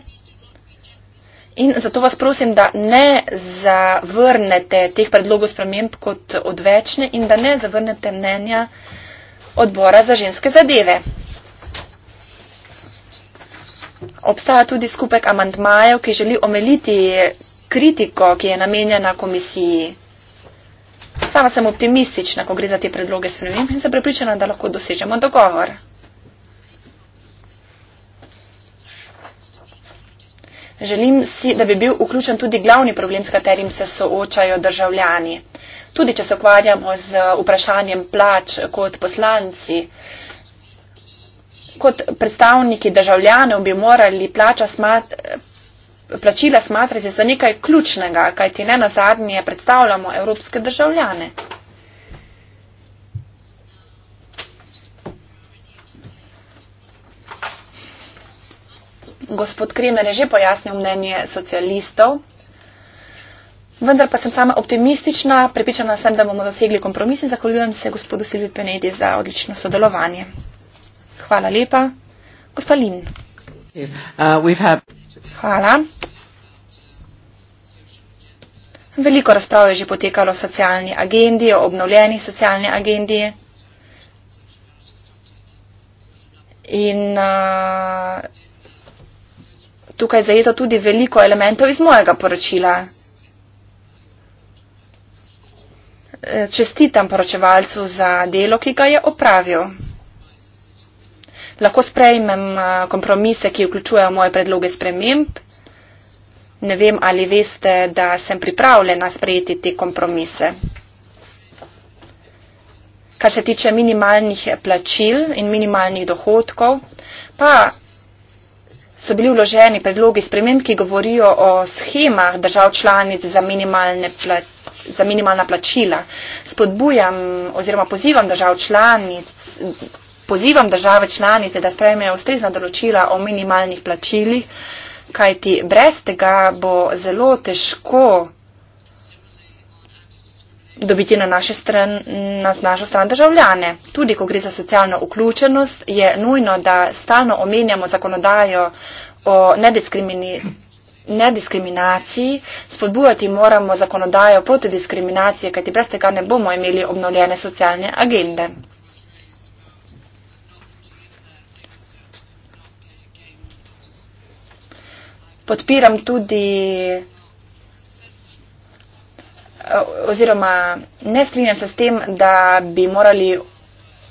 In zato vas prosim, da ne zavrnete teh predlogov sprememb kot odvečne in da ne zavrnete mnenja odbora za ženske zadeve. Obstaja tudi skupek amantmajev, ki želi omeliti kritiko, ki je namenjena komisiji. Sama sem optimistična, ko gre za te predloge sprememb in sem prepričana, da lahko dosežemo dogovor. Želim si, da bi bil vključen tudi glavni problem, s katerim se soočajo državljani tudi če se ukvarjamo z eh, vprašanjem plač kot poslanci. Kot predstavniki državljanov bi morali plača smat, plačila smatrati za nekaj ključnega, kaj ti ne na zadnje predstavljamo evropske državljane. Gospod Kremer je že pojasnil mnenje socialistov. Vendar pa sem sama optimistična, prepričana sem, da bomo dosegli kompromis in zahvaljujem se gospodu Silvi Penedi za odlično sodelovanje. Hvala lepa. Gospa Lin. Uh, had... Hvala. Veliko razprav je že potekalo o socialni agendi, o obnovljeni socialni agendi. In uh, tukaj je zajeto tudi veliko elementov iz mojega poročila. Eh, čestitam poročevalcu za delo, ki ga je opravil. Lahko sprejmem eh, kompromise, ki vključujejo moje predloge sprememb. Ne vem, ali veste, da sem pripravljena sprejeti te kompromise. Kar se tiče minimalnih plačil in minimalnih dohodkov, pa so bili vloženi predlogi sprememb, ki govorijo o schemah držav članic za minimalne plačile za minimalna plačila. Spodbujam oziroma pozivam držav članic, pozivam države članice, da sprejmejo ustrezna določila o minimalnih plačilih, kajti brez tega bo zelo težko dobiti na, naše stran, na našo stran državljane. Tudi, ko gre za socialno vključenost, je nujno, da stalno omenjamo zakonodajo o nediskriminiranju nediskriminaciji, spodbujati moramo zakonodajo proti diskriminaciji, kajti brez tega ne bomo imeli obnovljene socialne agende. Podpiram tudi eh, oziroma ne strinjam se s tem, da bi morali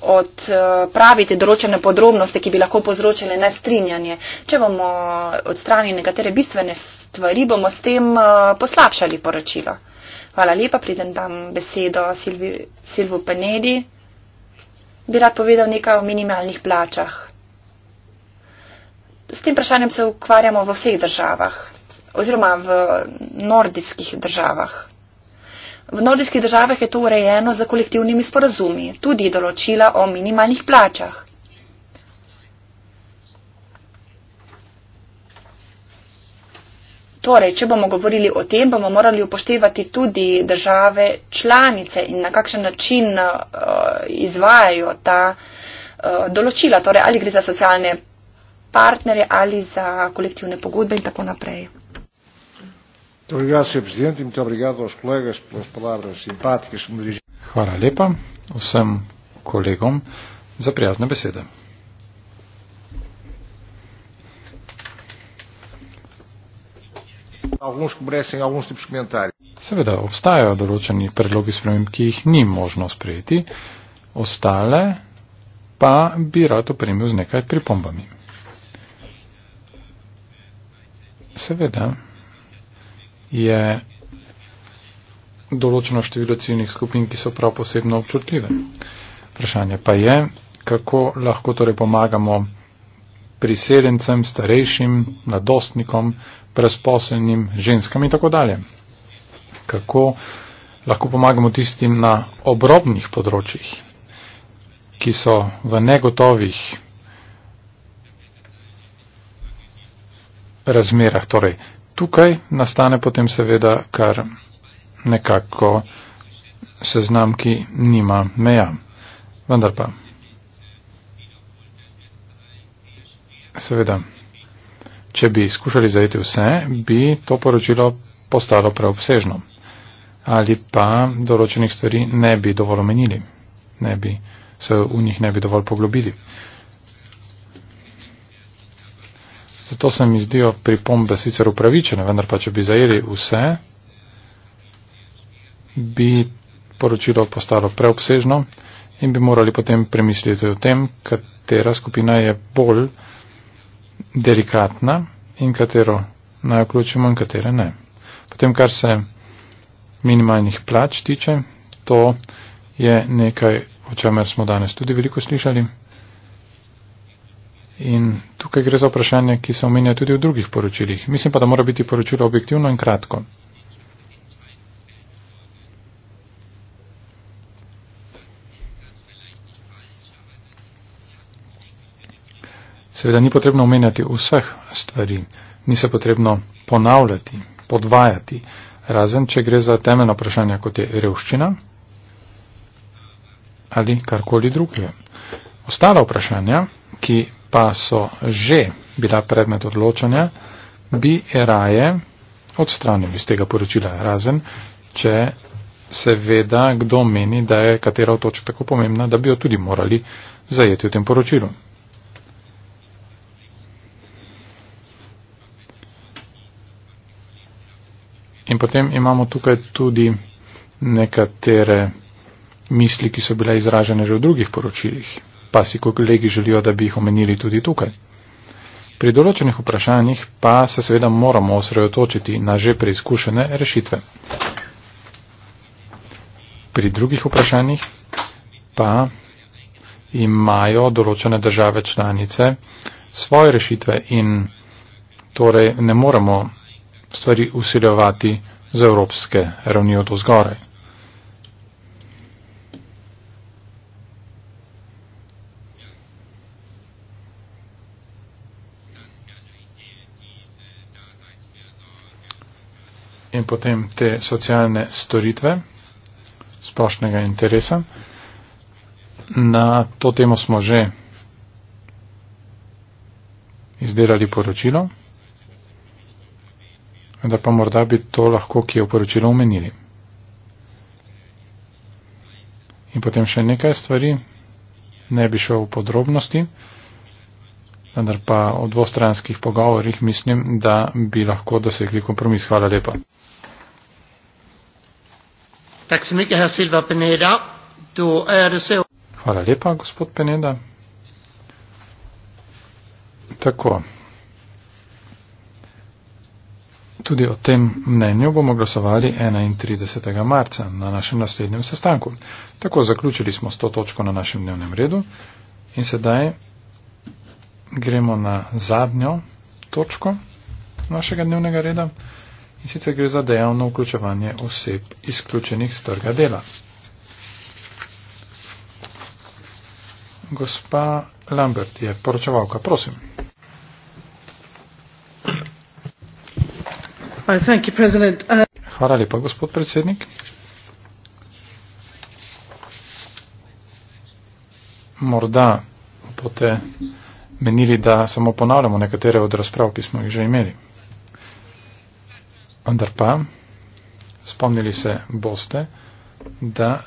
odpraviti eh, določene podrobnosti, ki bi lahko povzročile nestrinjanje. Če bomo odstranili nekatere bistvene stvari, bomo s tem eh, poslabšali poročilo. Hvala lepa, pridem dam besedo Silvu Penedi. Bi rad povedal nekaj o minimalnih plačah. S tem vprašanjem se ukvarjamo v vseh državah oziroma v nordijskih državah. V nordijskih državah je to urejeno za kolektivnimi sporazumi, tudi določila o minimalnih plačah. Torej, če bomo govorili o tem, bomo morali upoštevati tudi države članice in na kakšen način uh, izvajajo ta uh, določila, torej ali gre za socialne partnerje ali za kolektivne pogodbe in tako naprej. Muito obrigado, Sr. Presidente, e muito obrigado aos colegas pelas palavras simpáticas que me dirigiram. Hvala lepa vsem kolegom za prijazne besede. Seveda obstajajo določeni predlogi sprememb, ki jih ni možno sprejeti, ostale pa bi rad opremil z nekaj pripombami. Seveda je določeno število ciljnih skupin, ki so prav posebno občutljive. Vprašanje pa je, kako lahko torej pomagamo priseljencem, starejšim, nadostnikom, presposelnim, ženskam in tako dalje. Kako lahko pomagamo tistim na obrobnih področjih, ki so v negotovih razmerah, torej tukaj nastane potem seveda kar nekako seznam, ki nima meja. Vendar pa. Seveda, če bi skušali zajeti vse, bi to poročilo postalo preobsežno. Ali pa določenih stvari ne bi dovolj omenili, ne bi se v njih ne bi dovolj poglobili. Zato se mi zdijo pripombe sicer upravičene, vendar pa če bi zajeli vse, bi poročilo postalo preobsežno in bi morali potem premisliti o tem, katera skupina je bolj delikatna in katero naj vključimo in katere ne. Potem, kar se minimalnih plač tiče, to je nekaj, o čemer smo danes tudi veliko slišali. In tukaj gre za vprašanje, ki se omenja tudi v drugih poročilih. Mislim pa, da mora biti poročilo objektivno in kratko. Seveda ni potrebno omenjati vseh stvari, ni se potrebno ponavljati, podvajati, razen če gre za temeljno vprašanje, kot je revščina ali karkoli drugega. Ostala vprašanja, ki pa so že bila predmet odločanja, bi raje odstranili iz tega poročila, razen če seveda kdo meni, da je katera od točk tako pomembna, da bi jo tudi morali zajeti v tem poročilu. In potem imamo tukaj tudi nekatere misli, ki so bile izražene že v drugih poročilih pa si kolegi želijo, da bi jih omenili tudi tukaj. Pri določenih vprašanjih pa se seveda moramo osredotočiti na že preizkušene rešitve. Pri drugih vprašanjih pa imajo določene države članice svoje rešitve in torej ne moremo stvari usiljevati z evropske ravni od vzgoraj. in potem te socialne storitve splošnega interesa. Na to temo smo že izdelali poročilo, da pa morda bi to lahko, ki je v poročilo omenili. In potem še nekaj stvari, ne bi šel v podrobnosti, vendar pa o dvostranskih pogovorih mislim, da bi lahko dosegli kompromis. Hvala lepa. Tack så mycket, herr Silva Peneda. Då är det så. Hvala lepa, gospod Peneda. Tako. Tudi o tem mnenju bomo glasovali 31. marca na našem naslednjem sestanku. Tako zaključili smo s to točko na našem dnevnem redu in sedaj gremo na zadnjo točko našega dnevnega reda in sicer gre za dejavno vključevanje oseb izključenih z trga dela. Gospa Lambert je poročevalka, prosim. Uh, Hvala lepa, gospod predsednik. Morda boste menili, da samo ponavljamo nekatere od razprav, ki smo jih že imeli. Vendar pa, spomnili se boste, da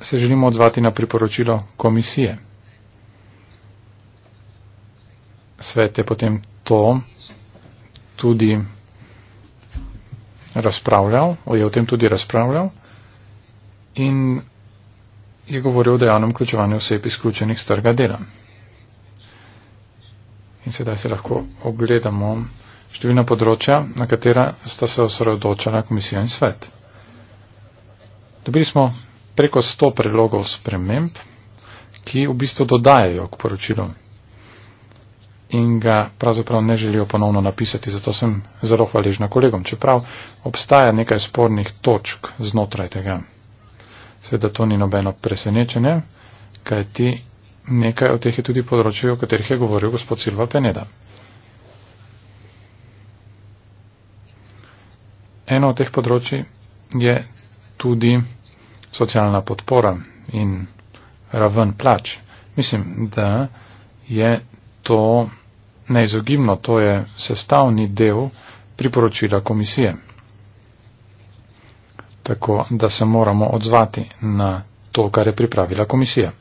se želimo odzvati na priporočilo komisije. Svet je potem to tudi razpravljal, o je o tem tudi razpravljal in je govoril o dejavnem vključevanju oseb izključenih z trga dela. In sedaj se lahko ogledamo številna področja, na katera sta se osredotočena komisija in svet. Dobili smo preko 100 predlogov sprememb, ki v bistvu dodajajo k poročilu in ga pravzaprav ne želijo ponovno napisati, zato sem zelo hvaležna kolegom, čeprav obstaja nekaj spornih točk znotraj tega. Seveda to ni nobeno presenečenje, kajti nekaj od teh je tudi področje, o katerih je govoril gospod Silva Peneda. Eno od teh področji je tudi socialna podpora in raven plač. Mislim, da je to neizogibno, to je sestavni del priporočila komisije. Tako da se moramo odzvati na to, kar je pripravila komisija.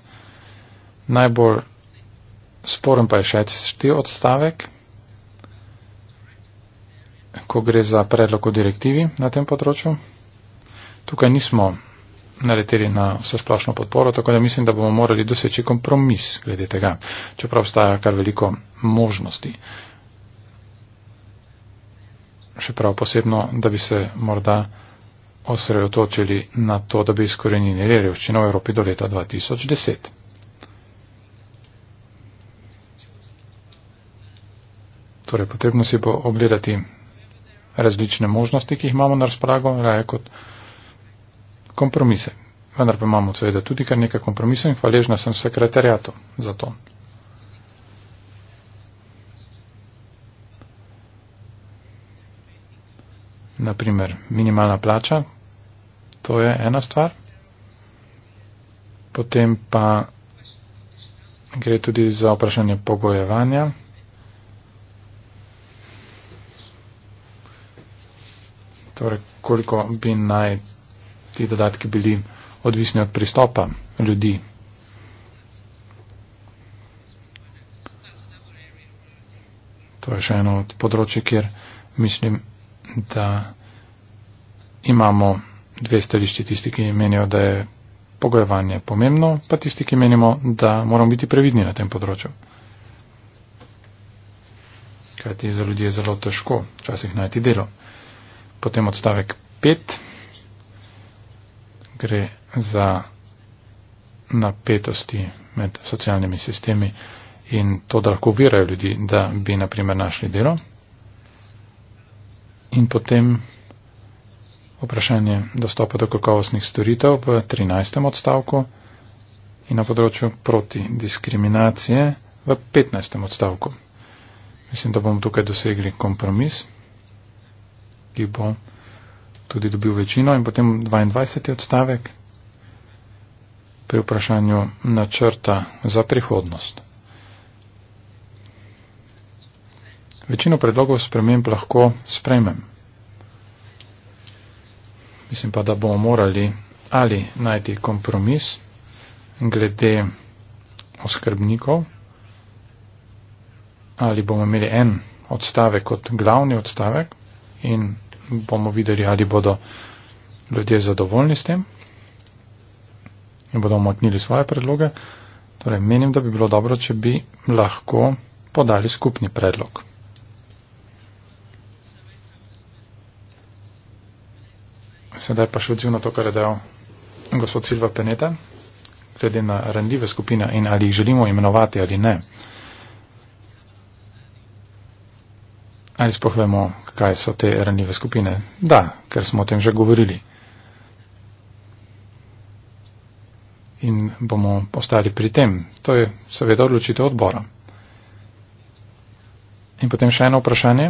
Najbolj sporen pa je še tisti odstavek, ko gre za predlog o direktivi na tem področju. Tukaj nismo naleteli na vse splošno podporo, tako da mislim, da bomo morali doseči kompromis glede tega, čeprav obstaja kar veliko možnosti. Še prav posebno, da bi se morda osredotočili na to, da bi izkorenili revščino v Evropi do leta 2010. Torej, potrebno si bo ogledati različne možnosti, ki jih imamo na razpolago, raje kot kompromise. Vendar pa imamo seveda tudi kar nekaj kompromisov in hvaležna sem sekretarjatu za to. Naprimer, minimalna plača, to je ena stvar. Potem pa gre tudi za vprašanje pogojevanja. torej koliko bi naj ti dodatki bili odvisni od pristopa ljudi. To je še eno od področji, kjer mislim, da imamo dve stališči tisti, ki menijo, da je pogojevanje pomembno, pa tisti, ki menimo, da moramo biti previdni na tem področju. Kajti za ljudi je zelo težko včasih najti delo. Potem odstavek 5 gre za napetosti med socialnimi sistemi in to, da lahko virajo ljudi, da bi naprimer našli delo. In potem vprašanje dostopa do kakovostnih storitev v 13. odstavku in na področju proti diskriminacije v 15. odstavku. Mislim, da bomo tukaj dosegli kompromis ki bo tudi dobil večino. In potem 22. odstavek pri vprašanju načrta za prihodnost. Večino predlogov sprememb lahko spremem. Mislim pa, da bomo morali ali najti kompromis glede oskrbnikov, ali bomo imeli en odstavek kot glavni odstavek in bomo videli, ali bodo ljudje zadovoljni s tem in bodo omotnili svoje predloge. Torej, menim, da bi bilo dobro, če bi lahko podali skupni predlog. Sedaj pa še odziv na to, kar je dejal gospod Silva Peneta, glede na randljive skupine in ali jih želimo imenovati ali ne. Ali sploh vemo, kaj so te ranljive skupine? Da, ker smo o tem že govorili. In bomo ostali pri tem. To je seveda odločitev odbora. In potem še eno vprašanje.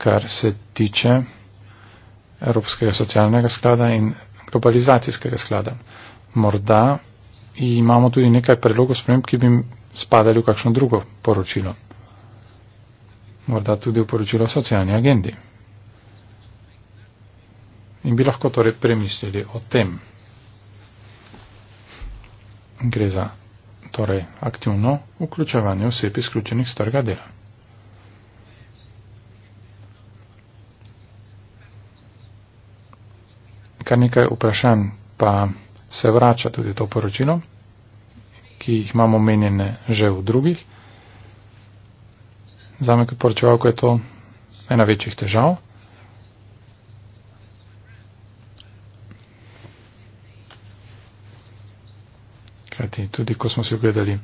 kar se tiče Evropskega socialnega sklada in globalizacijskega sklada. Morda imamo tudi nekaj predlogov sprememb, ki bi spadali v kakšno drugo poročilo. Morda tudi v poročilo o socialni agendi. In bi lahko torej premislili o tem. Gre za torej aktivno vključevanje oseb izključenih z trga dela. Kar nekaj vprašanj pa se vrača tudi to poročilo, ki jih imamo menjene že v drugih. Za me kot poročevalko je to ena večjih težav. Kajti tudi, ko smo si ogledali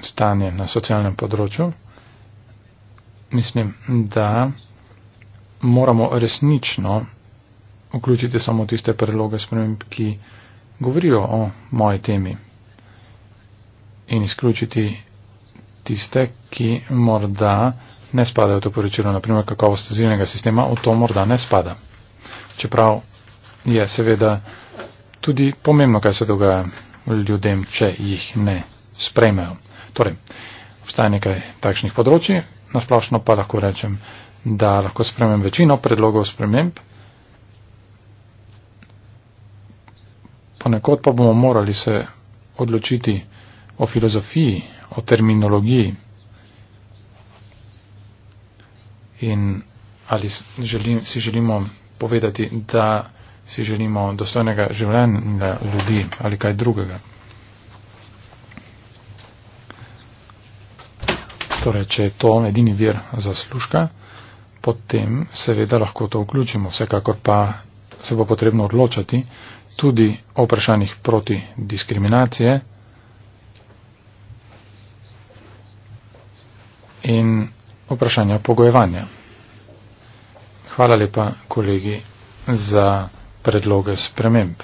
stanje na socialnem področju, mislim, da moramo resnično vključiti samo tiste predloge sprememb, ki govorijo o moji temi in izključiti tiste, ki morda ne spadajo v to poročilo, naprimer kakovost azilnega sistema, v to morda ne spada. Čeprav je seveda tudi pomembno, kaj se dogaja ljudem, če jih ne sprejmejo. Torej, obstaja nekaj takšnih področji, nasplošno pa lahko rečem, da lahko spremem večino predlogov sprememb, ponekod pa bomo morali se odločiti o filozofiji, o terminologiji in ali želim, si želimo povedati, da si želimo dostojnega življenja ljudi ali kaj drugega. Torej, če je to edini vir zaslužka, potem seveda lahko to vključimo. Vsekakor pa se bo potrebno odločati, tudi o vprašanjih proti diskriminacije in vprašanja pogojevanja. Hvala lepa, kolegi, za predloge sprememb.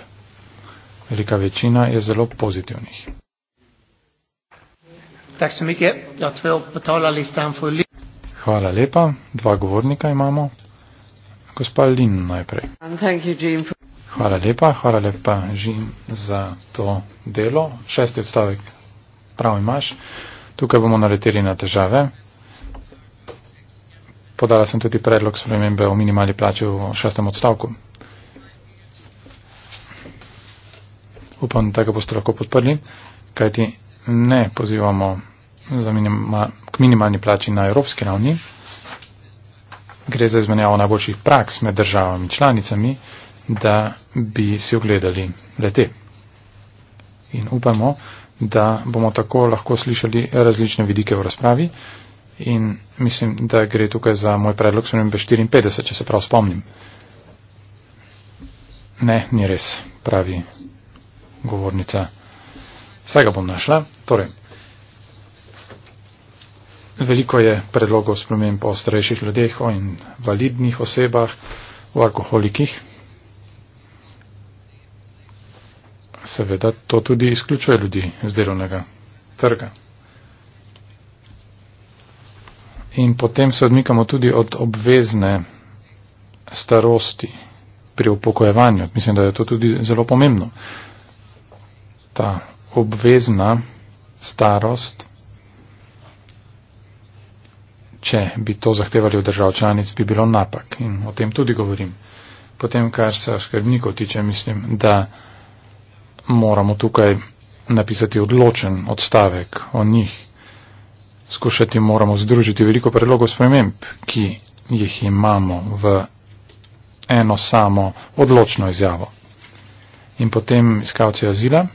Velika večina je zelo pozitivnih. Hvala lepa. Dva govornika imamo. Gospa Lin najprej. Hvala lepa, hvala lepa Žin za to delo. Šesti odstavek, prav imaš. Tukaj bomo naleteli na težave. Podala sem tudi predlog spremembe o minimalni plači v šestem odstavku. Upam, da ga boste lahko podprli, kajti ne pozivamo minima, k minimalni plači na evropski ravni. Gre za izmenjavo najboljših praks med državami članicami da bi si ogledali lete. In upamo, da bomo tako lahko slišali različne vidike v razpravi in mislim, da gre tukaj za moj predlog spremembe 54, če se prav spomnim. Ne, ni res, pravi govornica. Vse ga bom našla. Torej, veliko je predlogov spremenb o starejših ljudeh, o invalidnih osebah, o alkoholikih. seveda to tudi izključuje ljudi z delovnega trga. In potem se odmikamo tudi od obvezne starosti pri upokojevanju. Mislim, da je to tudi zelo pomembno. Ta obvezna starost, če bi to zahtevali od držav članic, bi bilo napak. In o tem tudi govorim. Potem, kar se oskrbnikov tiče, mislim, da moramo tukaj napisati odločen odstavek o njih. Skušati moramo združiti veliko predlogov sprememb, ki jih imamo v eno samo odločno izjavo. In potem iskalci azila.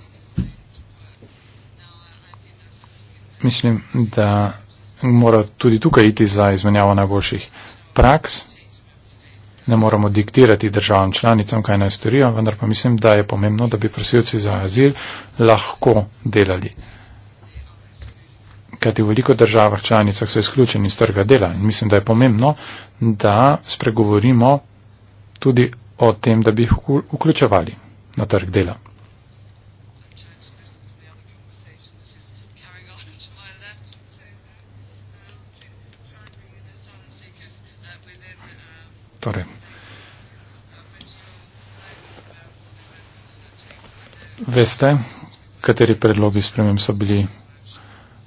Mislim, da mora tudi tukaj iti za izmenjavo najboljših praks ne moramo diktirati državam članicam, kaj naj storijo, vendar pa mislim, da je pomembno, da bi prosilci za azil lahko delali. Kajti v veliko državah članicah so izključeni iz trga dela in mislim, da je pomembno, da spregovorimo tudi o tem, da bi jih vključevali na trg dela. Torej, veste, kateri predlogi spremem so bili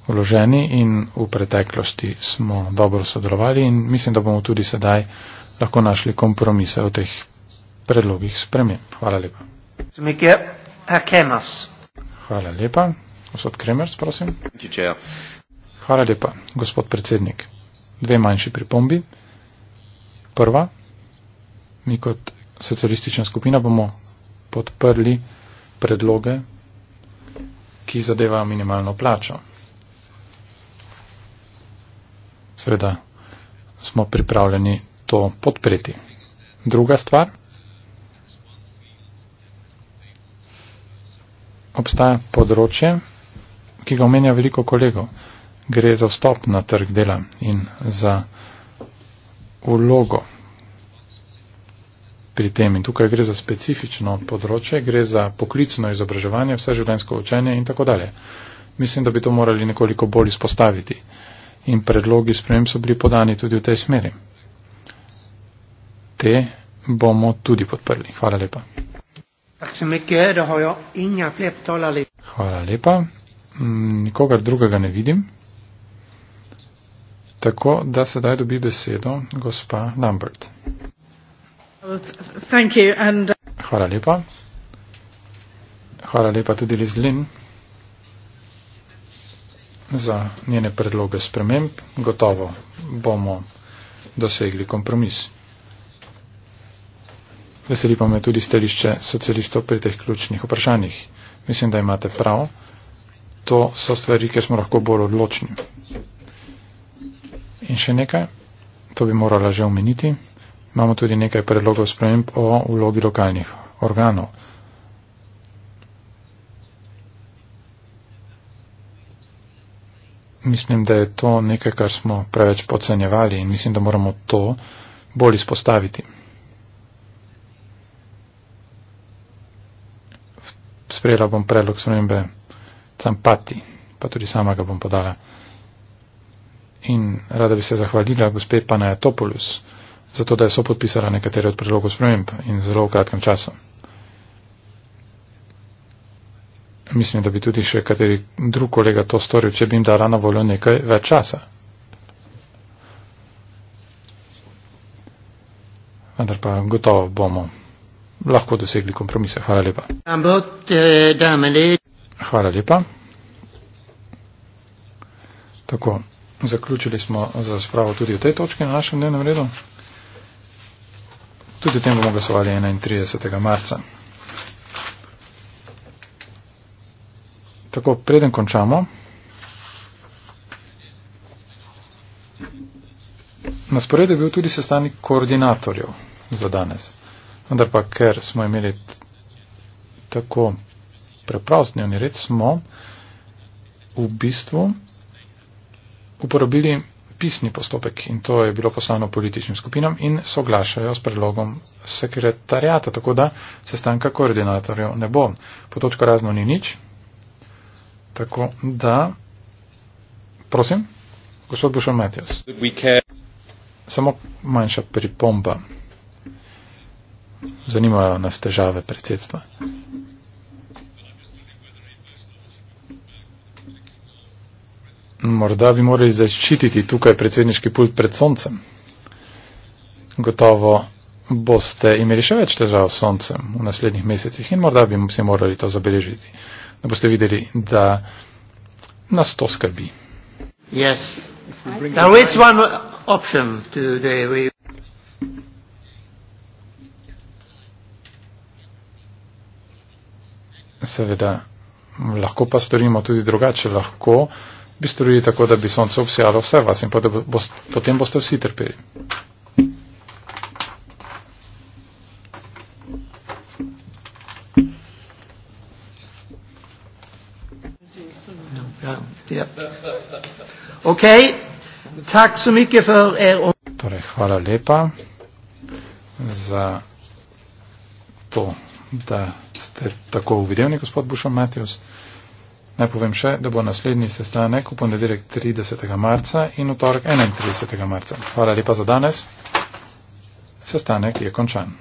vloženi in v preteklosti smo dobro sodelovali in mislim, da bomo tudi sedaj lahko našli kompromise o teh predlogih spremem. Hvala lepa. Hvala lepa. Gospod Kremers, prosim. Hvala lepa, gospod predsednik. Dve manjši pripombi. Prva, mi kot socialistična skupina bomo podprli predloge, ki zadevajo minimalno plačo. Seveda smo pripravljeni to podpreti. Druga stvar. Obstaja področje, ki ga omenja veliko kolegov. Gre za vstop na trg dela in za vlogo pri tem. In tukaj gre za specifično področje, gre za poklicno izobraževanje, vse življenjsko učenje in tako dalje. Mislim, da bi to morali nekoliko bolj izpostaviti. In predlogi sprejem so bili podani tudi v tej smeri. Te bomo tudi podprli. Hvala lepa. Hvala lepa. Mm, nikogar drugega ne vidim. Tako da sedaj dobi besedo gospa Lambert. Uh, Hvala lepa. Hvala lepa tudi Lizlin za njene predloge sprememb. Gotovo bomo dosegli kompromis. Veseli pa me tudi stališče socialistov pri teh ključnih vprašanjih. Mislim, da imate prav. To so stvari, kjer smo lahko bolj odločni. In še nekaj, to bi morala že omeniti. Imamo tudi nekaj predlogov sprememb o vlogi lokalnih organov. Mislim, da je to nekaj, kar smo preveč podcenjevali in mislim, da moramo to bolj izpostaviti. Sprejela bom predlog spremembe Campati, pa tudi sama ga bom podala. In rada bi se zahvalila gospe Panajatopolus zato da so podpisala nekatere od predlogov sprememb in zelo v kratkem času. Mislim, da bi tudi še kateri drug kolega to storil, če bi jim dala na voljo nekaj več časa. Vendar pa gotovo bomo lahko dosegli kompromise. Hvala lepa. Hvala lepa. Tako, zaključili smo za spravo tudi v tej točki na našem dnevnem redu. Tudi o tem bomo glasovali 31. marca. Tako, preden končamo, na sporedu je bil tudi sestanek koordinatorjev za danes. Vendar pa, ker smo imeli tako preprost dnevni red, smo v bistvu uporabili pisni postopek in to je bilo poslano političnim skupinam in soglašajo s predlogom sekretarjata, tako da sestanka koordinatorjev ne bo. Po točko razno ni nič. Tako da, prosim, gospod Bušo Matjas. Samo manjša pripomba. Zanimajo nas težave predsedstva. Morda bi morali zaščititi tukaj predsedniški pult pred soncem. Gotovo boste imeli še več težav s soncem v naslednjih mesecih in morda bi si morali to zabeležiti, da boste videli, da nas to skrbi. Yes. Seveda, lahko pa storimo tudi drugače. Lahko uh, bi storili tako, da bi sonce obsijalo vse vas in potem, bost, potem boste vsi trpeli. Ja. ja. Ok, tak so mi er Torej, hvala lepa za to, da ste tako uvideli, gospod Bušo Matijus. Naj povem še, da bo naslednji sestanek v ponedeljek 30. marca in v torek 31. marca. Hvala lepa za danes. Sestanek je končan.